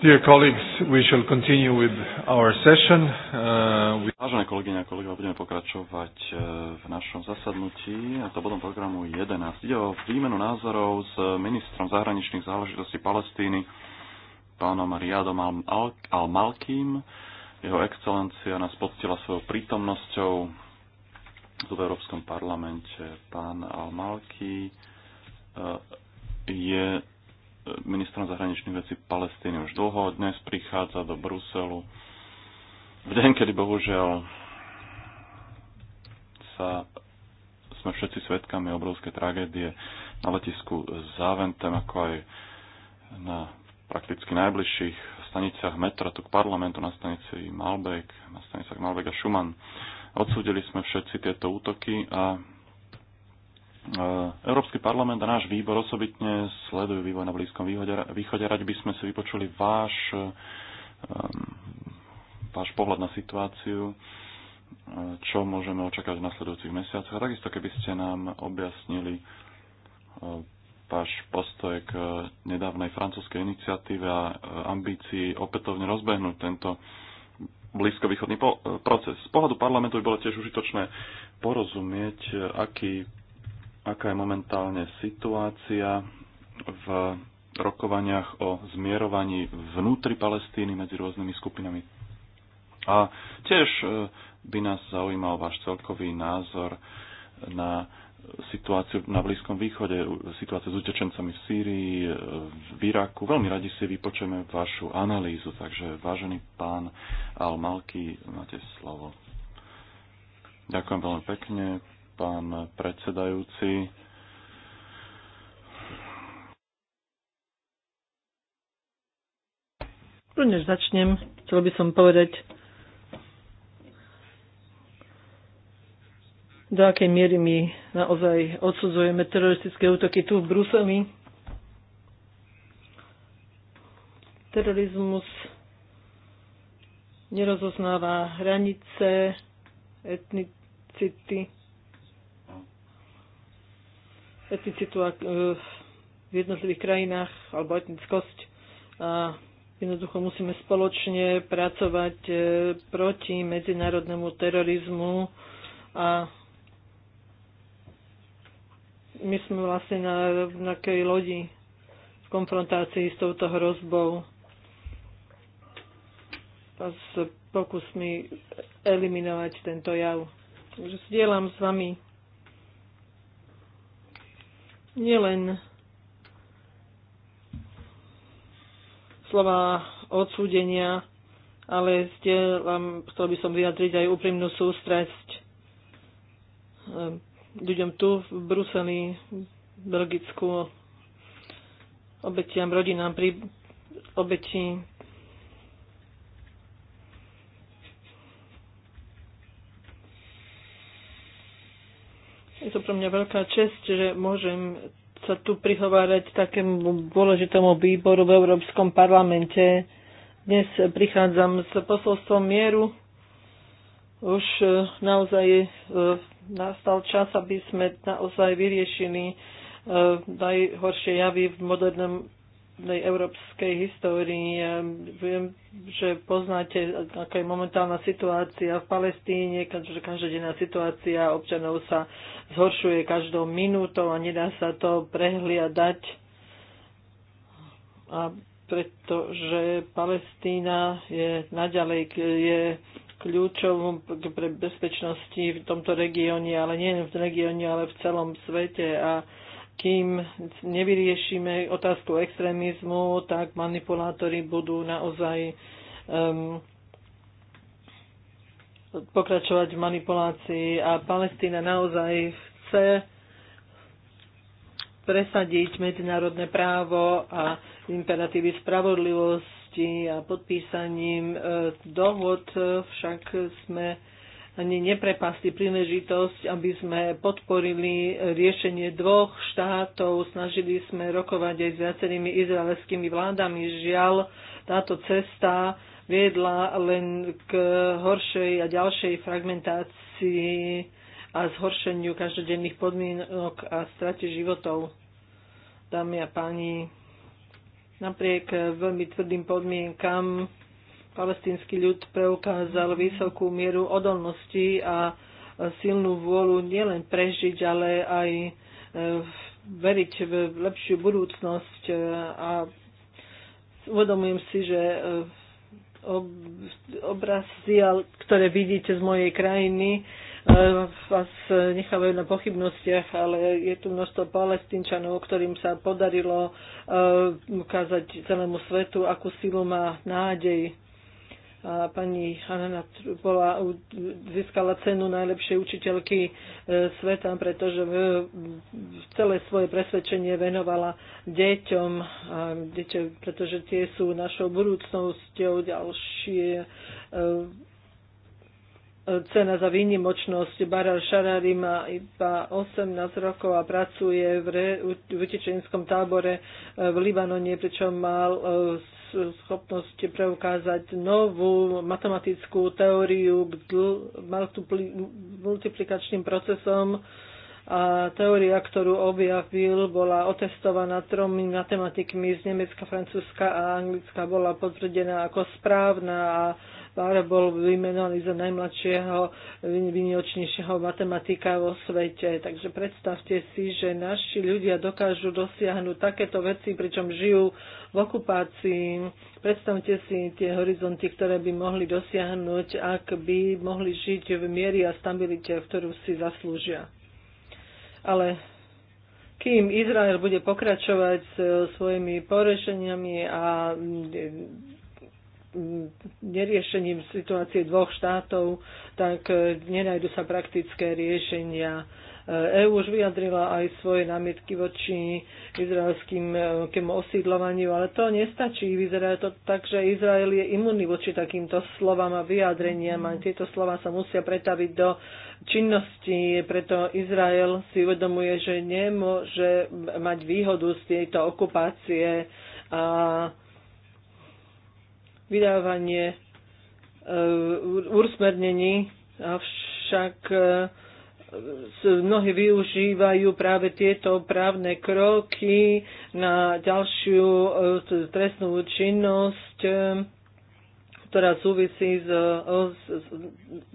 Dear colleagues, we shall continue with our session. Uh, we... Vážené kolegyne a kolegovia, budeme pokračovať uh, v našom zasadnutí. A to bodom programu 11. Ide o výmenu názorov s ministrom zahraničných záležitostí Palestíny, pánom Riadom Al-Malkým. Jeho excelencia nás poctila svojou prítomnosťou v Európskom parlamente. Pán Al-Malký uh, je ministrom zahraničných vecí Palestíny už dlho. Dnes prichádza do Bruselu v deň, kedy bohužiaľ sa sme všetci svetkami obrovské tragédie na letisku Záventem, ako aj na prakticky najbližších staniciach metra tu k parlamentu, na stanici Malbek, na stanicách Malbek a Šuman. Odsúdili sme všetci tieto útoky a Eh, Európsky parlament a náš výbor osobitne sledujú vývoj na Blízkom východe. Rať radi by sme si vypočuli váš, eh, váš pohľad na situáciu, eh, čo môžeme očakávať v nasledujúcich mesiacoch. A takisto, keby ste nám objasnili váš postoj k nedávnej francúzskej iniciatíve a ambícii opätovne rozbehnúť tento blízkovýchodný proces. Z pohľadu parlamentu by bolo tiež užitočné porozumieť, aký aká je momentálne situácia v rokovaniach o zmierovaní vnútri Palestíny medzi rôznymi skupinami. A tiež e, by nás zaujímal váš celkový názor na situáciu na Blízkom východe, situáciu s utečencami v Sýrii, e, v Iraku. Veľmi radi si vypočujeme vašu analýzu, takže vážený pán Al-Malky, máte slovo. Ďakujem veľmi pekne, pán predsedajúci. No než začnem, chcel by som povedať, do akej miery my naozaj odsudzujeme teroristické útoky tu v Bruseli. Terorizmus nerozoznáva hranice, etnicity etnicitu a, e, v jednotlivých krajinách alebo etnickosť. A jednoducho musíme spoločne pracovať e, proti medzinárodnému terorizmu a my sme vlastne na rovnakej lodi v konfrontácii s touto hrozbou a s pokusmi eliminovať tento jav. Takže sdielam s vami nielen slova odsúdenia, ale vám chcel by som vyjadriť aj úprimnú sústresť ehm, ľuďom tu v Bruseli, Belgicku, obetiam, rodinám pri obeti je to pre mňa veľká čest, že môžem sa tu prihovárať takému dôležitému výboru v Európskom parlamente. Dnes prichádzam s posolstvom mieru. Už e, naozaj e, nastal čas, aby sme naozaj vyriešili e, najhoršie javy v modernom tej európskej histórii. Viem, že poznáte, aká je momentálna situácia v Palestíne, že každodenná situácia občanov sa zhoršuje každou minútou a nedá sa to prehliadať. A pretože Palestína je naďalej je kľúčovom pre bezpečnosti v tomto regióne, ale nie v regióne, ale v celom svete. A kým nevyriešime otázku extrémizmu, tak manipulátori budú naozaj um, pokračovať v manipulácii a Palestína naozaj chce presadiť medzinárodné právo a imperatívy spravodlivosti a podpísaním eh, dohod eh, však sme ani neprepasti príležitosť, aby sme podporili riešenie dvoch štátov. Snažili sme rokovať aj s viacerými izraelskými vládami. Žiaľ, táto cesta viedla len k horšej a ďalšej fragmentácii a zhoršeniu každodenných podmienok a strate životov. Dámy a páni, napriek veľmi tvrdým podmienkam palestínsky ľud preukázal vysokú mieru odolnosti a silnú vôľu nielen prežiť, ale aj e, veriť v lepšiu budúcnosť e, a uvedomujem si, že e, obraz, ktoré vidíte z mojej krajiny, vás nechávajú na pochybnostiach, ale je tu množstvo palestínčanov, ktorým sa podarilo ukázať celému svetu, akú silu má nádej a pani Hanana bola, získala cenu najlepšej učiteľky e, sveta, pretože v, celé svoje presvedčenie venovala deťom, a deťom pretože tie sú našou budúcnosťou ďalšie e, e, cena za výnimočnosť. Baral Šarari má iba 18 rokov a pracuje v, re, v utečenskom tábore v Libanone, pričom mal schopnosť preukázať novú matematickú teóriu k multiplikačným procesom. A teória, ktorú objavil, bola otestovaná tromi matematikmi z Nemecka, Francúzska a Anglicka, bola potvrdená ako správna a Pára bol vymenovaný za najmladšieho vynimočnejšieho matematika vo svete. Takže predstavte si, že naši ľudia dokážu dosiahnuť takéto veci, pričom žijú v okupácii. Predstavte si tie horizonty, ktoré by mohli dosiahnuť, ak by mohli žiť v miery a stabilite, v ktorú si zaslúžia. Ale kým Izrael bude pokračovať s e, svojimi porešeniami a neriešením situácie dvoch štátov, tak e, nenajdu sa praktické riešenia. EU e už vyjadrila aj svoje námietky voči izraelským e, osídlovaniu, ale to nestačí. Vyzerá to tak, že Izrael je imunný voči takýmto slovám a vyjadreniam a tieto slova sa musia pretaviť do činnosti, preto Izrael si uvedomuje, že nemôže mať výhodu z tejto okupácie a vydávanie e, úsmernení, avšak e, mnohí využívajú práve tieto právne kroky na ďalšiu e, trestnú činnosť, ktorá súvisí s, s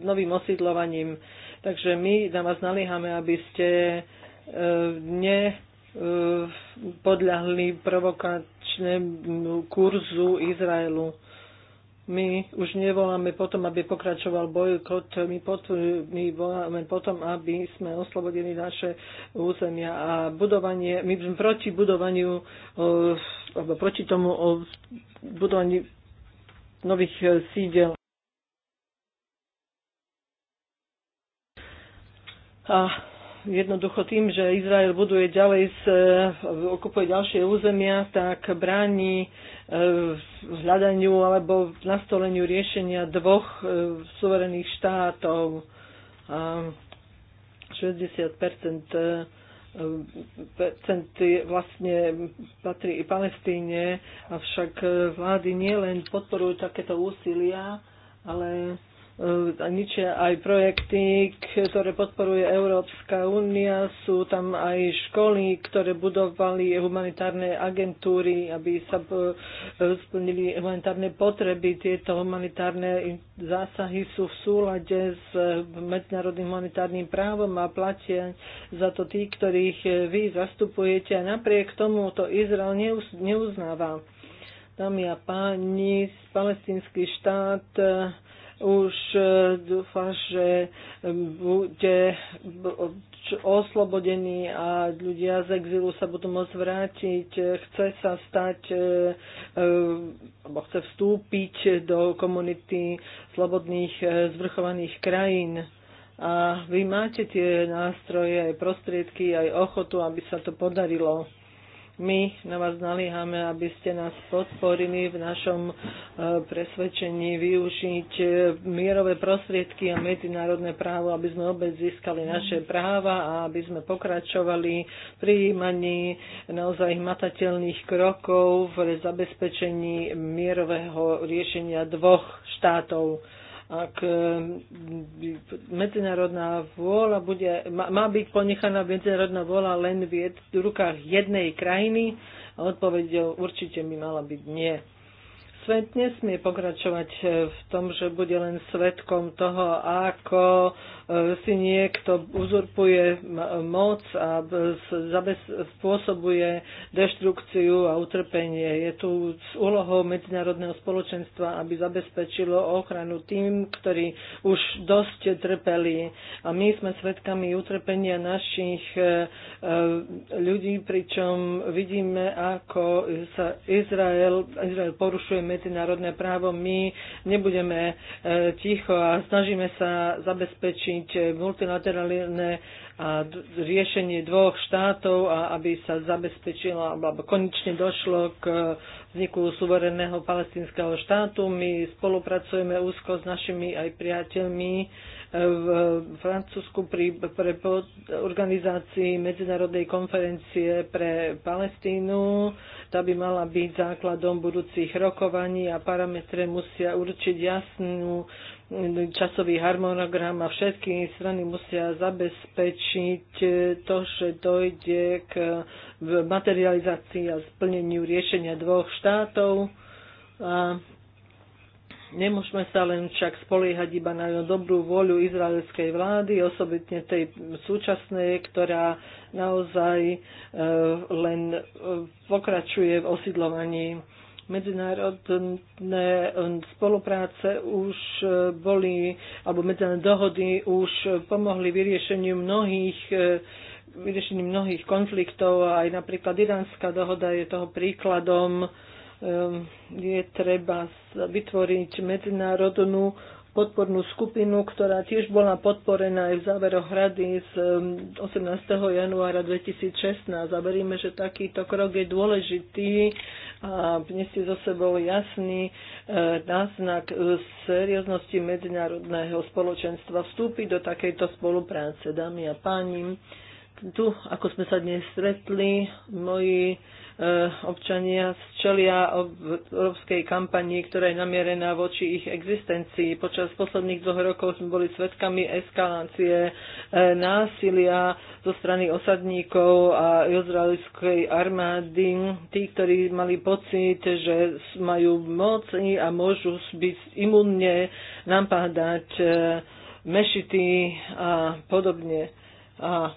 novým osídlovaním. Takže my na vás naliehame, aby ste ne podľahli provokačnému kurzu Izraelu my už nevoláme potom, aby pokračoval bojkot, my, pot, my voláme potom, aby sme oslobodili naše územia a budovanie, my sme proti budovaniu, alebo proti tomu o budovaní nových e, sídel. A jednoducho tým, že Izrael buduje ďalej, z, e, okupuje ďalšie územia, tak bráni e, hľadaniu alebo nastoleniu riešenia dvoch e, suverených štátov. 60 vlastne patrí i Palestíne, avšak vlády nielen podporujú takéto úsilia, ale E, ničia aj projekty, ktoré podporuje Európska únia. Sú tam aj školy, ktoré budovali humanitárne agentúry, aby sa e, splnili humanitárne potreby. Tieto humanitárne zásahy sú v súlade s medzinárodným humanitárnym právom a platia za to tí, ktorých e, vy zastupujete. A napriek tomu to Izrael neuznáva. Dámy a páni, palestínsky štát už e, dúfam, že e, bude oslobodený a ľudia z exilu sa budú môcť vrátiť. Chce sa stať, e, alebo chce vstúpiť do komunity slobodných zvrchovaných krajín. A vy máte tie nástroje, aj prostriedky, aj ochotu, aby sa to podarilo. My na vás naliehame, aby ste nás podporili v našom e, presvedčení využiť e, mierové prostriedky a medzinárodné právo, aby sme obec získali naše práva a aby sme pokračovali v prijímaní naozaj matateľných krokov v zabezpečení mierového riešenia dvoch štátov ak eh, medzinárodná vôľa bude, má byť ponechaná medzinárodná vôľa len v rukách jednej krajiny, a odpoveď určite by mala byť nie. Svet nesmie pokračovať eh, v tom, že bude len svetkom toho, ako E, si niekto uzurpuje moc a spôsobuje deštrukciu a utrpenie. Je tu s úlohou medzinárodného spoločenstva, aby zabezpečilo ochranu tým, ktorí už dosť trpeli. A my sme svedkami utrpenia našich e, e, ľudí, pričom vidíme, ako sa Izrael, Izrael porušuje medzinárodné právo. My nebudeme ticho a snažíme sa zabezpečiť zabezpečiť multilaterálne a riešenie dvoch štátov a aby sa zabezpečilo, alebo konečne došlo k vzniku suvereného palestinského štátu. My spolupracujeme úzko s našimi aj priateľmi e, v Francúzsku pri, pre organizácii Medzinárodnej konferencie pre Palestínu. Tá by mala byť základom budúcich rokovaní a parametre musia určiť jasnú časový harmonogram a všetky strany musia zabezpečiť to, že dojde k materializácii a splneniu riešenia dvoch štátov. A nemôžeme sa len však spoliehať iba na dobrú voľu izraelskej vlády, osobitne tej súčasnej, ktorá naozaj eh, len eh, pokračuje v osidlovaní medzinárodné um, spolupráce už uh, boli, alebo medzinárodné dohody už uh, pomohli vyriešeniu mnohých uh, vyriešení mnohých konfliktov a aj napríklad iránska dohoda je toho príkladom. Um, je treba vytvoriť medzinárodnú podpornú skupinu, ktorá tiež bola podporená aj v záveroch rady z 18. Um, januára 2016. A veríme, že takýto krok je dôležitý a nesie zo sebou jasný e, náznak e, serióznosti medzinárodného spoločenstva vstúpiť do takejto spolupráce. Dámy a páni, tu, ako sme sa dnes stretli, moji Eh, občania čelia európskej kampanii, ktorá je namierená voči ich existencii. Počas posledných dvoch rokov sme boli svedkami eskalácie eh, násilia zo strany osadníkov a izraelskej armády. Tí, ktorí mali pocit, že majú moc a môžu byť imunne napádať eh, mešity a podobne. A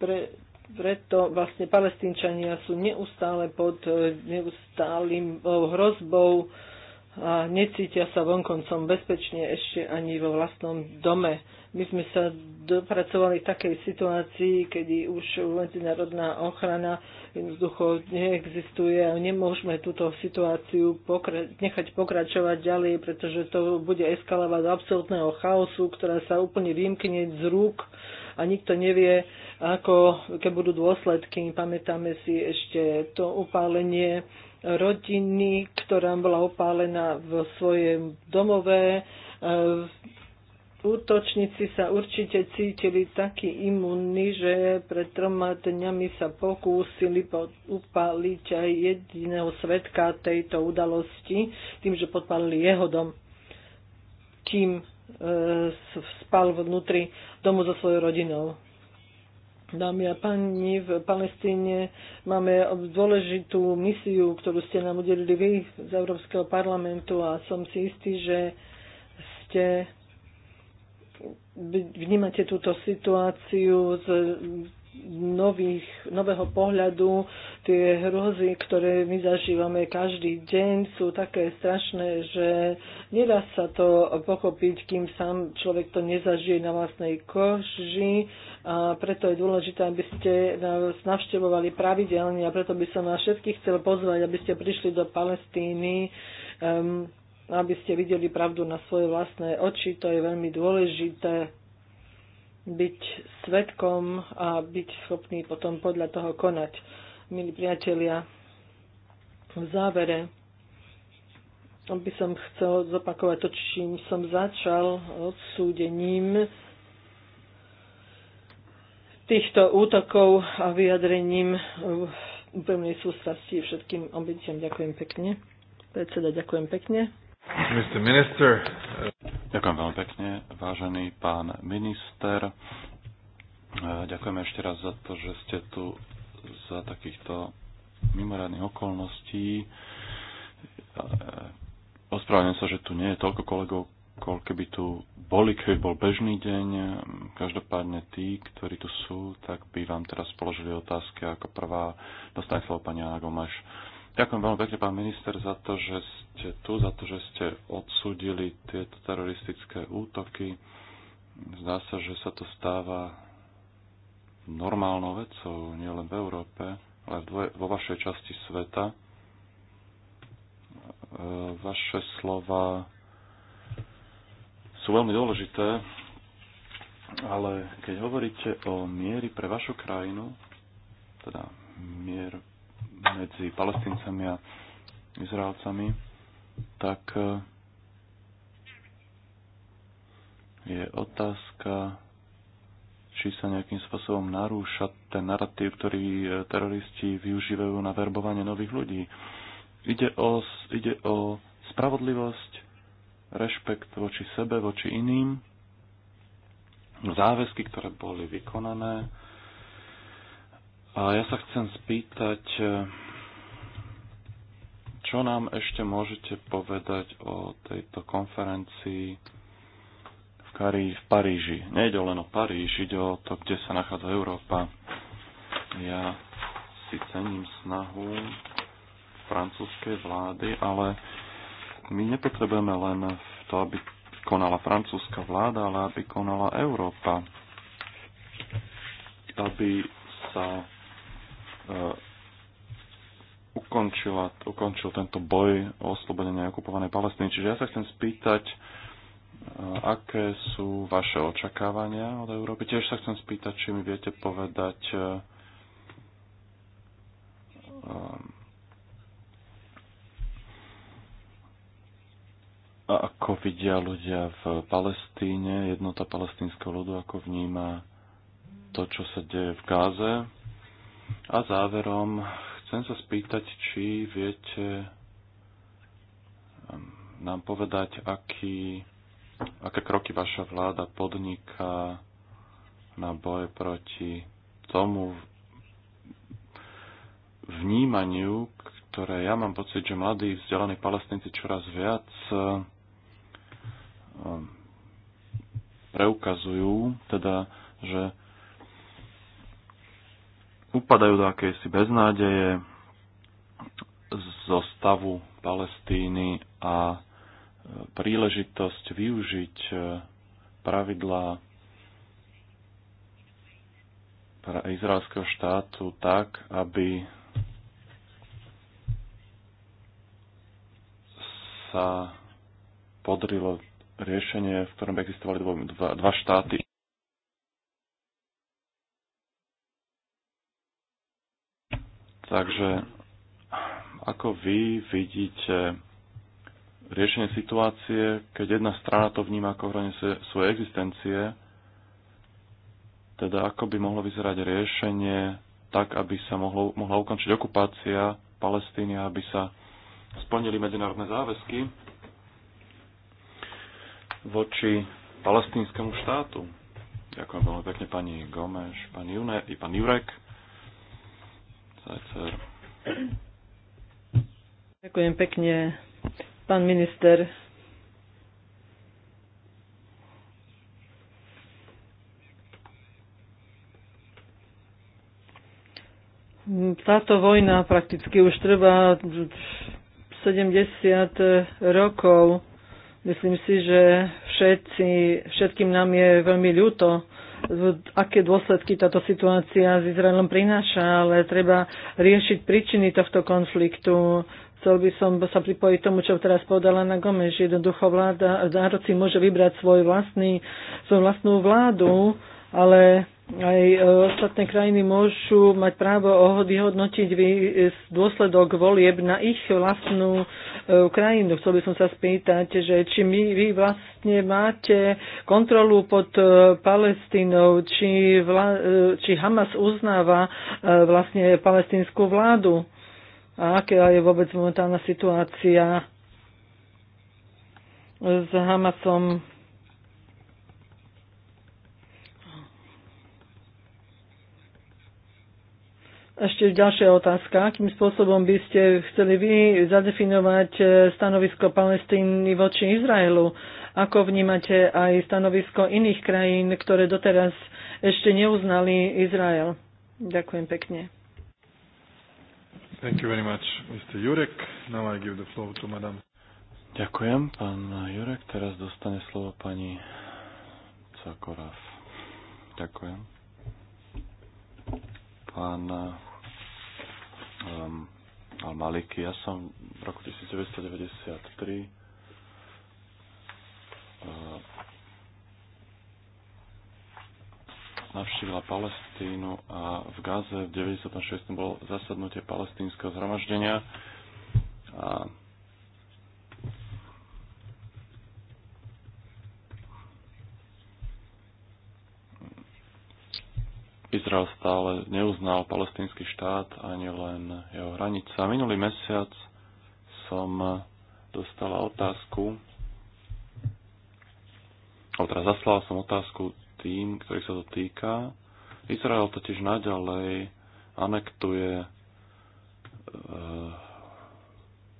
pre, preto vlastne palestínčania sú neustále pod e, neustálým e, hrozbou a necítia sa vonkoncom bezpečne ešte ani vo vlastnom dome. My sme sa dopracovali v takej situácii, kedy už medzinárodná ochrana jednoducho neexistuje a nemôžeme túto situáciu pokra- nechať pokračovať ďalej, pretože to bude eskalovať do absolútneho chaosu, ktorá sa úplne vymkne z rúk a nikto nevie, ako, aké budú dôsledky. Pamätáme si ešte to upálenie rodiny, ktorá bola opálená v svojom domove. E, útočníci sa určite cítili takí imunní, že pred troma dňami sa pokúsili upáliť aj jediného svetka tejto udalosti, tým, že podpálili jeho dom. Kým E, spal vnútri domu so svojou rodinou. Dámy a páni, v Palestíne máme dôležitú misiu, ktorú ste nám udelili vy z Európskeho parlamentu a som si istý, že ste vnímate túto situáciu z nových, nového pohľadu tie hrozy, ktoré my zažívame každý deň, sú také strašné, že nedá sa to pochopiť, kým sám človek to nezažije na vlastnej koži a preto je dôležité, aby ste nás navštevovali pravidelne a preto by som vás všetkých chcel pozvať, aby ste prišli do Palestíny. Um, aby ste videli pravdu na svoje vlastné oči, to je veľmi dôležité byť svetkom a byť schopný potom podľa toho konať. Milí priatelia, v závere by som chcel zopakovať to, čím som začal odsúdením týchto útokov a vyjadrením úplnej sústrasti všetkým obetiam. Ďakujem pekne. Predseda, ďakujem pekne. Mr. Minister. Ďakujem veľmi pekne, vážený pán minister. E, ďakujem ešte raz za to, že ste tu za takýchto mimoriadných okolností. E, ospravedlňujem sa, že tu nie je toľko kolegov, koľko by tu boli, keby bol bežný deň. Každopádne tí, ktorí tu sú, tak by vám teraz položili otázky. Ako prvá dostane slovo pani Ana Ďakujem veľmi pekne, pán minister, za to, že ste tu, za to, že ste odsudili tieto teroristické útoky. Zdá sa, že sa to stáva normálnou vecou, nielen v Európe, ale dvoje, vo vašej časti sveta. E, vaše slova sú veľmi dôležité, ale keď hovoríte o miery pre vašu krajinu, teda mier medzi palestíncami a Izraelcami, tak eh, je otázka, či sa nejakým spôsobom narúša ten narratív, ktorý eh, teroristi využívajú na verbovanie nových ľudí. Ide o, ide o spravodlivosť, rešpekt voči sebe, voči iným, záväzky, ktoré boli vykonané, a ja sa chcem spýtať, eh, čo nám ešte môžete povedať o tejto konferencii v, Karí- v Paríži? Nejde len o Paríž, ide o to, kde sa nachádza Európa. Ja si cením snahu francúzskej vlády, ale my nepotrebujeme len to, aby konala francúzska vláda, ale aby konala Európa. Aby sa E, ukončila, ukončil tento boj o oslobodenie okupovanej Palestíny. Čiže ja sa chcem spýtať, e, aké sú vaše očakávania od Európy. Tiež sa chcem spýtať, či mi viete povedať, e, ako vidia ľudia v Palestíne, jednota palestínskeho ľudu, ako vníma to, čo sa deje v Gáze, a záverom chcem sa spýtať, či viete ehm, nám povedať, aký, aké kroky vaša vláda podniká na boj proti tomu vnímaniu, ktoré ja mám pocit, že mladí vzdelaní palestinci čoraz viac ehm, preukazujú, teda, že upadajú do akejsi beznádeje zo stavu Palestíny a e, príležitosť využiť e, pravidlá izraelského štátu tak, aby sa podrilo riešenie, v ktorom by existovali dva, dva štáty. Takže ako vy vidíte riešenie situácie, keď jedna strana to vníma ako hranie svojej existencie, teda ako by mohlo vyzerať riešenie tak, aby sa mohlo, mohla ukončiť okupácia Palestíny, aby sa splnili medzinárodné záväzky voči palestínskemu štátu. Ďakujem veľmi pekne pani Gomeš, pani Junek i pán Jurek. Zajcer. Ďakujem pekne, pán minister. Táto vojna prakticky už trvá 70 rokov. Myslím si, že všetci, všetkým nám je veľmi ľúto aké dôsledky táto situácia s Izraelom prináša, ale treba riešiť príčiny tohto konfliktu. Chcel by som sa pripojiť tomu, čo teraz povedala na že Jednoducho vláda, národ si môže vybrať svoj vlastný, svoju vlastnú vládu, ale aj e, ostatné krajiny môžu mať právo vyhodnotiť e, dôsledok volieb na ich vlastnú e, krajinu. Chcel by som sa spýtať, že či my, vy vlastne máte kontrolu pod Palestínou, či, vla, či Hamas uznáva vlastne palestínsku vládu a aká je vôbec momentálna situácia s Hamasom. Ešte ďalšia otázka. Akým spôsobom by ste chceli vy zadefinovať e, stanovisko Palestíny voči Izraelu? Ako vnímate aj stanovisko iných krajín, ktoré doteraz ešte neuznali Izrael? Ďakujem pekne. Thank you very much, Mr. Jurek. Now I give the floor to Madame. Ďakujem, pán Jurek. Teraz dostane slovo pani Cakorav. Ďakujem. Pán um, Al-Maliki. Ja som v roku 1993 uh, navštívila Palestínu a v Gaze v 1996 bolo zasadnutie palestínskeho zhromaždenia a Izrael stále neuznal palestínsky štát ani len jeho hranica. Minulý mesiac som dostala otázku, alebo teda zaslala som otázku tým, ktorý sa to týka. Izrael totiž naďalej anektuje e,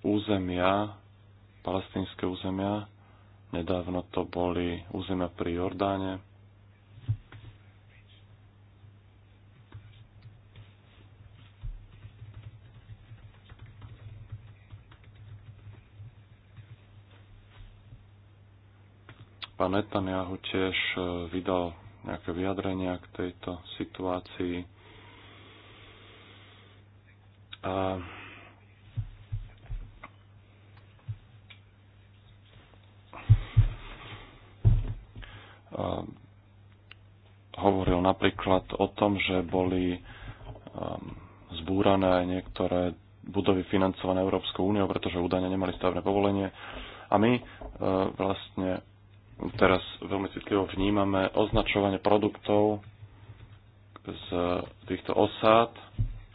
územia, palestínske územia. Nedávno to boli územia pri Jordáne, Pán Netanyahu tiež e, vydal nejaké vyjadrenia k tejto situácii. A hovoril napríklad o tom, že boli ehm, zbúrané aj niektoré budovy financované Európskou úniou, pretože údajne nemali stavné povolenie. A my e, vlastne teraz veľmi citlivo vnímame označovanie produktov z týchto osád.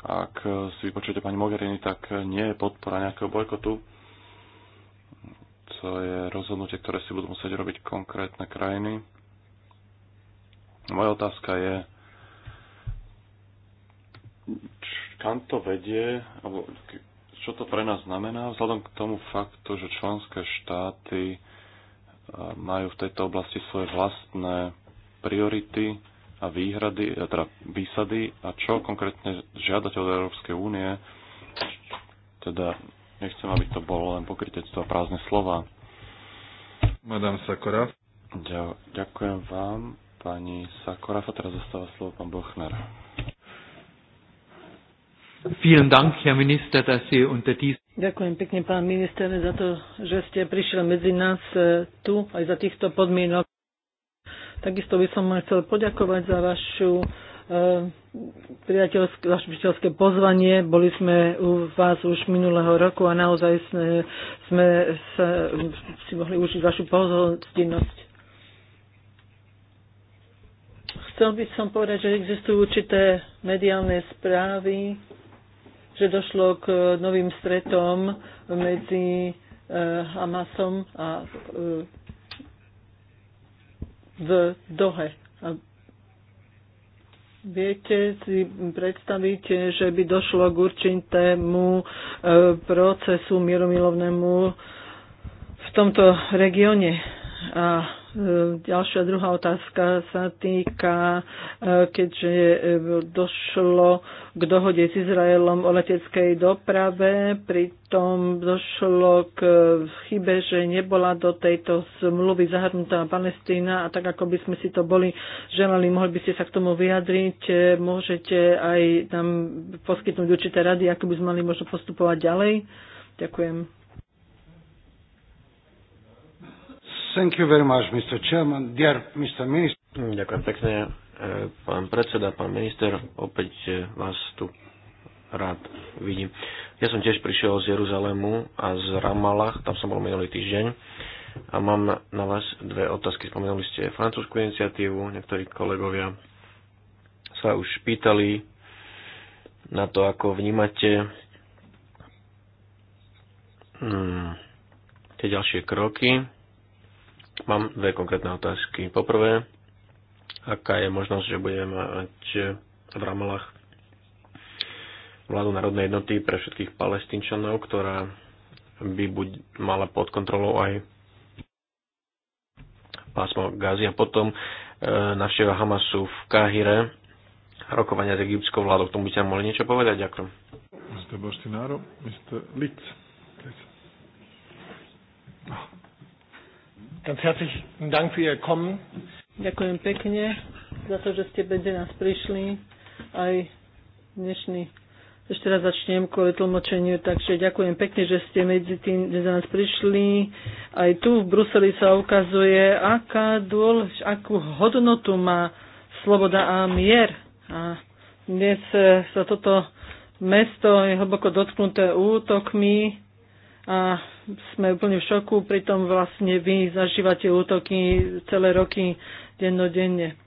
Ak si vypočujete pani Mogherini, tak nie je podpora nejakého bojkotu. To je rozhodnutie, ktoré si budú musieť robiť konkrétne krajiny. Moja otázka je, kam to vedie, alebo čo to pre nás znamená, vzhľadom k tomu faktu, že členské štáty majú v tejto oblasti svoje vlastné priority a výhrady, teda výsady a čo konkrétne žiadate od Európskej únie. Teda nechcem, aby to bolo len pokrytectvo a prázdne slova. Madame Sakora. Ďakujem vám, pani Sakora. A teraz zostáva slovo pán Bochner. Vielen Dank, Herr Minister, dass Sie unter dies Ďakujem pekne, pán minister, za to, že ste prišiel medzi nás e, tu aj za týchto podmienok. Takisto by som chcel poďakovať za vašu priateľské, priateľské pozvanie. Boli sme u vás už minulého roku a naozaj sme, sme sa, si mohli užiť vašu pozornosť. Chcel by som povedať, že existujú určité mediálne správy, že došlo k e, novým stretom medzi e, Hamasom a e, v Dohe. A Viete si predstaviť, že by došlo k určitému procesu mieromilovnému v tomto regióne. A E, ďalšia druhá otázka sa týka, e, keďže e, došlo k dohode s Izraelom o leteckej doprave, pritom došlo k chybe, že nebola do tejto zmluvy zahrnutá Palestína a tak ako by sme si to boli želali, mohli by ste sa k tomu vyjadriť, môžete aj tam poskytnúť určité rady, ako by sme mali možno postupovať ďalej. Ďakujem. Thank you very much, Mr. Chairman. Dear Mr. Minister. Ďakujem pekne, e, pán predseda, pán minister. Opäť e, vás tu rád vidím. Ja som tiež prišiel z Jeruzalému a z Ramalach, tam som bol minulý týždeň. A mám na vás dve otázky. Spomenuli ste francúzsku iniciatívu, niektorí kolegovia sa už pýtali na to, ako vnímate hmm, tie ďalšie kroky Mám dve konkrétne otázky. Poprvé, aká je možnosť, že budeme mať v Ramalách vládu národnej jednoty pre všetkých palestínčanov, ktorá by buď mala pod kontrolou aj pásmo Gazi a potom e, navštieva Hamasu v Kahire rokovania s egyptskou vládou. K tomu by ste mohli niečo povedať? Ďakujem. Mr. Bostináro, Mr. Litz. Ganz herzlichen Dank für Ihr Kommen. Ďakujem pekne za to, že ste medzi nás prišli. Aj dnešný ešte raz začnem kvôli tlmočeniu, takže ďakujem pekne, že ste medzi tým za nás prišli. Aj tu v Bruseli sa ukazuje, aká dôl, akú hodnotu má sloboda a mier. A dnes eh, sa toto mesto je hlboko dotknuté útokmi a sme úplne v šoku, pritom vlastne vy zažívate útoky celé roky dennodenne.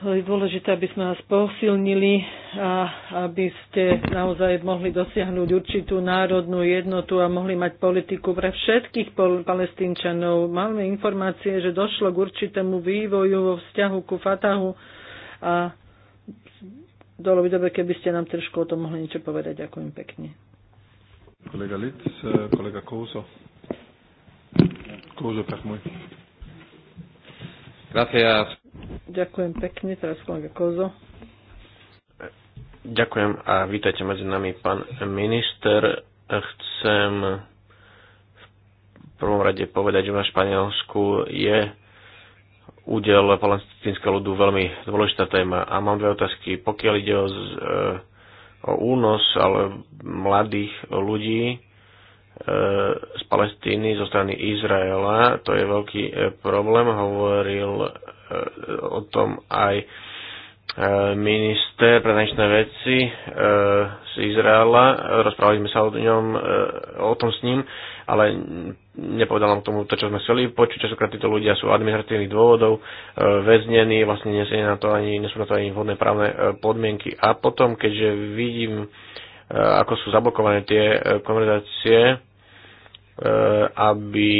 Je dôležité, aby sme vás posilnili a aby ste naozaj mohli dosiahnuť určitú národnú jednotu a mohli mať politiku pre všetkých palestínčanov. Máme informácie, že došlo k určitému vývoju vo vzťahu ku Fatahu a bolo by dobre, keby ste nám trošku o tom mohli niečo povedať. Ďakujem pekne. Kolega Lic, eh, kolega Kouzo. Kouzo, tak môj. Gracias. Ďakujem pekne, teraz kolega Kouzo. Ďakujem a vítajte medzi nami, pán minister. Chcem v prvom rade povedať, že na Španielsku je údel palestinského ľudu veľmi dôležitá téma. A mám dve otázky. Pokiaľ ide o z, e, o únos ale mladých ľudí e, z Palestíny zo strany Izraela. To je veľký e, problém. Hovoril e, o tom aj minister pre zahraničné veci z Izraela. Rozprávali sme sa o, ňom, o tom s ním ale nepovedal nám k tomu to, čo sme chceli počuť. Častokrát títo ľudia sú administratívnych dôvodov e, väznení, vlastne nesie na to ani, sú na to ani vhodné právne e, podmienky. A potom, keďže vidím, e, ako sú zablokované tie e, konverzácie, e, aby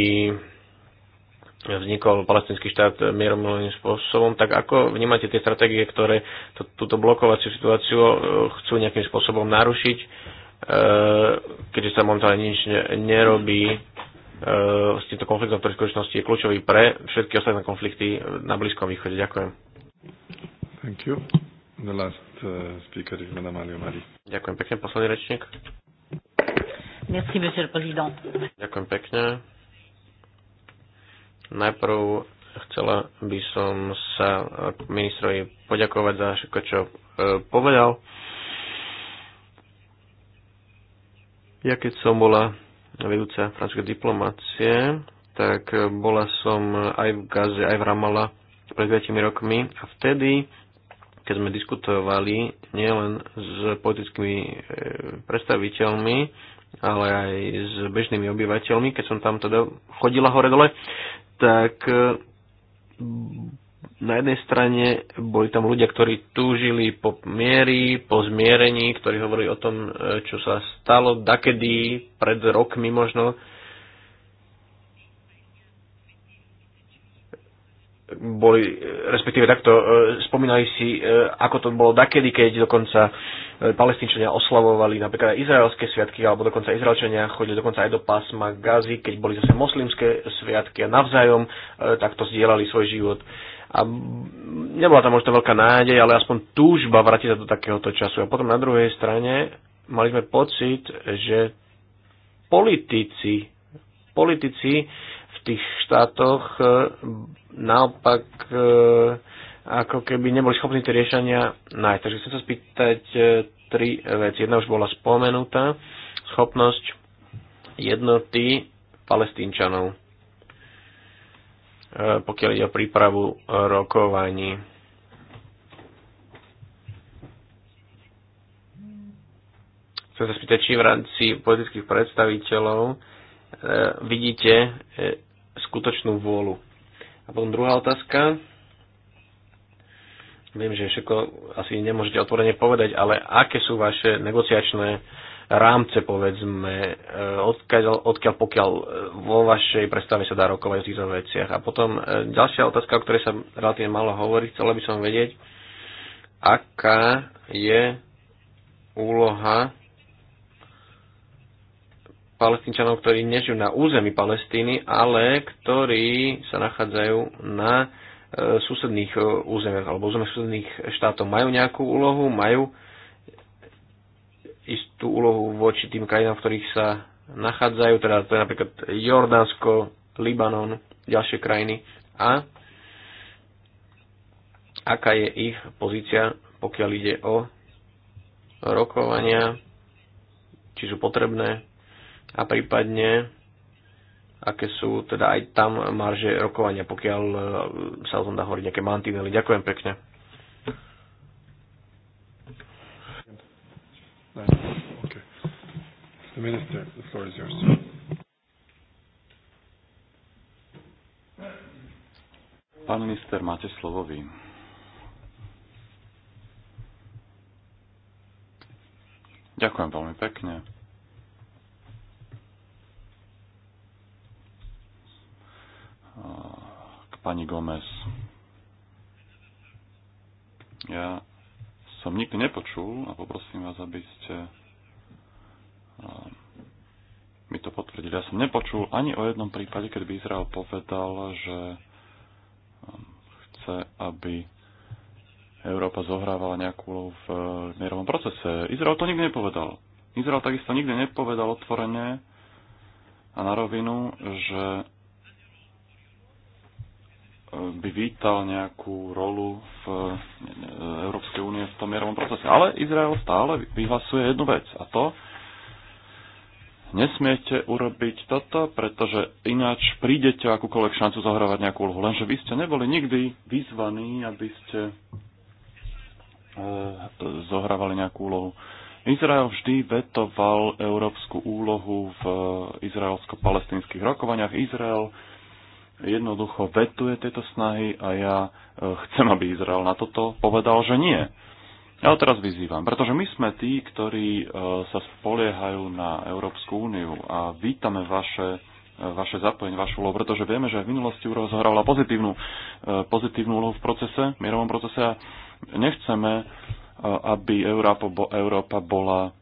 vznikol palestinský štát mieromilným spôsobom, tak ako vnímate tie stratégie, ktoré to, túto blokovaciu situáciu e, chcú nejakým spôsobom narušiť? E, keďže sa momentálne nič nerobí e, s týmto konfliktom, ktorý v skutočnosti je kľúčový pre všetky ostatné konflikty na Blízkom východe. Ďakujem. Thank you. The last uh, speaker is Madame Ďakujem pekne, posledný rečník. Merci, monsieur le président. Ďakujem pekne. Najprv chcela by som sa ministrovi poďakovať za všetko, čo e, povedal Ja keď som bola vedúca francúzskej diplomácie, tak bola som aj v Gaze, aj v Ramala pred 5 rokmi a vtedy, keď sme diskutovali nielen s politickými e, predstaviteľmi, ale aj s bežnými obyvateľmi, keď som tam teda chodila hore dole, tak na jednej strane boli tam ľudia, ktorí túžili po miery, po zmierení, ktorí hovorili o tom, e, čo sa stalo dakedy, pred rokmi možno. boli, e, respektíve takto e, spomínali si, ako to bolo dakedy, keď dokonca palestinčania oslavovali napríklad aj izraelské sviatky, alebo dokonca izraelčania chodili dokonca aj do pásma Gazy, keď boli zase moslimské sviatky a navzájom takto zdieľali svoj život a nebola tam možno veľká nádej, ale aspoň túžba vrátiť sa do takéhoto času. A potom na druhej strane mali sme pocit, že politici, politici v tých štátoch e, naopak e, ako keby neboli schopní tie riešenia nájsť. Takže chcem sa spýtať e, tri veci. Jedna už bola spomenutá, schopnosť jednoty palestínčanov. Eh, pokiaľ ide o prípravu rokovaní. Chcem sa spýtať, či v rámci politických predstaviteľov eh, vidíte eh, skutočnú vôľu. A potom druhá otázka. Viem, že všetko asi nemôžete otvorene povedať, ale aké sú vaše negociačné rámce, povedzme, eh, odkiaľ, odkiaľ pokiaľ eh, vo vašej predstave sa dá rokovať o týchto veciach. A potom eh, ďalšia otázka, o ktorej sa relatívne malo hovorí, chcela by som vedieť, aká je úloha palestínčanov, ktorí nežijú na území Palestíny, ale ktorí sa nachádzajú na e, susedných územiach alebo územiach susedných štátov. Majú nejakú úlohu, majú e, istú úlohu voči tým krajinám, v ktorých sa nachádzajú, teda to je napríklad Jordánsko, Libanon, ďalšie krajiny a aká je ich pozícia, pokiaľ ide o rokovania, či sú potrebné a prípadne aké sú teda aj tam marže rokovania, pokiaľ e, sa o tom dá hovoriť nejaké mantinely. Ďakujem pekne. Mr. Minister, the floor is yours. Pán minister, máte slovo vy. Ďakujem veľmi pekne. K pani Gomez. Ja som nikdy nepočul a poprosím vás, aby ste mi to potvrdili. Ja som nepočul ani o jednom prípade, keď by Izrael povedal, že um, chce, aby Európa zohrávala nejakú úlohu v e, mierovom procese. Izrael to nikdy nepovedal. Izrael takisto nikdy nepovedal otvorene a na rovinu, že e, by vítal nejakú rolu v e, Európskej únie v tom mierovom procese. Ale Izrael stále vyhlasuje jednu vec a to, nesmiete urobiť toto, pretože ináč prídete akúkoľvek šancu zohrávať nejakú úlohu. Lenže vy ste neboli nikdy vyzvaní, aby ste e, zohrávali nejakú úlohu. Izrael vždy vetoval európsku úlohu v izraelsko-palestinských rokovaniach. Izrael jednoducho vetuje tieto snahy a ja e, chcem, aby Izrael na toto povedal, že nie. Ja ho teraz vyzývam, pretože my sme tí, ktorí e, sa spoliehajú na Európsku úniu a vítame vaše, e, vaše zapojenie, vašu úlohu, pretože vieme, že v minulosti úroveň zohrávala pozitívnu, e, pozitívnu úlohu v procese, mierovom procese a nechceme, aby Európa, Európa bola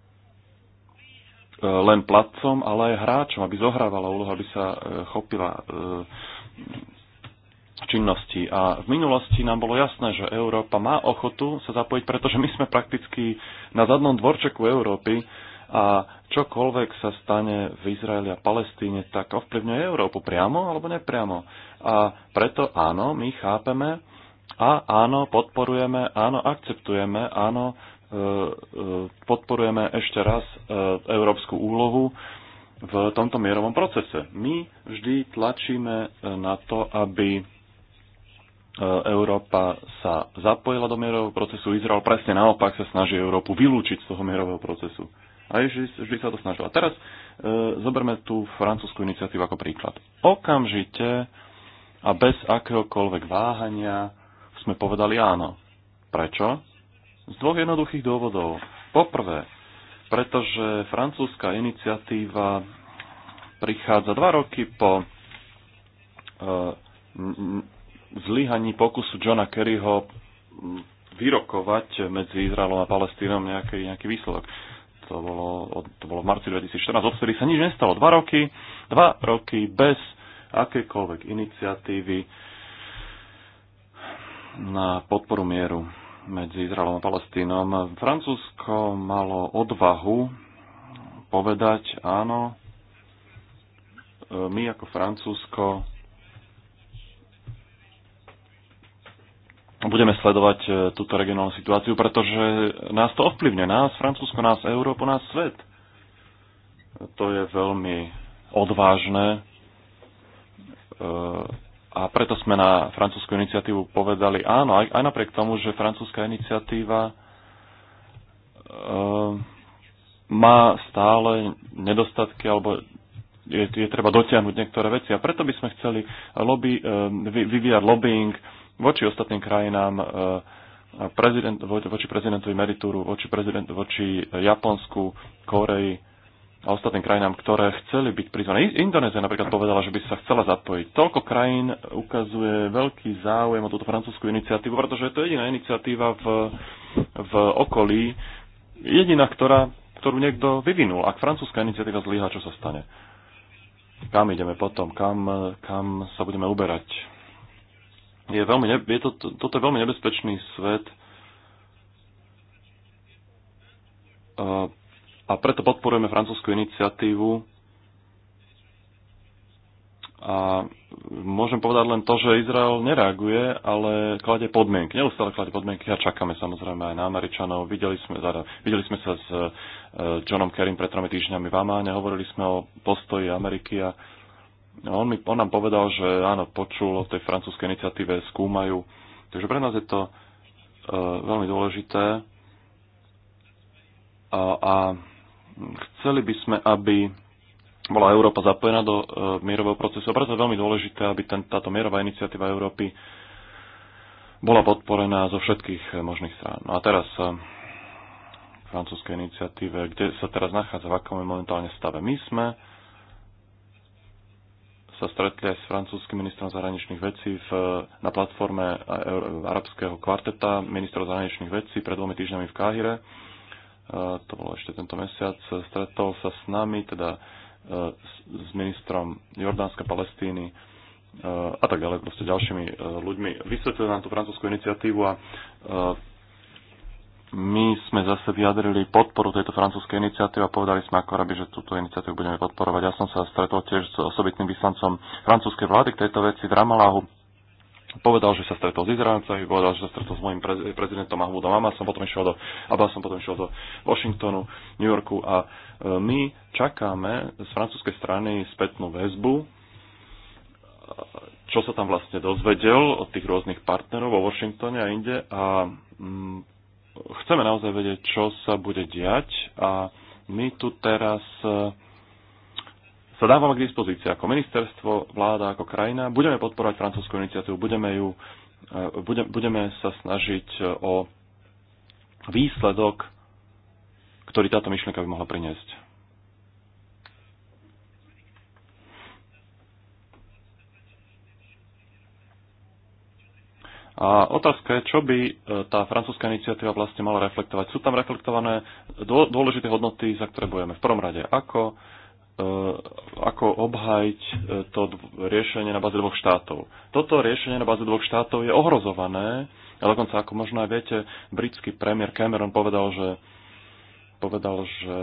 len platcom, ale aj hráčom, aby zohrávala úlohu, aby sa chopila činnosti. A v minulosti nám bolo jasné, že Európa má ochotu sa zapojiť, pretože my sme prakticky na zadnom dvorčeku Európy a čokoľvek sa stane v Izraeli a Palestíne, tak ovplyvňuje Európu priamo alebo nepriamo. A preto áno, my chápeme a áno, podporujeme, áno, akceptujeme, áno, e, e, podporujeme ešte raz e, európsku úlohu v tomto mierovom procese. My vždy tlačíme na to, aby E, Európa sa zapojila do mierového procesu, Izrael presne naopak sa snaží Európu vylúčiť z toho mierového procesu. A vždy, vždy sa to snažila. Teraz e, zoberme tú francúzsku iniciatívu ako príklad. Okamžite a bez akéhokoľvek váhania sme povedali áno. Prečo? Z dvoch jednoduchých dôvodov. Poprvé, pretože francúzska iniciatíva prichádza dva roky po e, zlyhaní pokusu Johna Kerryho vyrokovať medzi Izraelom a Palestínom nejaký, nejaký výsledok. To bolo, to bolo v marci 2014, odvtedy sa nič nestalo. Dva roky, dva roky bez akékoľvek iniciatívy na podporu mieru medzi Izraelom a Palestínom. Francúzsko malo odvahu povedať áno, e, my ako Francúzsko budeme sledovať e, túto regionálnu situáciu, pretože nás to ovplyvňuje. Nás, Francúzsko, nás, Európu, nás, svet. To je veľmi odvážne. E, a preto sme na francúzsku iniciatívu povedali áno, aj, aj napriek tomu, že francúzska iniciatíva e, má stále nedostatky alebo je, je treba dotiahnuť niektoré veci. A preto by sme chceli lobby, vyvíjať lobbying voči ostatným krajinám, e, prezident, voči prezidentovi Meritúru, voči, prezident, voči e, Japonsku, Koreji a ostatným krajinám, ktoré chceli byť prizvané. Indonézia napríklad povedala, že by sa chcela zapojiť. Toľko krajín ukazuje veľký záujem o túto francúzskú iniciatívu, pretože je to jediná iniciatíva v, v okolí, jediná, ktorá, ktorú niekto vyvinul. Ak francúzska iniciatíva zlyha, čo sa stane? Kam ideme potom? Kam, kam sa budeme uberať? je veľmi, je to, toto je veľmi nebezpečný svet a preto podporujeme francúzsku iniciatívu a môžem povedať len to, že Izrael nereaguje, ale klade podmienky, neustále kladie podmienky a čakáme samozrejme aj na Američanov. Videli sme, zada, teda, videli sme sa s e, Johnom Kerrym pred tromi týždňami v Amáne, hovorili sme o postoji Ameriky a No, on, mi, on nám povedal, že áno, počul o tej francúzskej iniciatíve, skúmajú. Takže pre nás je to e, veľmi dôležité. A, a chceli by sme, aby bola Európa zapojená do e, mierového procesu. A preto je veľmi dôležité, aby ten, táto mierová iniciatíva Európy bola podporená zo všetkých e, možných strán. No a teraz e, francúzskej iniciatíve, kde sa teraz nachádza, v akom je momentálne stave. My sme sa stretli aj s francúzským ministrom zahraničných vecí v, na platforme arabského kvarteta ministrov zahraničných vecí pred dvomi týždňami v Káhire. E, to bolo ešte tento mesiac. Stretol sa s nami, teda e, s, s ministrom Jordánska, Palestíny e, a tak ďalej, proste ďalšími ľuďmi. Vysvetlil nám tú francúzsku iniciatívu a my sme zase vyjadrili podporu tejto francúzskej iniciatívy a povedali sme ako rabi, že túto iniciatívu budeme podporovať. Ja som sa stretol tiež s osobitným vyslancom francúzskej vlády k tejto veci v Ramaláhu. Povedal, že sa stretol s Izraelcami, povedal, že sa stretol s mojim prezidentom prezidentom Mahmudom som potom išiel do, som potom išiel do Washingtonu, New Yorku a e, my čakáme z francúzskej strany spätnú väzbu e, čo sa tam vlastne dozvedel od tých rôznych partnerov vo Washingtone a inde a mm, chceme naozaj vedieť, čo sa bude diať a my tu teraz e, sa dávame k dispozícii ako ministerstvo, vláda, ako krajina. Budeme podporovať francúzsku iniciatívu, budeme, ju, e, budeme sa snažiť e, o výsledok, ktorý táto myšlienka by mohla priniesť. A otázka je, čo by e, tá francúzska iniciatíva vlastne mala reflektovať. Sú tam reflektované dôležité hodnoty, za ktoré bojujeme. V prvom rade, ako, e, ako obhajiť e, to riešenie na báze dvoch štátov. Toto riešenie na báze dvoch štátov je ohrozované, a dokonca, ako možno aj viete, britský premiér Cameron povedal, že, povedal, že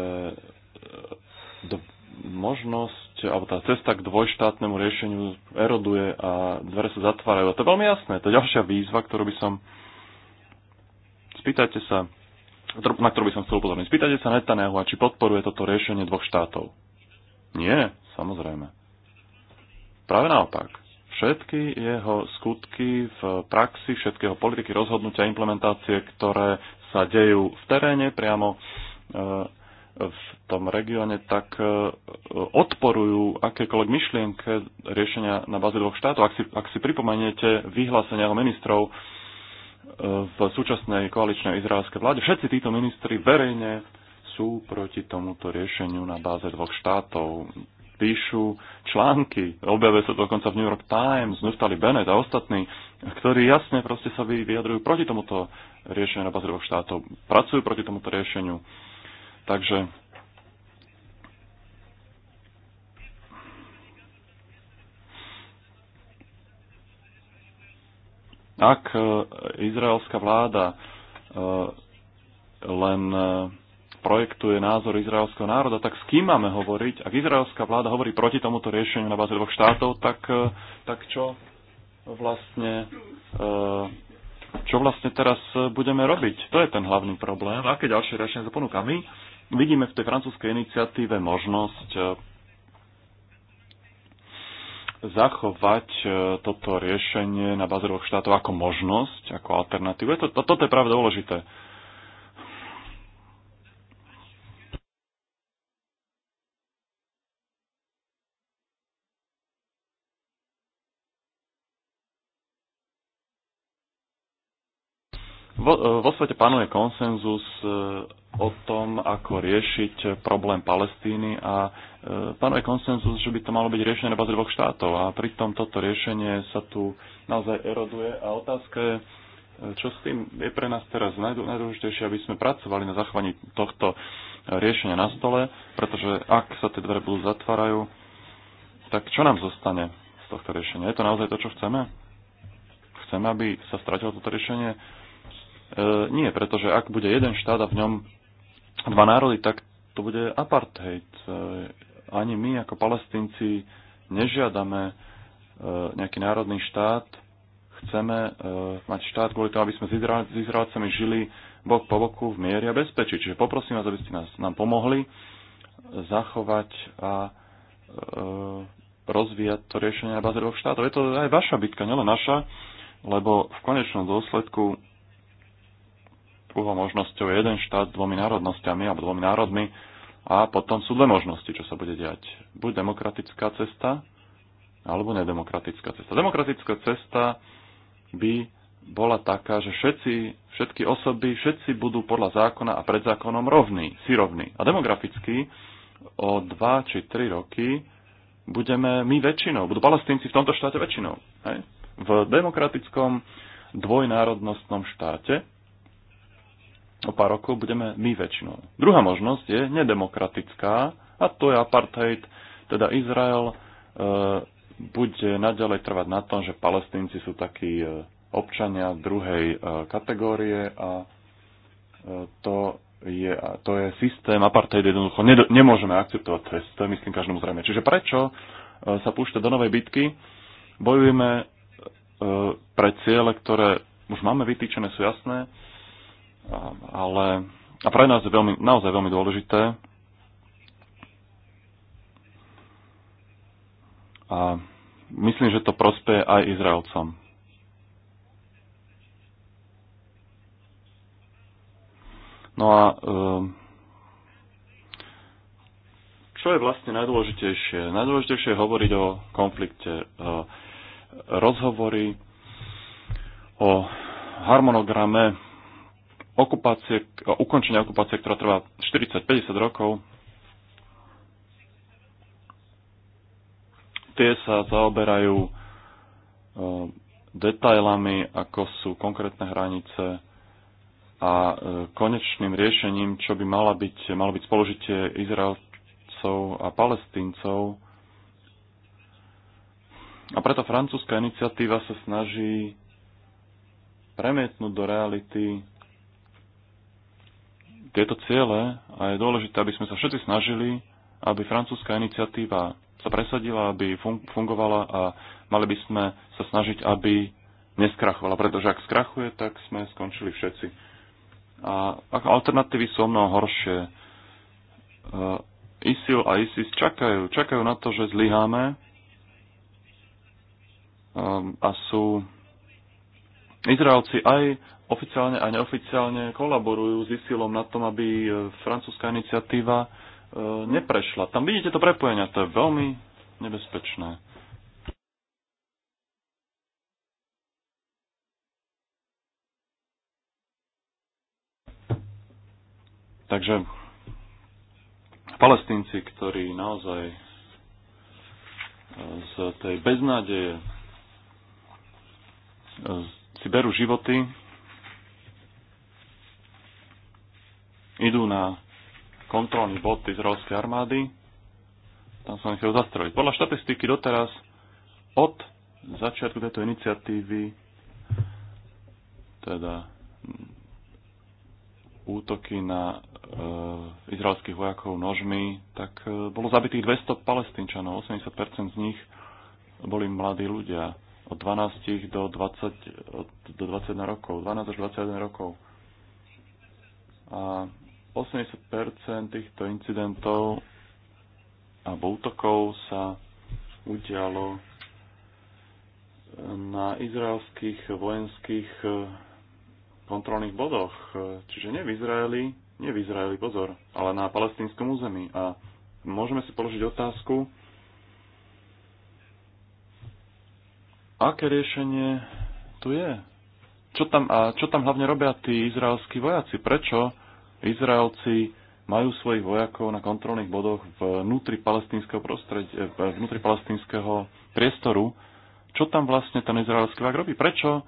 možnosť, alebo tá cesta k dvojštátnemu riešeniu eroduje a dvere sa zatvárajú. A to je veľmi jasné. To je ďalšia výzva, ktorú by som... Spýtajte sa, na ktorú by som chcel upozorniť. Spýtajte sa Netanyahu, či podporuje toto riešenie dvoch štátov. Nie, samozrejme. Práve naopak. Všetky jeho skutky v praxi, všetky jeho politiky, rozhodnutia, implementácie, ktoré sa dejú v teréne priamo e, v tom regióne, tak e, odporujú akékoľvek myšlienke riešenia na báze dvoch štátov. Ak si, ak si pripomeniete vyhlásenia ministrov e, v súčasnej koaličnej izraelskej vláde, všetci títo ministri verejne sú proti tomuto riešeniu na báze dvoch štátov. Píšu články, objavuje sa dokonca v New York Times, Nuftali Bennett a ostatní, ktorí jasne proste sa vyjadrujú proti tomuto riešeniu na báze dvoch štátov, pracujú proti tomuto riešeniu. Takže ak e, izraelská vláda e, len e, projektuje názor izraelského národa, tak s kým máme hovoriť? Ak izraelská vláda hovorí proti tomuto riešeniu na báze dvoch štátov, tak, tak čo, vlastne, čo vlastne teraz budeme robiť? To je ten hlavný problém. Aké ďalšie riešenie sa ponúka? My vidíme v tej francúzskej iniciatíve možnosť e, zachovať e, toto riešenie na báze dvoch štátov ako možnosť, ako alternatívu. Je to, to, toto je práve dôležité. Vo, e, vo svete panuje konsenzus o tom, ako riešiť problém Palestíny a e, panuje konsenzus, že by to malo byť riešené na báze dvoch štátov a pritom toto riešenie sa tu naozaj eroduje a otázka je, e, čo s tým je pre nás teraz najdôležitejšie, aby sme pracovali na zachovaní tohto riešenia na stole, pretože ak sa tie dvere budú zatvárajú, tak čo nám zostane z tohto riešenia? Je to naozaj to, čo chceme? Chceme, aby sa stratilo toto riešenie? E, nie, pretože ak bude jeden štát a v ňom dva národy, tak to bude apartheid. E, Ani my ako palestinci nežiadame e, nejaký národný štát, chceme e, mať štát kvôli tomu, aby sme s Izraelcami žili bok po boku v miery a bezpečí. Čiže poprosím vás, aby ste nás, nám pomohli zachovať a rozvíjať to riešenie na báze dvoch štátov. Je to aj vaša bitka, nielen naša, lebo v konečnom dôsledku druhou možnosťou je jeden štát s dvomi národnosťami alebo dvomi národmi a potom sú dve možnosti, čo sa bude diať. Buď demokratická cesta, alebo nedemokratická cesta. Demokratická cesta by bola taká, že všetci, všetky osoby, všetci budú podľa zákona a pred zákonom rovní, si rovní. A demograficky o dva či tri roky budeme my väčšinou, budú palestínci v tomto štáte väčšinou. Hej? V demokratickom dvojnárodnostnom štáte o pár rokov budeme my väčšinou. Druhá možnosť je nedemokratická a to je apartheid, teda Izrael e, bude naďalej trvať na tom, že palestínci sú takí e, občania druhej e, kategórie a e, to je, to je systém apartheid jednoducho Ned- nemôžeme akceptovať trest, to je myslím každému zrejme. Čiže prečo e, sa púšťa do novej bitky? Bojujeme e, pre ciele, ktoré už máme vytýčené, sú jasné ale a pre nás je veľmi, naozaj veľmi dôležité a myslím, že to prospeje aj Izraelcom. No a e, čo je vlastne najdôležitejšie? Najdôležitejšie je hovoriť o konflikte. E, rozhovory o harmonograme okupácie, ukončenia okupácie, ktorá trvá 40-50 rokov, tie sa zaoberajú e, detailami, ako sú konkrétne hranice a e, konečným riešením, čo by mala byť, malo byť spoložitie Izraelcov a Palestíncov. A preto francúzska iniciatíva sa snaží premietnúť do reality tieto ciele a je dôležité, aby sme sa všetci snažili, aby francúzska iniciatíva sa presadila, aby fungovala a mali by sme sa snažiť, aby neskrachovala, pretože ak skrachuje, tak sme skončili všetci. A alternatívy sú o mnoho horšie. E, ISIL a ISIS čakajú, čakajú na to, že zlyháme e, a sú Izraelci aj oficiálne a neoficiálne kolaborujú s ISILom na tom, aby e, francúzska iniciatíva e, neprešla. Tam vidíte to prepojenia, to je veľmi nebezpečné. Takže palestínci, ktorí naozaj e, z tej beznádeje si berú životy, idú na kontrolný bod izraelskej armády. Tam som chcel zastreliť. Podľa štatistiky doteraz od začiatku tejto iniciatívy teda mm, útoky na e, izraelských vojakov nožmi, tak e, bolo zabitých 200 palestínčanov, 80% z nich boli mladí ľudia od 12 do, 20, od, do 21 rokov, 12 až 21 rokov. A 80% týchto incidentov alebo útokov sa udialo eh, na izraelských vojenských eh, kontrolných bodoch. Čiže nie v Izraeli, nie v Izraeli, pozor, ale na palestínskom území. A môžeme si položiť otázku, aké riešenie tu je? Čo tam, a čo tam hlavne robia tí izraelskí vojaci? Prečo Izraelci majú svojich vojakov na kontrolných bodoch vnútri palestínskeho, eh, vnútri palestínskeho priestoru. Čo tam vlastne ten izraelský vojak robí? Prečo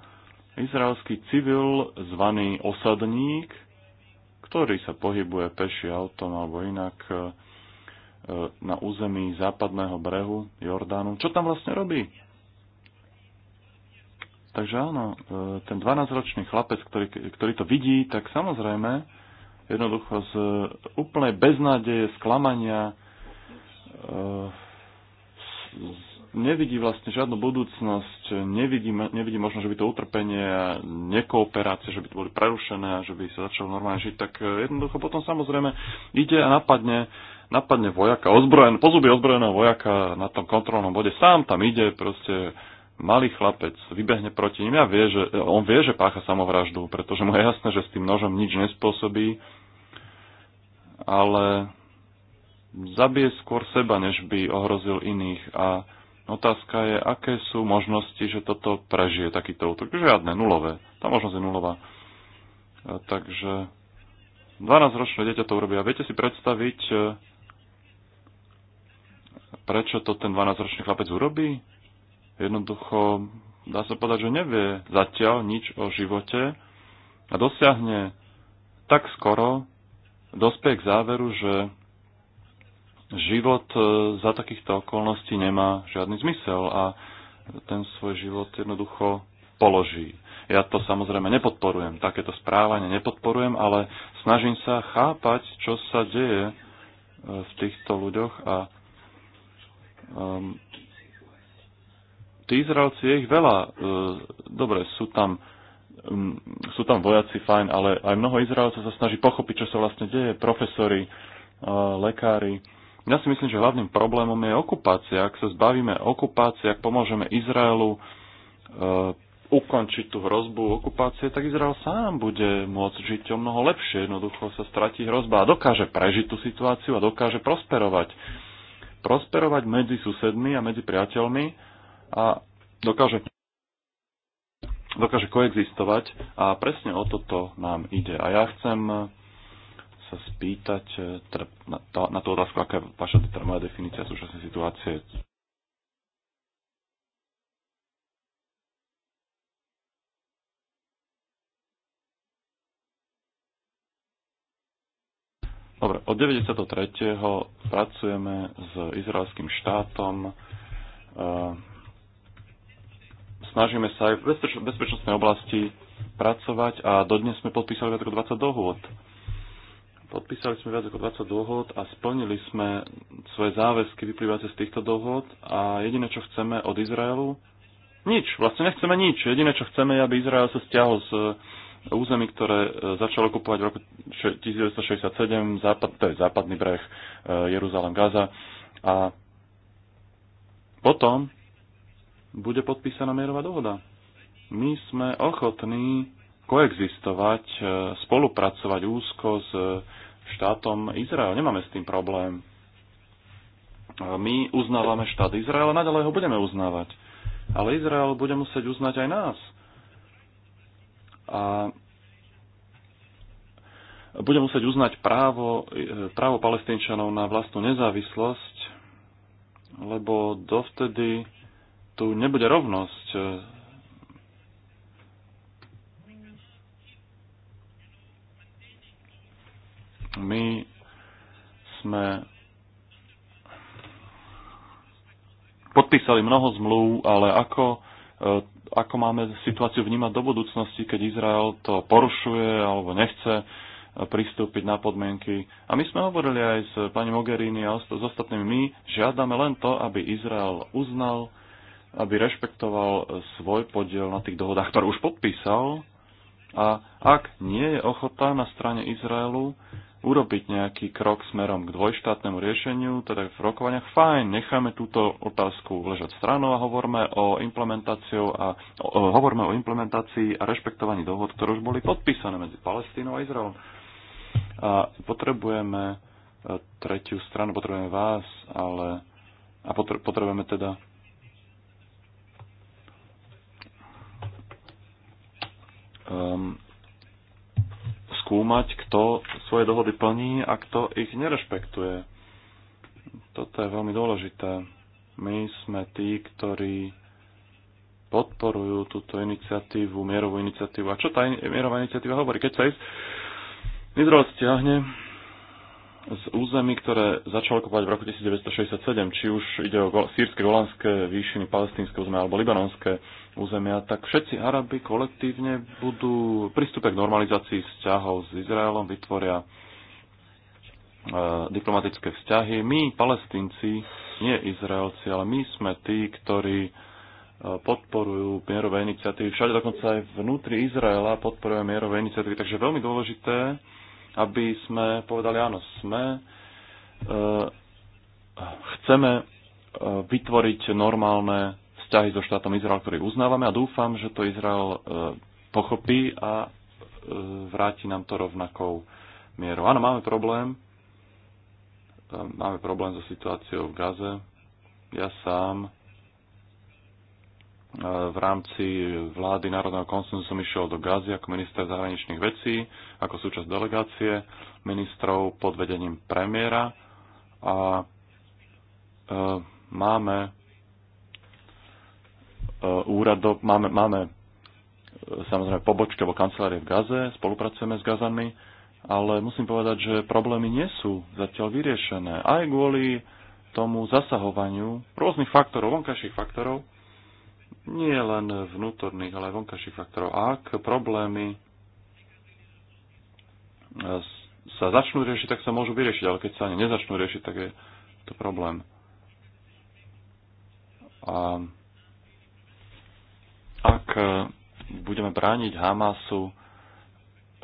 izraelský civil zvaný osadník, ktorý sa pohybuje peši autom alebo inak eh, eh, na území západného brehu Jordánu, čo tam vlastne robí? Takže áno, ten 12-ročný chlapec, ktorý, ktorý to vidí, tak samozrejme jednoducho z úplnej beznádeje, sklamania, e, nevidí vlastne žiadnu budúcnosť, nevidí, nevidí možno, že by to utrpenie a nekooperácie, že by to boli prerušené a že by sa začalo normálne žiť, tak e, jednoducho potom samozrejme ide a napadne, napadne vojaka, ozbrojen, pozubí ozbrojeného vojaka na tom kontrolnom bode, sám tam ide, proste malý chlapec vybehne proti ním a vie, že, on vie, že pácha samovraždu, pretože mu je jasné, že s tým nožom nič nespôsobí, ale zabije skôr seba, než by ohrozil iných. A otázka je, aké sú možnosti, že toto prežije takýto útok. Žiadne, nulové. Tá možnosť je nulová. Takže 12-ročné dieťa to urobia. viete si predstaviť, e, prečo to ten 12-ročný chlapec urobí? Jednoducho, dá sa povedať, že nevie zatiaľ nič o živote a dosiahne tak skoro dospie k záveru, že život e, za takýchto okolností nemá žiadny zmysel a ten svoj život jednoducho položí. Ja to samozrejme nepodporujem, takéto správanie nepodporujem, ale snažím sa chápať, čo sa deje e, v týchto ľuďoch a um, tí Izraelci je ich veľa. E, dobre, sú tam Mm, sú tam vojaci, fajn, ale aj mnoho Izraelcov sa snaží pochopiť, čo sa vlastne deje, profesori, lekári. Ja si myslím, že hlavným problémom je okupácia. Ak sa zbavíme okupácie, ak pomôžeme Izraelu e, ukončiť tú hrozbu okupácie, tak Izrael sám bude môcť žiť o mnoho lepšie. Jednoducho sa stratí hrozba a dokáže prežiť tú situáciu a dokáže prosperovať. Prosperovať medzi susedmi a medzi priateľmi a dokáže dokáže koexistovať a presne o toto nám ide. A ja chcem sa spýtať teda na, na tú otázku, aká je vaša teda moja definícia súčasnej situácie. Dobre, od 93. pracujeme s izraelským štátom eh, snažíme sa aj v bezpečnostnej oblasti pracovať a dodnes sme podpísali viac ako 20 dohôd. Podpísali sme viac ako 20 dohod a splnili sme svoje záväzky vyplývajúce z týchto dohod a jediné, čo chceme od Izraelu, nič, vlastne nechceme nič. Jediné, čo chceme, je, aby Izrael sa stiahol z eh, území, ktoré eh, začalo kupovať v roku 1967, západ, to je západný breh, eh, Jeruzalem, Gaza. A potom bude podpísaná mierová dohoda. My sme ochotní koexistovať, e, spolupracovať úzko s štátom Izrael. Nemáme s tým problém. E, my uznávame štát Izrael a naďalej ho budeme uznávať. Ale Izrael bude musieť uznať aj nás. A bude musieť uznať právo, e, právo palestínčanov na vlastnú nezávislosť, lebo dovtedy tu nebude rovnosť. E, my sme podpísali mnoho zmluv, ale ako, e, ako máme situáciu vnímať do budúcnosti, keď Izrael to porušuje alebo nechce e, pristúpiť na podmienky. A my sme hovorili aj s pani Mogherini a s ostatnými. My žiadame len to, aby Izrael uznal aby rešpektoval svoj podiel na tých dohodách, ktoré už podpísal a ak nie je ochota na strane Izraelu urobiť nejaký krok smerom k dvojštátnemu riešeniu, teda v rokovaniach, fajn, necháme túto otázku ležať stranou a hovorme o implementáciu a o, hovorme o implementácii a rešpektovaní dohod, ktoré už boli podpísané medzi Palestínou a Izraelom. A potrebujeme e, tretiu stranu, potrebujeme vás, ale a potrebujeme teda um, skúmať, kto svoje dohody plní a kto ich nerešpektuje. Toto je veľmi dôležité. My sme tí, ktorí podporujú túto iniciatívu, mierovú iniciatívu. A čo tá in- mierová iniciatíva hovorí? Keď sa Izrael stiahne z území, ktoré začalo kopať v roku 1967, či už ide o sírske, golandské výšiny, palestínske územia alebo libanonské územia, tak všetci Arabi kolektívne budú pristúpe k normalizácii vzťahov s Izraelom, vytvoria e, diplomatické vzťahy. My, palestínci, nie Izraelci, ale my sme tí, ktorí e, podporujú mierové iniciatívy. Všade dokonca aj vnútri Izraela podporujú mierové iniciatívy. Takže veľmi dôležité aby sme povedali, áno, sme, e, chceme e, vytvoriť normálne vzťahy so štátom Izrael, ktorý uznávame a dúfam, že to Izrael e, pochopí a vráti nám to rovnakou mierou. Áno, máme problém. Máme problém so situáciou v Gaze. Ja sám v rámci vlády Národného konsenzu som išiel do Gazy ako minister zahraničných vecí, ako súčasť delegácie ministrov pod vedením premiéra a e, máme e, úradok, máme, máme e, samozrejme pobočky alebo kancelárie v Gaze, spolupracujeme s Gazami, ale musím povedať, že problémy nie sú zatiaľ vyriešené aj kvôli tomu zasahovaniu rôznych faktorov, vonkajších faktorov, nie len vnútorných, ale aj vonkajších faktorov. Ak problémy sa začnú riešiť, tak sa môžu vyriešiť, ale keď sa ani nezačnú riešiť, tak je to problém. A ak budeme brániť Hamasu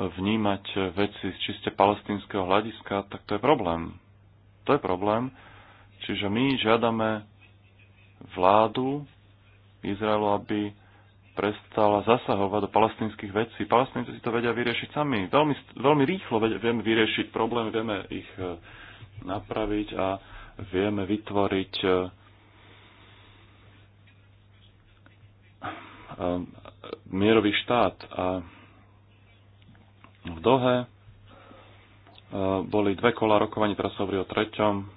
vnímať veci z čiste palestínskeho hľadiska, tak to je problém. To je problém. Čiže my žiadame vládu, Izraelu, aby prestala zasahovať do palestinských vecí. Palestínci si to vedia vyriešiť sami. Veľmi, veľmi rýchlo vieme vyriešiť problémy, vieme ich e, napraviť a vieme vytvoriť e, e, mierový štát. A v Dohe boli dve kola rokovaní, teraz hovorí o treťom.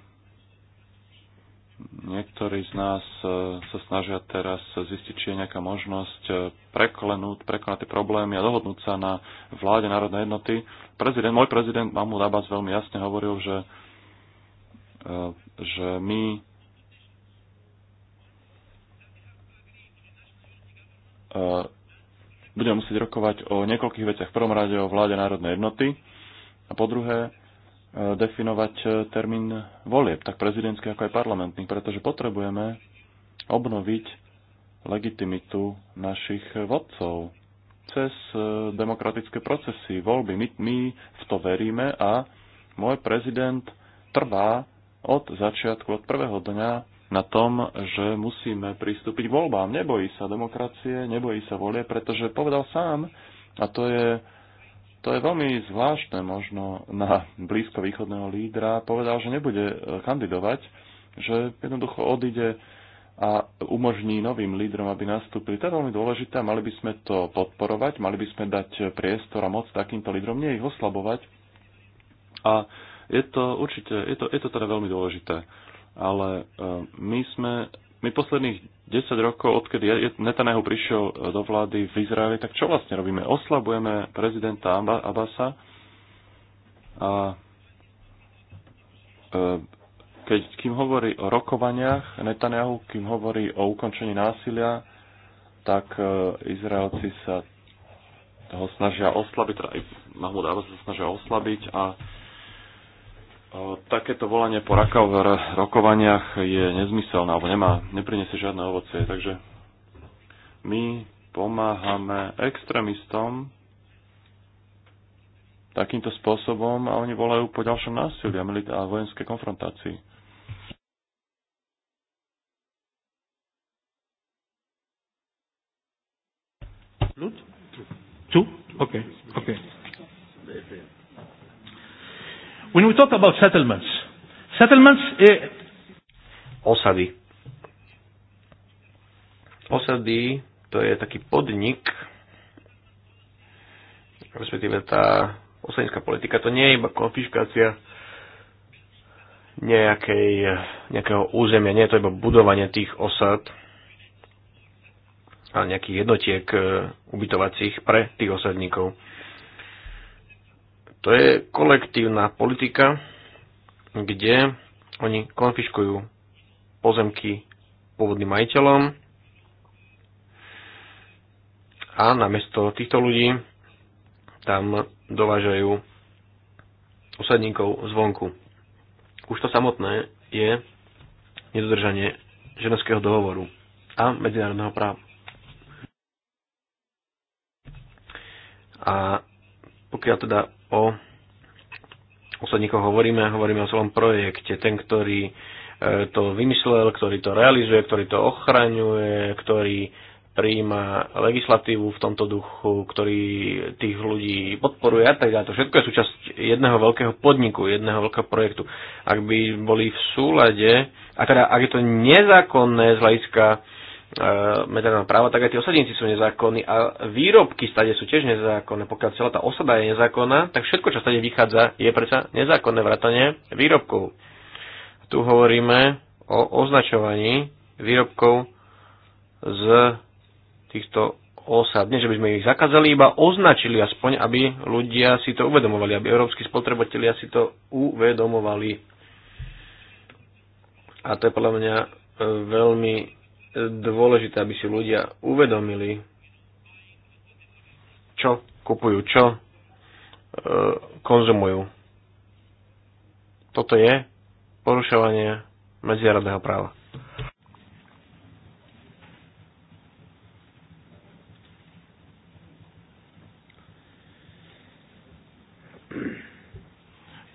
Niektorí z nás e, sa snažia teraz zistiť, či je nejaká možnosť e, preklenúť, prekonať tie problémy a dohodnúť sa na vláde národnej jednoty. Prezident, môj prezident Mahmoud Abbas veľmi jasne hovoril, že, e, že my budeme musieť rokovať o niekoľkých veciach. V prvom rade o vláde národnej jednoty a po druhé Eh, definovať eh, termín volieb, tak prezidentských ako aj parlamentných, pretože potrebujeme obnoviť legitimitu našich vodcov cez eh, demokratické procesy, voľby. My, my v to veríme a môj prezident trvá od začiatku, od prvého dňa na tom, že musíme pristúpiť k voľbám. Nebojí sa demokracie, nebojí sa volie, pretože povedal sám, a to je to je veľmi zvláštne možno na blízko východného lídra. Povedal, že nebude e, kandidovať, že jednoducho odíde a umožní novým lídrom, aby nastúpili. To je veľmi dôležité, mali by sme to podporovať, mali by sme dať priestor a moc takýmto lídrom, nie ich oslabovať. A je to určite, je to, je to teda veľmi dôležité. Ale e, my sme, my posledných 10 rokov, odkedy Netanyahu prišiel e, do vlády v Izraeli, tak čo vlastne robíme? Oslabujeme prezidenta Abasa a e, keď, kým hovorí o rokovaniach Netanyahu, kým hovorí o ukončení násilia, tak e, Izraelci sa toho snažia oslabiť, teda Mahmoud Abbas sa snažia oslabiť a takéto volanie po rakov rokovaniach je nezmyselné, alebo nemá, nepriniesie žiadne ovocie. Takže my pomáhame extrémistom takýmto spôsobom a oni volajú po ďalšom násilí a, a vojenskej konfrontácii. Ľud? Tu? OK, okay. When we talk about settlements, settlements... Eh... Osady. Osady to je taký podnik, respektíve tá osadnická politika, to nie je iba konfiškácia nejakej, nejakého územia, nie je to iba budovanie tých osad, ale nejakých jednotiek eh, ubytovacích pre tých osadníkov. To je kolektívna politika, kde oni konfiškujú pozemky pôvodným majiteľom a namiesto týchto ľudí tam dovážajú osadníkov zvonku. Už to samotné je nedodržanie ženského dohovoru a medzinárodného práva. A pokiaľ teda o osadníkoch hovoríme, hovoríme o celom projekte. Ten, ktorý e, to vymyslel, ktorý to realizuje, ktorý to ochraňuje, ktorý prijíma legislatívu v tomto duchu, ktorý tých ľudí podporuje a tak ďalej. To všetko je súčasť jedného veľkého podniku, jedného veľkého projektu. Ak by boli v súlade, a teda ak je to nezákonné z hľadiska E, medzinárodného práva, tak aj tí osadníci sú nezákonní a výrobky stade sú tiež nezákonné. Pokiaľ celá tá osada je nezákonná, tak všetko, čo stade vychádza, je predsa nezákonné vrátanie výrobkov. Tu hovoríme o označovaní výrobkov z týchto osad. Nie, že by sme ich zakázali, iba označili aspoň, aby ľudia si to uvedomovali, aby európsky spotrebotelia si to uvedomovali. A to je podľa mňa e, veľmi dôležité, aby si ľudia uvedomili, čo kupujú, čo e, konzumujú. Toto je porušovanie medzinárodného práva.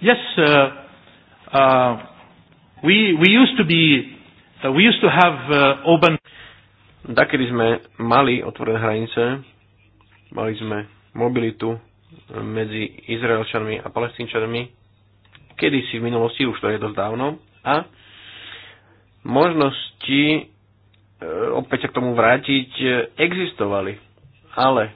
Yes, uh, uh, we, we used to be so we used to have uh, open... kedy sme mali otvorené hranice, mali sme mobilitu e, medzi Izraelčanmi a Palestínčanmi, kedysi v minulosti, už to je dosť dávno, a možnosti e, opäť sa k tomu vrátiť e, existovali. Ale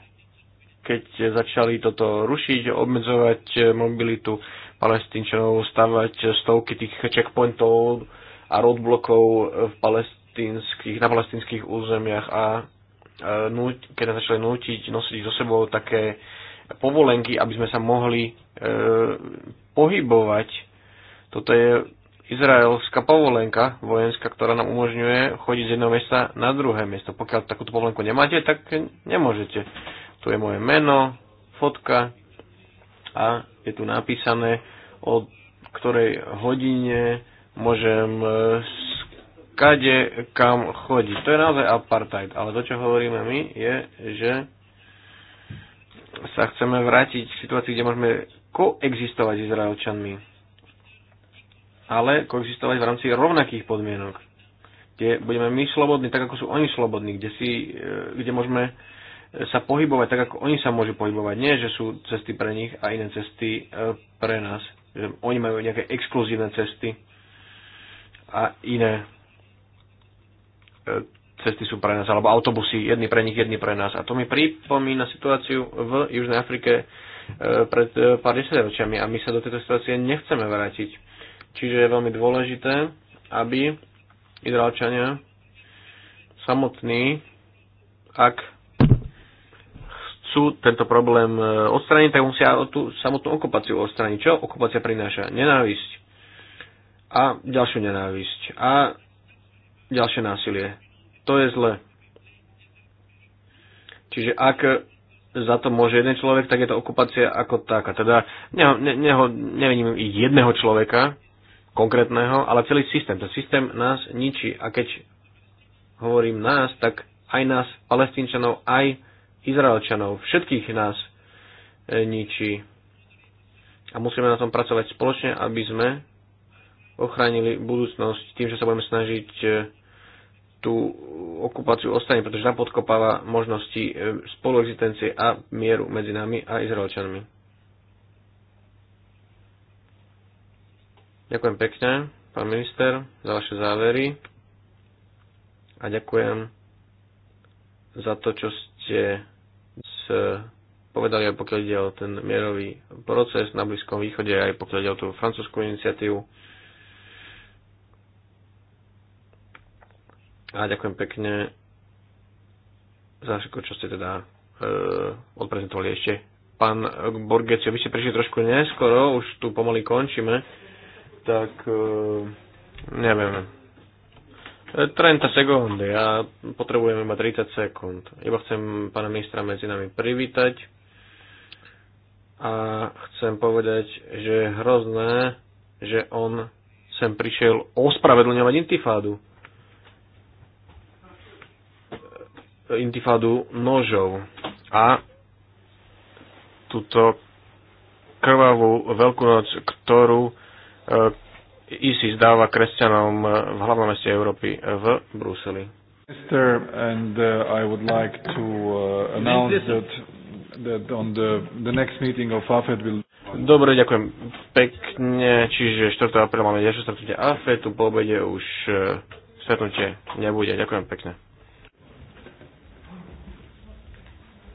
keď začali toto rušiť, obmedzovať e, mobilitu palestínčanov, stavať stovky tých checkpointov, a roadblokov v palestinských, na palestinských územiach a e, keď začali nútiť nosiť so sebou také povolenky, aby sme sa mohli e, pohybovať. Toto je izraelská povolenka vojenská, ktorá nám umožňuje chodiť z jedného miesta na druhé miesto. Pokiaľ takúto povolenku nemáte, tak nemôžete. Tu je moje meno, fotka a je tu napísané, o ktorej hodine môžem e, kade kam chodiť. To je naozaj apartheid, ale to, čo hovoríme my, je, že sa chceme vrátiť k situácii, kde môžeme koexistovať s Izraelčanmi, ale koexistovať v rámci rovnakých podmienok, kde budeme my slobodní, tak ako sú oni slobodní, kde, si, e, kde môžeme sa pohybovať tak, ako oni sa môžu pohybovať. Nie, že sú cesty pre nich a iné cesty e, pre nás. Že oni majú nejaké exkluzívne cesty a iné e, cesty sú pre nás, alebo autobusy, jedni pre nich, jedni pre nás. A to mi pripomína situáciu v Južnej Afrike e, pred e, pár desaťročiami a my sa do tejto situácie nechceme vrátiť. Čiže je veľmi dôležité, aby Izraelčania samotní, ak chcú tento problém odstrániť, tak musia tú samotnú okupáciu odstrániť. Čo okupácia prináša? Nenávisť, a ďalšiu nenávisť a ďalšie násilie. To je zle. Čiže ak za to môže jeden človek, tak je to okupácia ako taká. Teda neho, ne, neho, nevidím jedného človeka konkrétneho, ale celý systém. Ten systém nás ničí. A keď hovorím nás, tak aj nás, palestínčanov, aj Izraelčanov, všetkých nás e, ničí. A musíme na tom pracovať spoločne, aby sme ochránili budúcnosť tým, že sa budeme snažiť e, tú okupáciu ostane, pretože nám podkopáva možnosti e, spoluexistencie a mieru medzi nami a Izraelčanmi. Ďakujem pekne, pán minister, za vaše závery a ďakujem za to, čo ste s, povedali, aj pokiaľ ide o ten mierový proces na Blízkom východe, aj pokiaľ ide o tú francúzskú iniciatívu. A ďakujem pekne za všetko, čo ste teda e, odprezentovali ešte. Pán Borgecio, vy ste prišli trošku neskoro, už tu pomaly končíme, tak e, neviem. E, 30 sekúnd, ja potrebujem iba 30 sekúnd. Iba chcem pána ministra medzi nami privítať a chcem povedať, že je hrozné, že on sem prišiel ospravedlňovať intifádu. intifádu nožov a túto krvavú veľkú noc, ktorú e, ISIS dáva kresťanom e, v hlavnom meste Európy e, v Bruseli. Mr. and uh, I would like to uh, announce that, that on the, the next meeting of AFED will... Dobre, ďakujem pekne. Čiže 4. apríla máme ďalšie stretnutie AFED, tu po obede už uh, stretnutie nebude. Ďakujem pekne.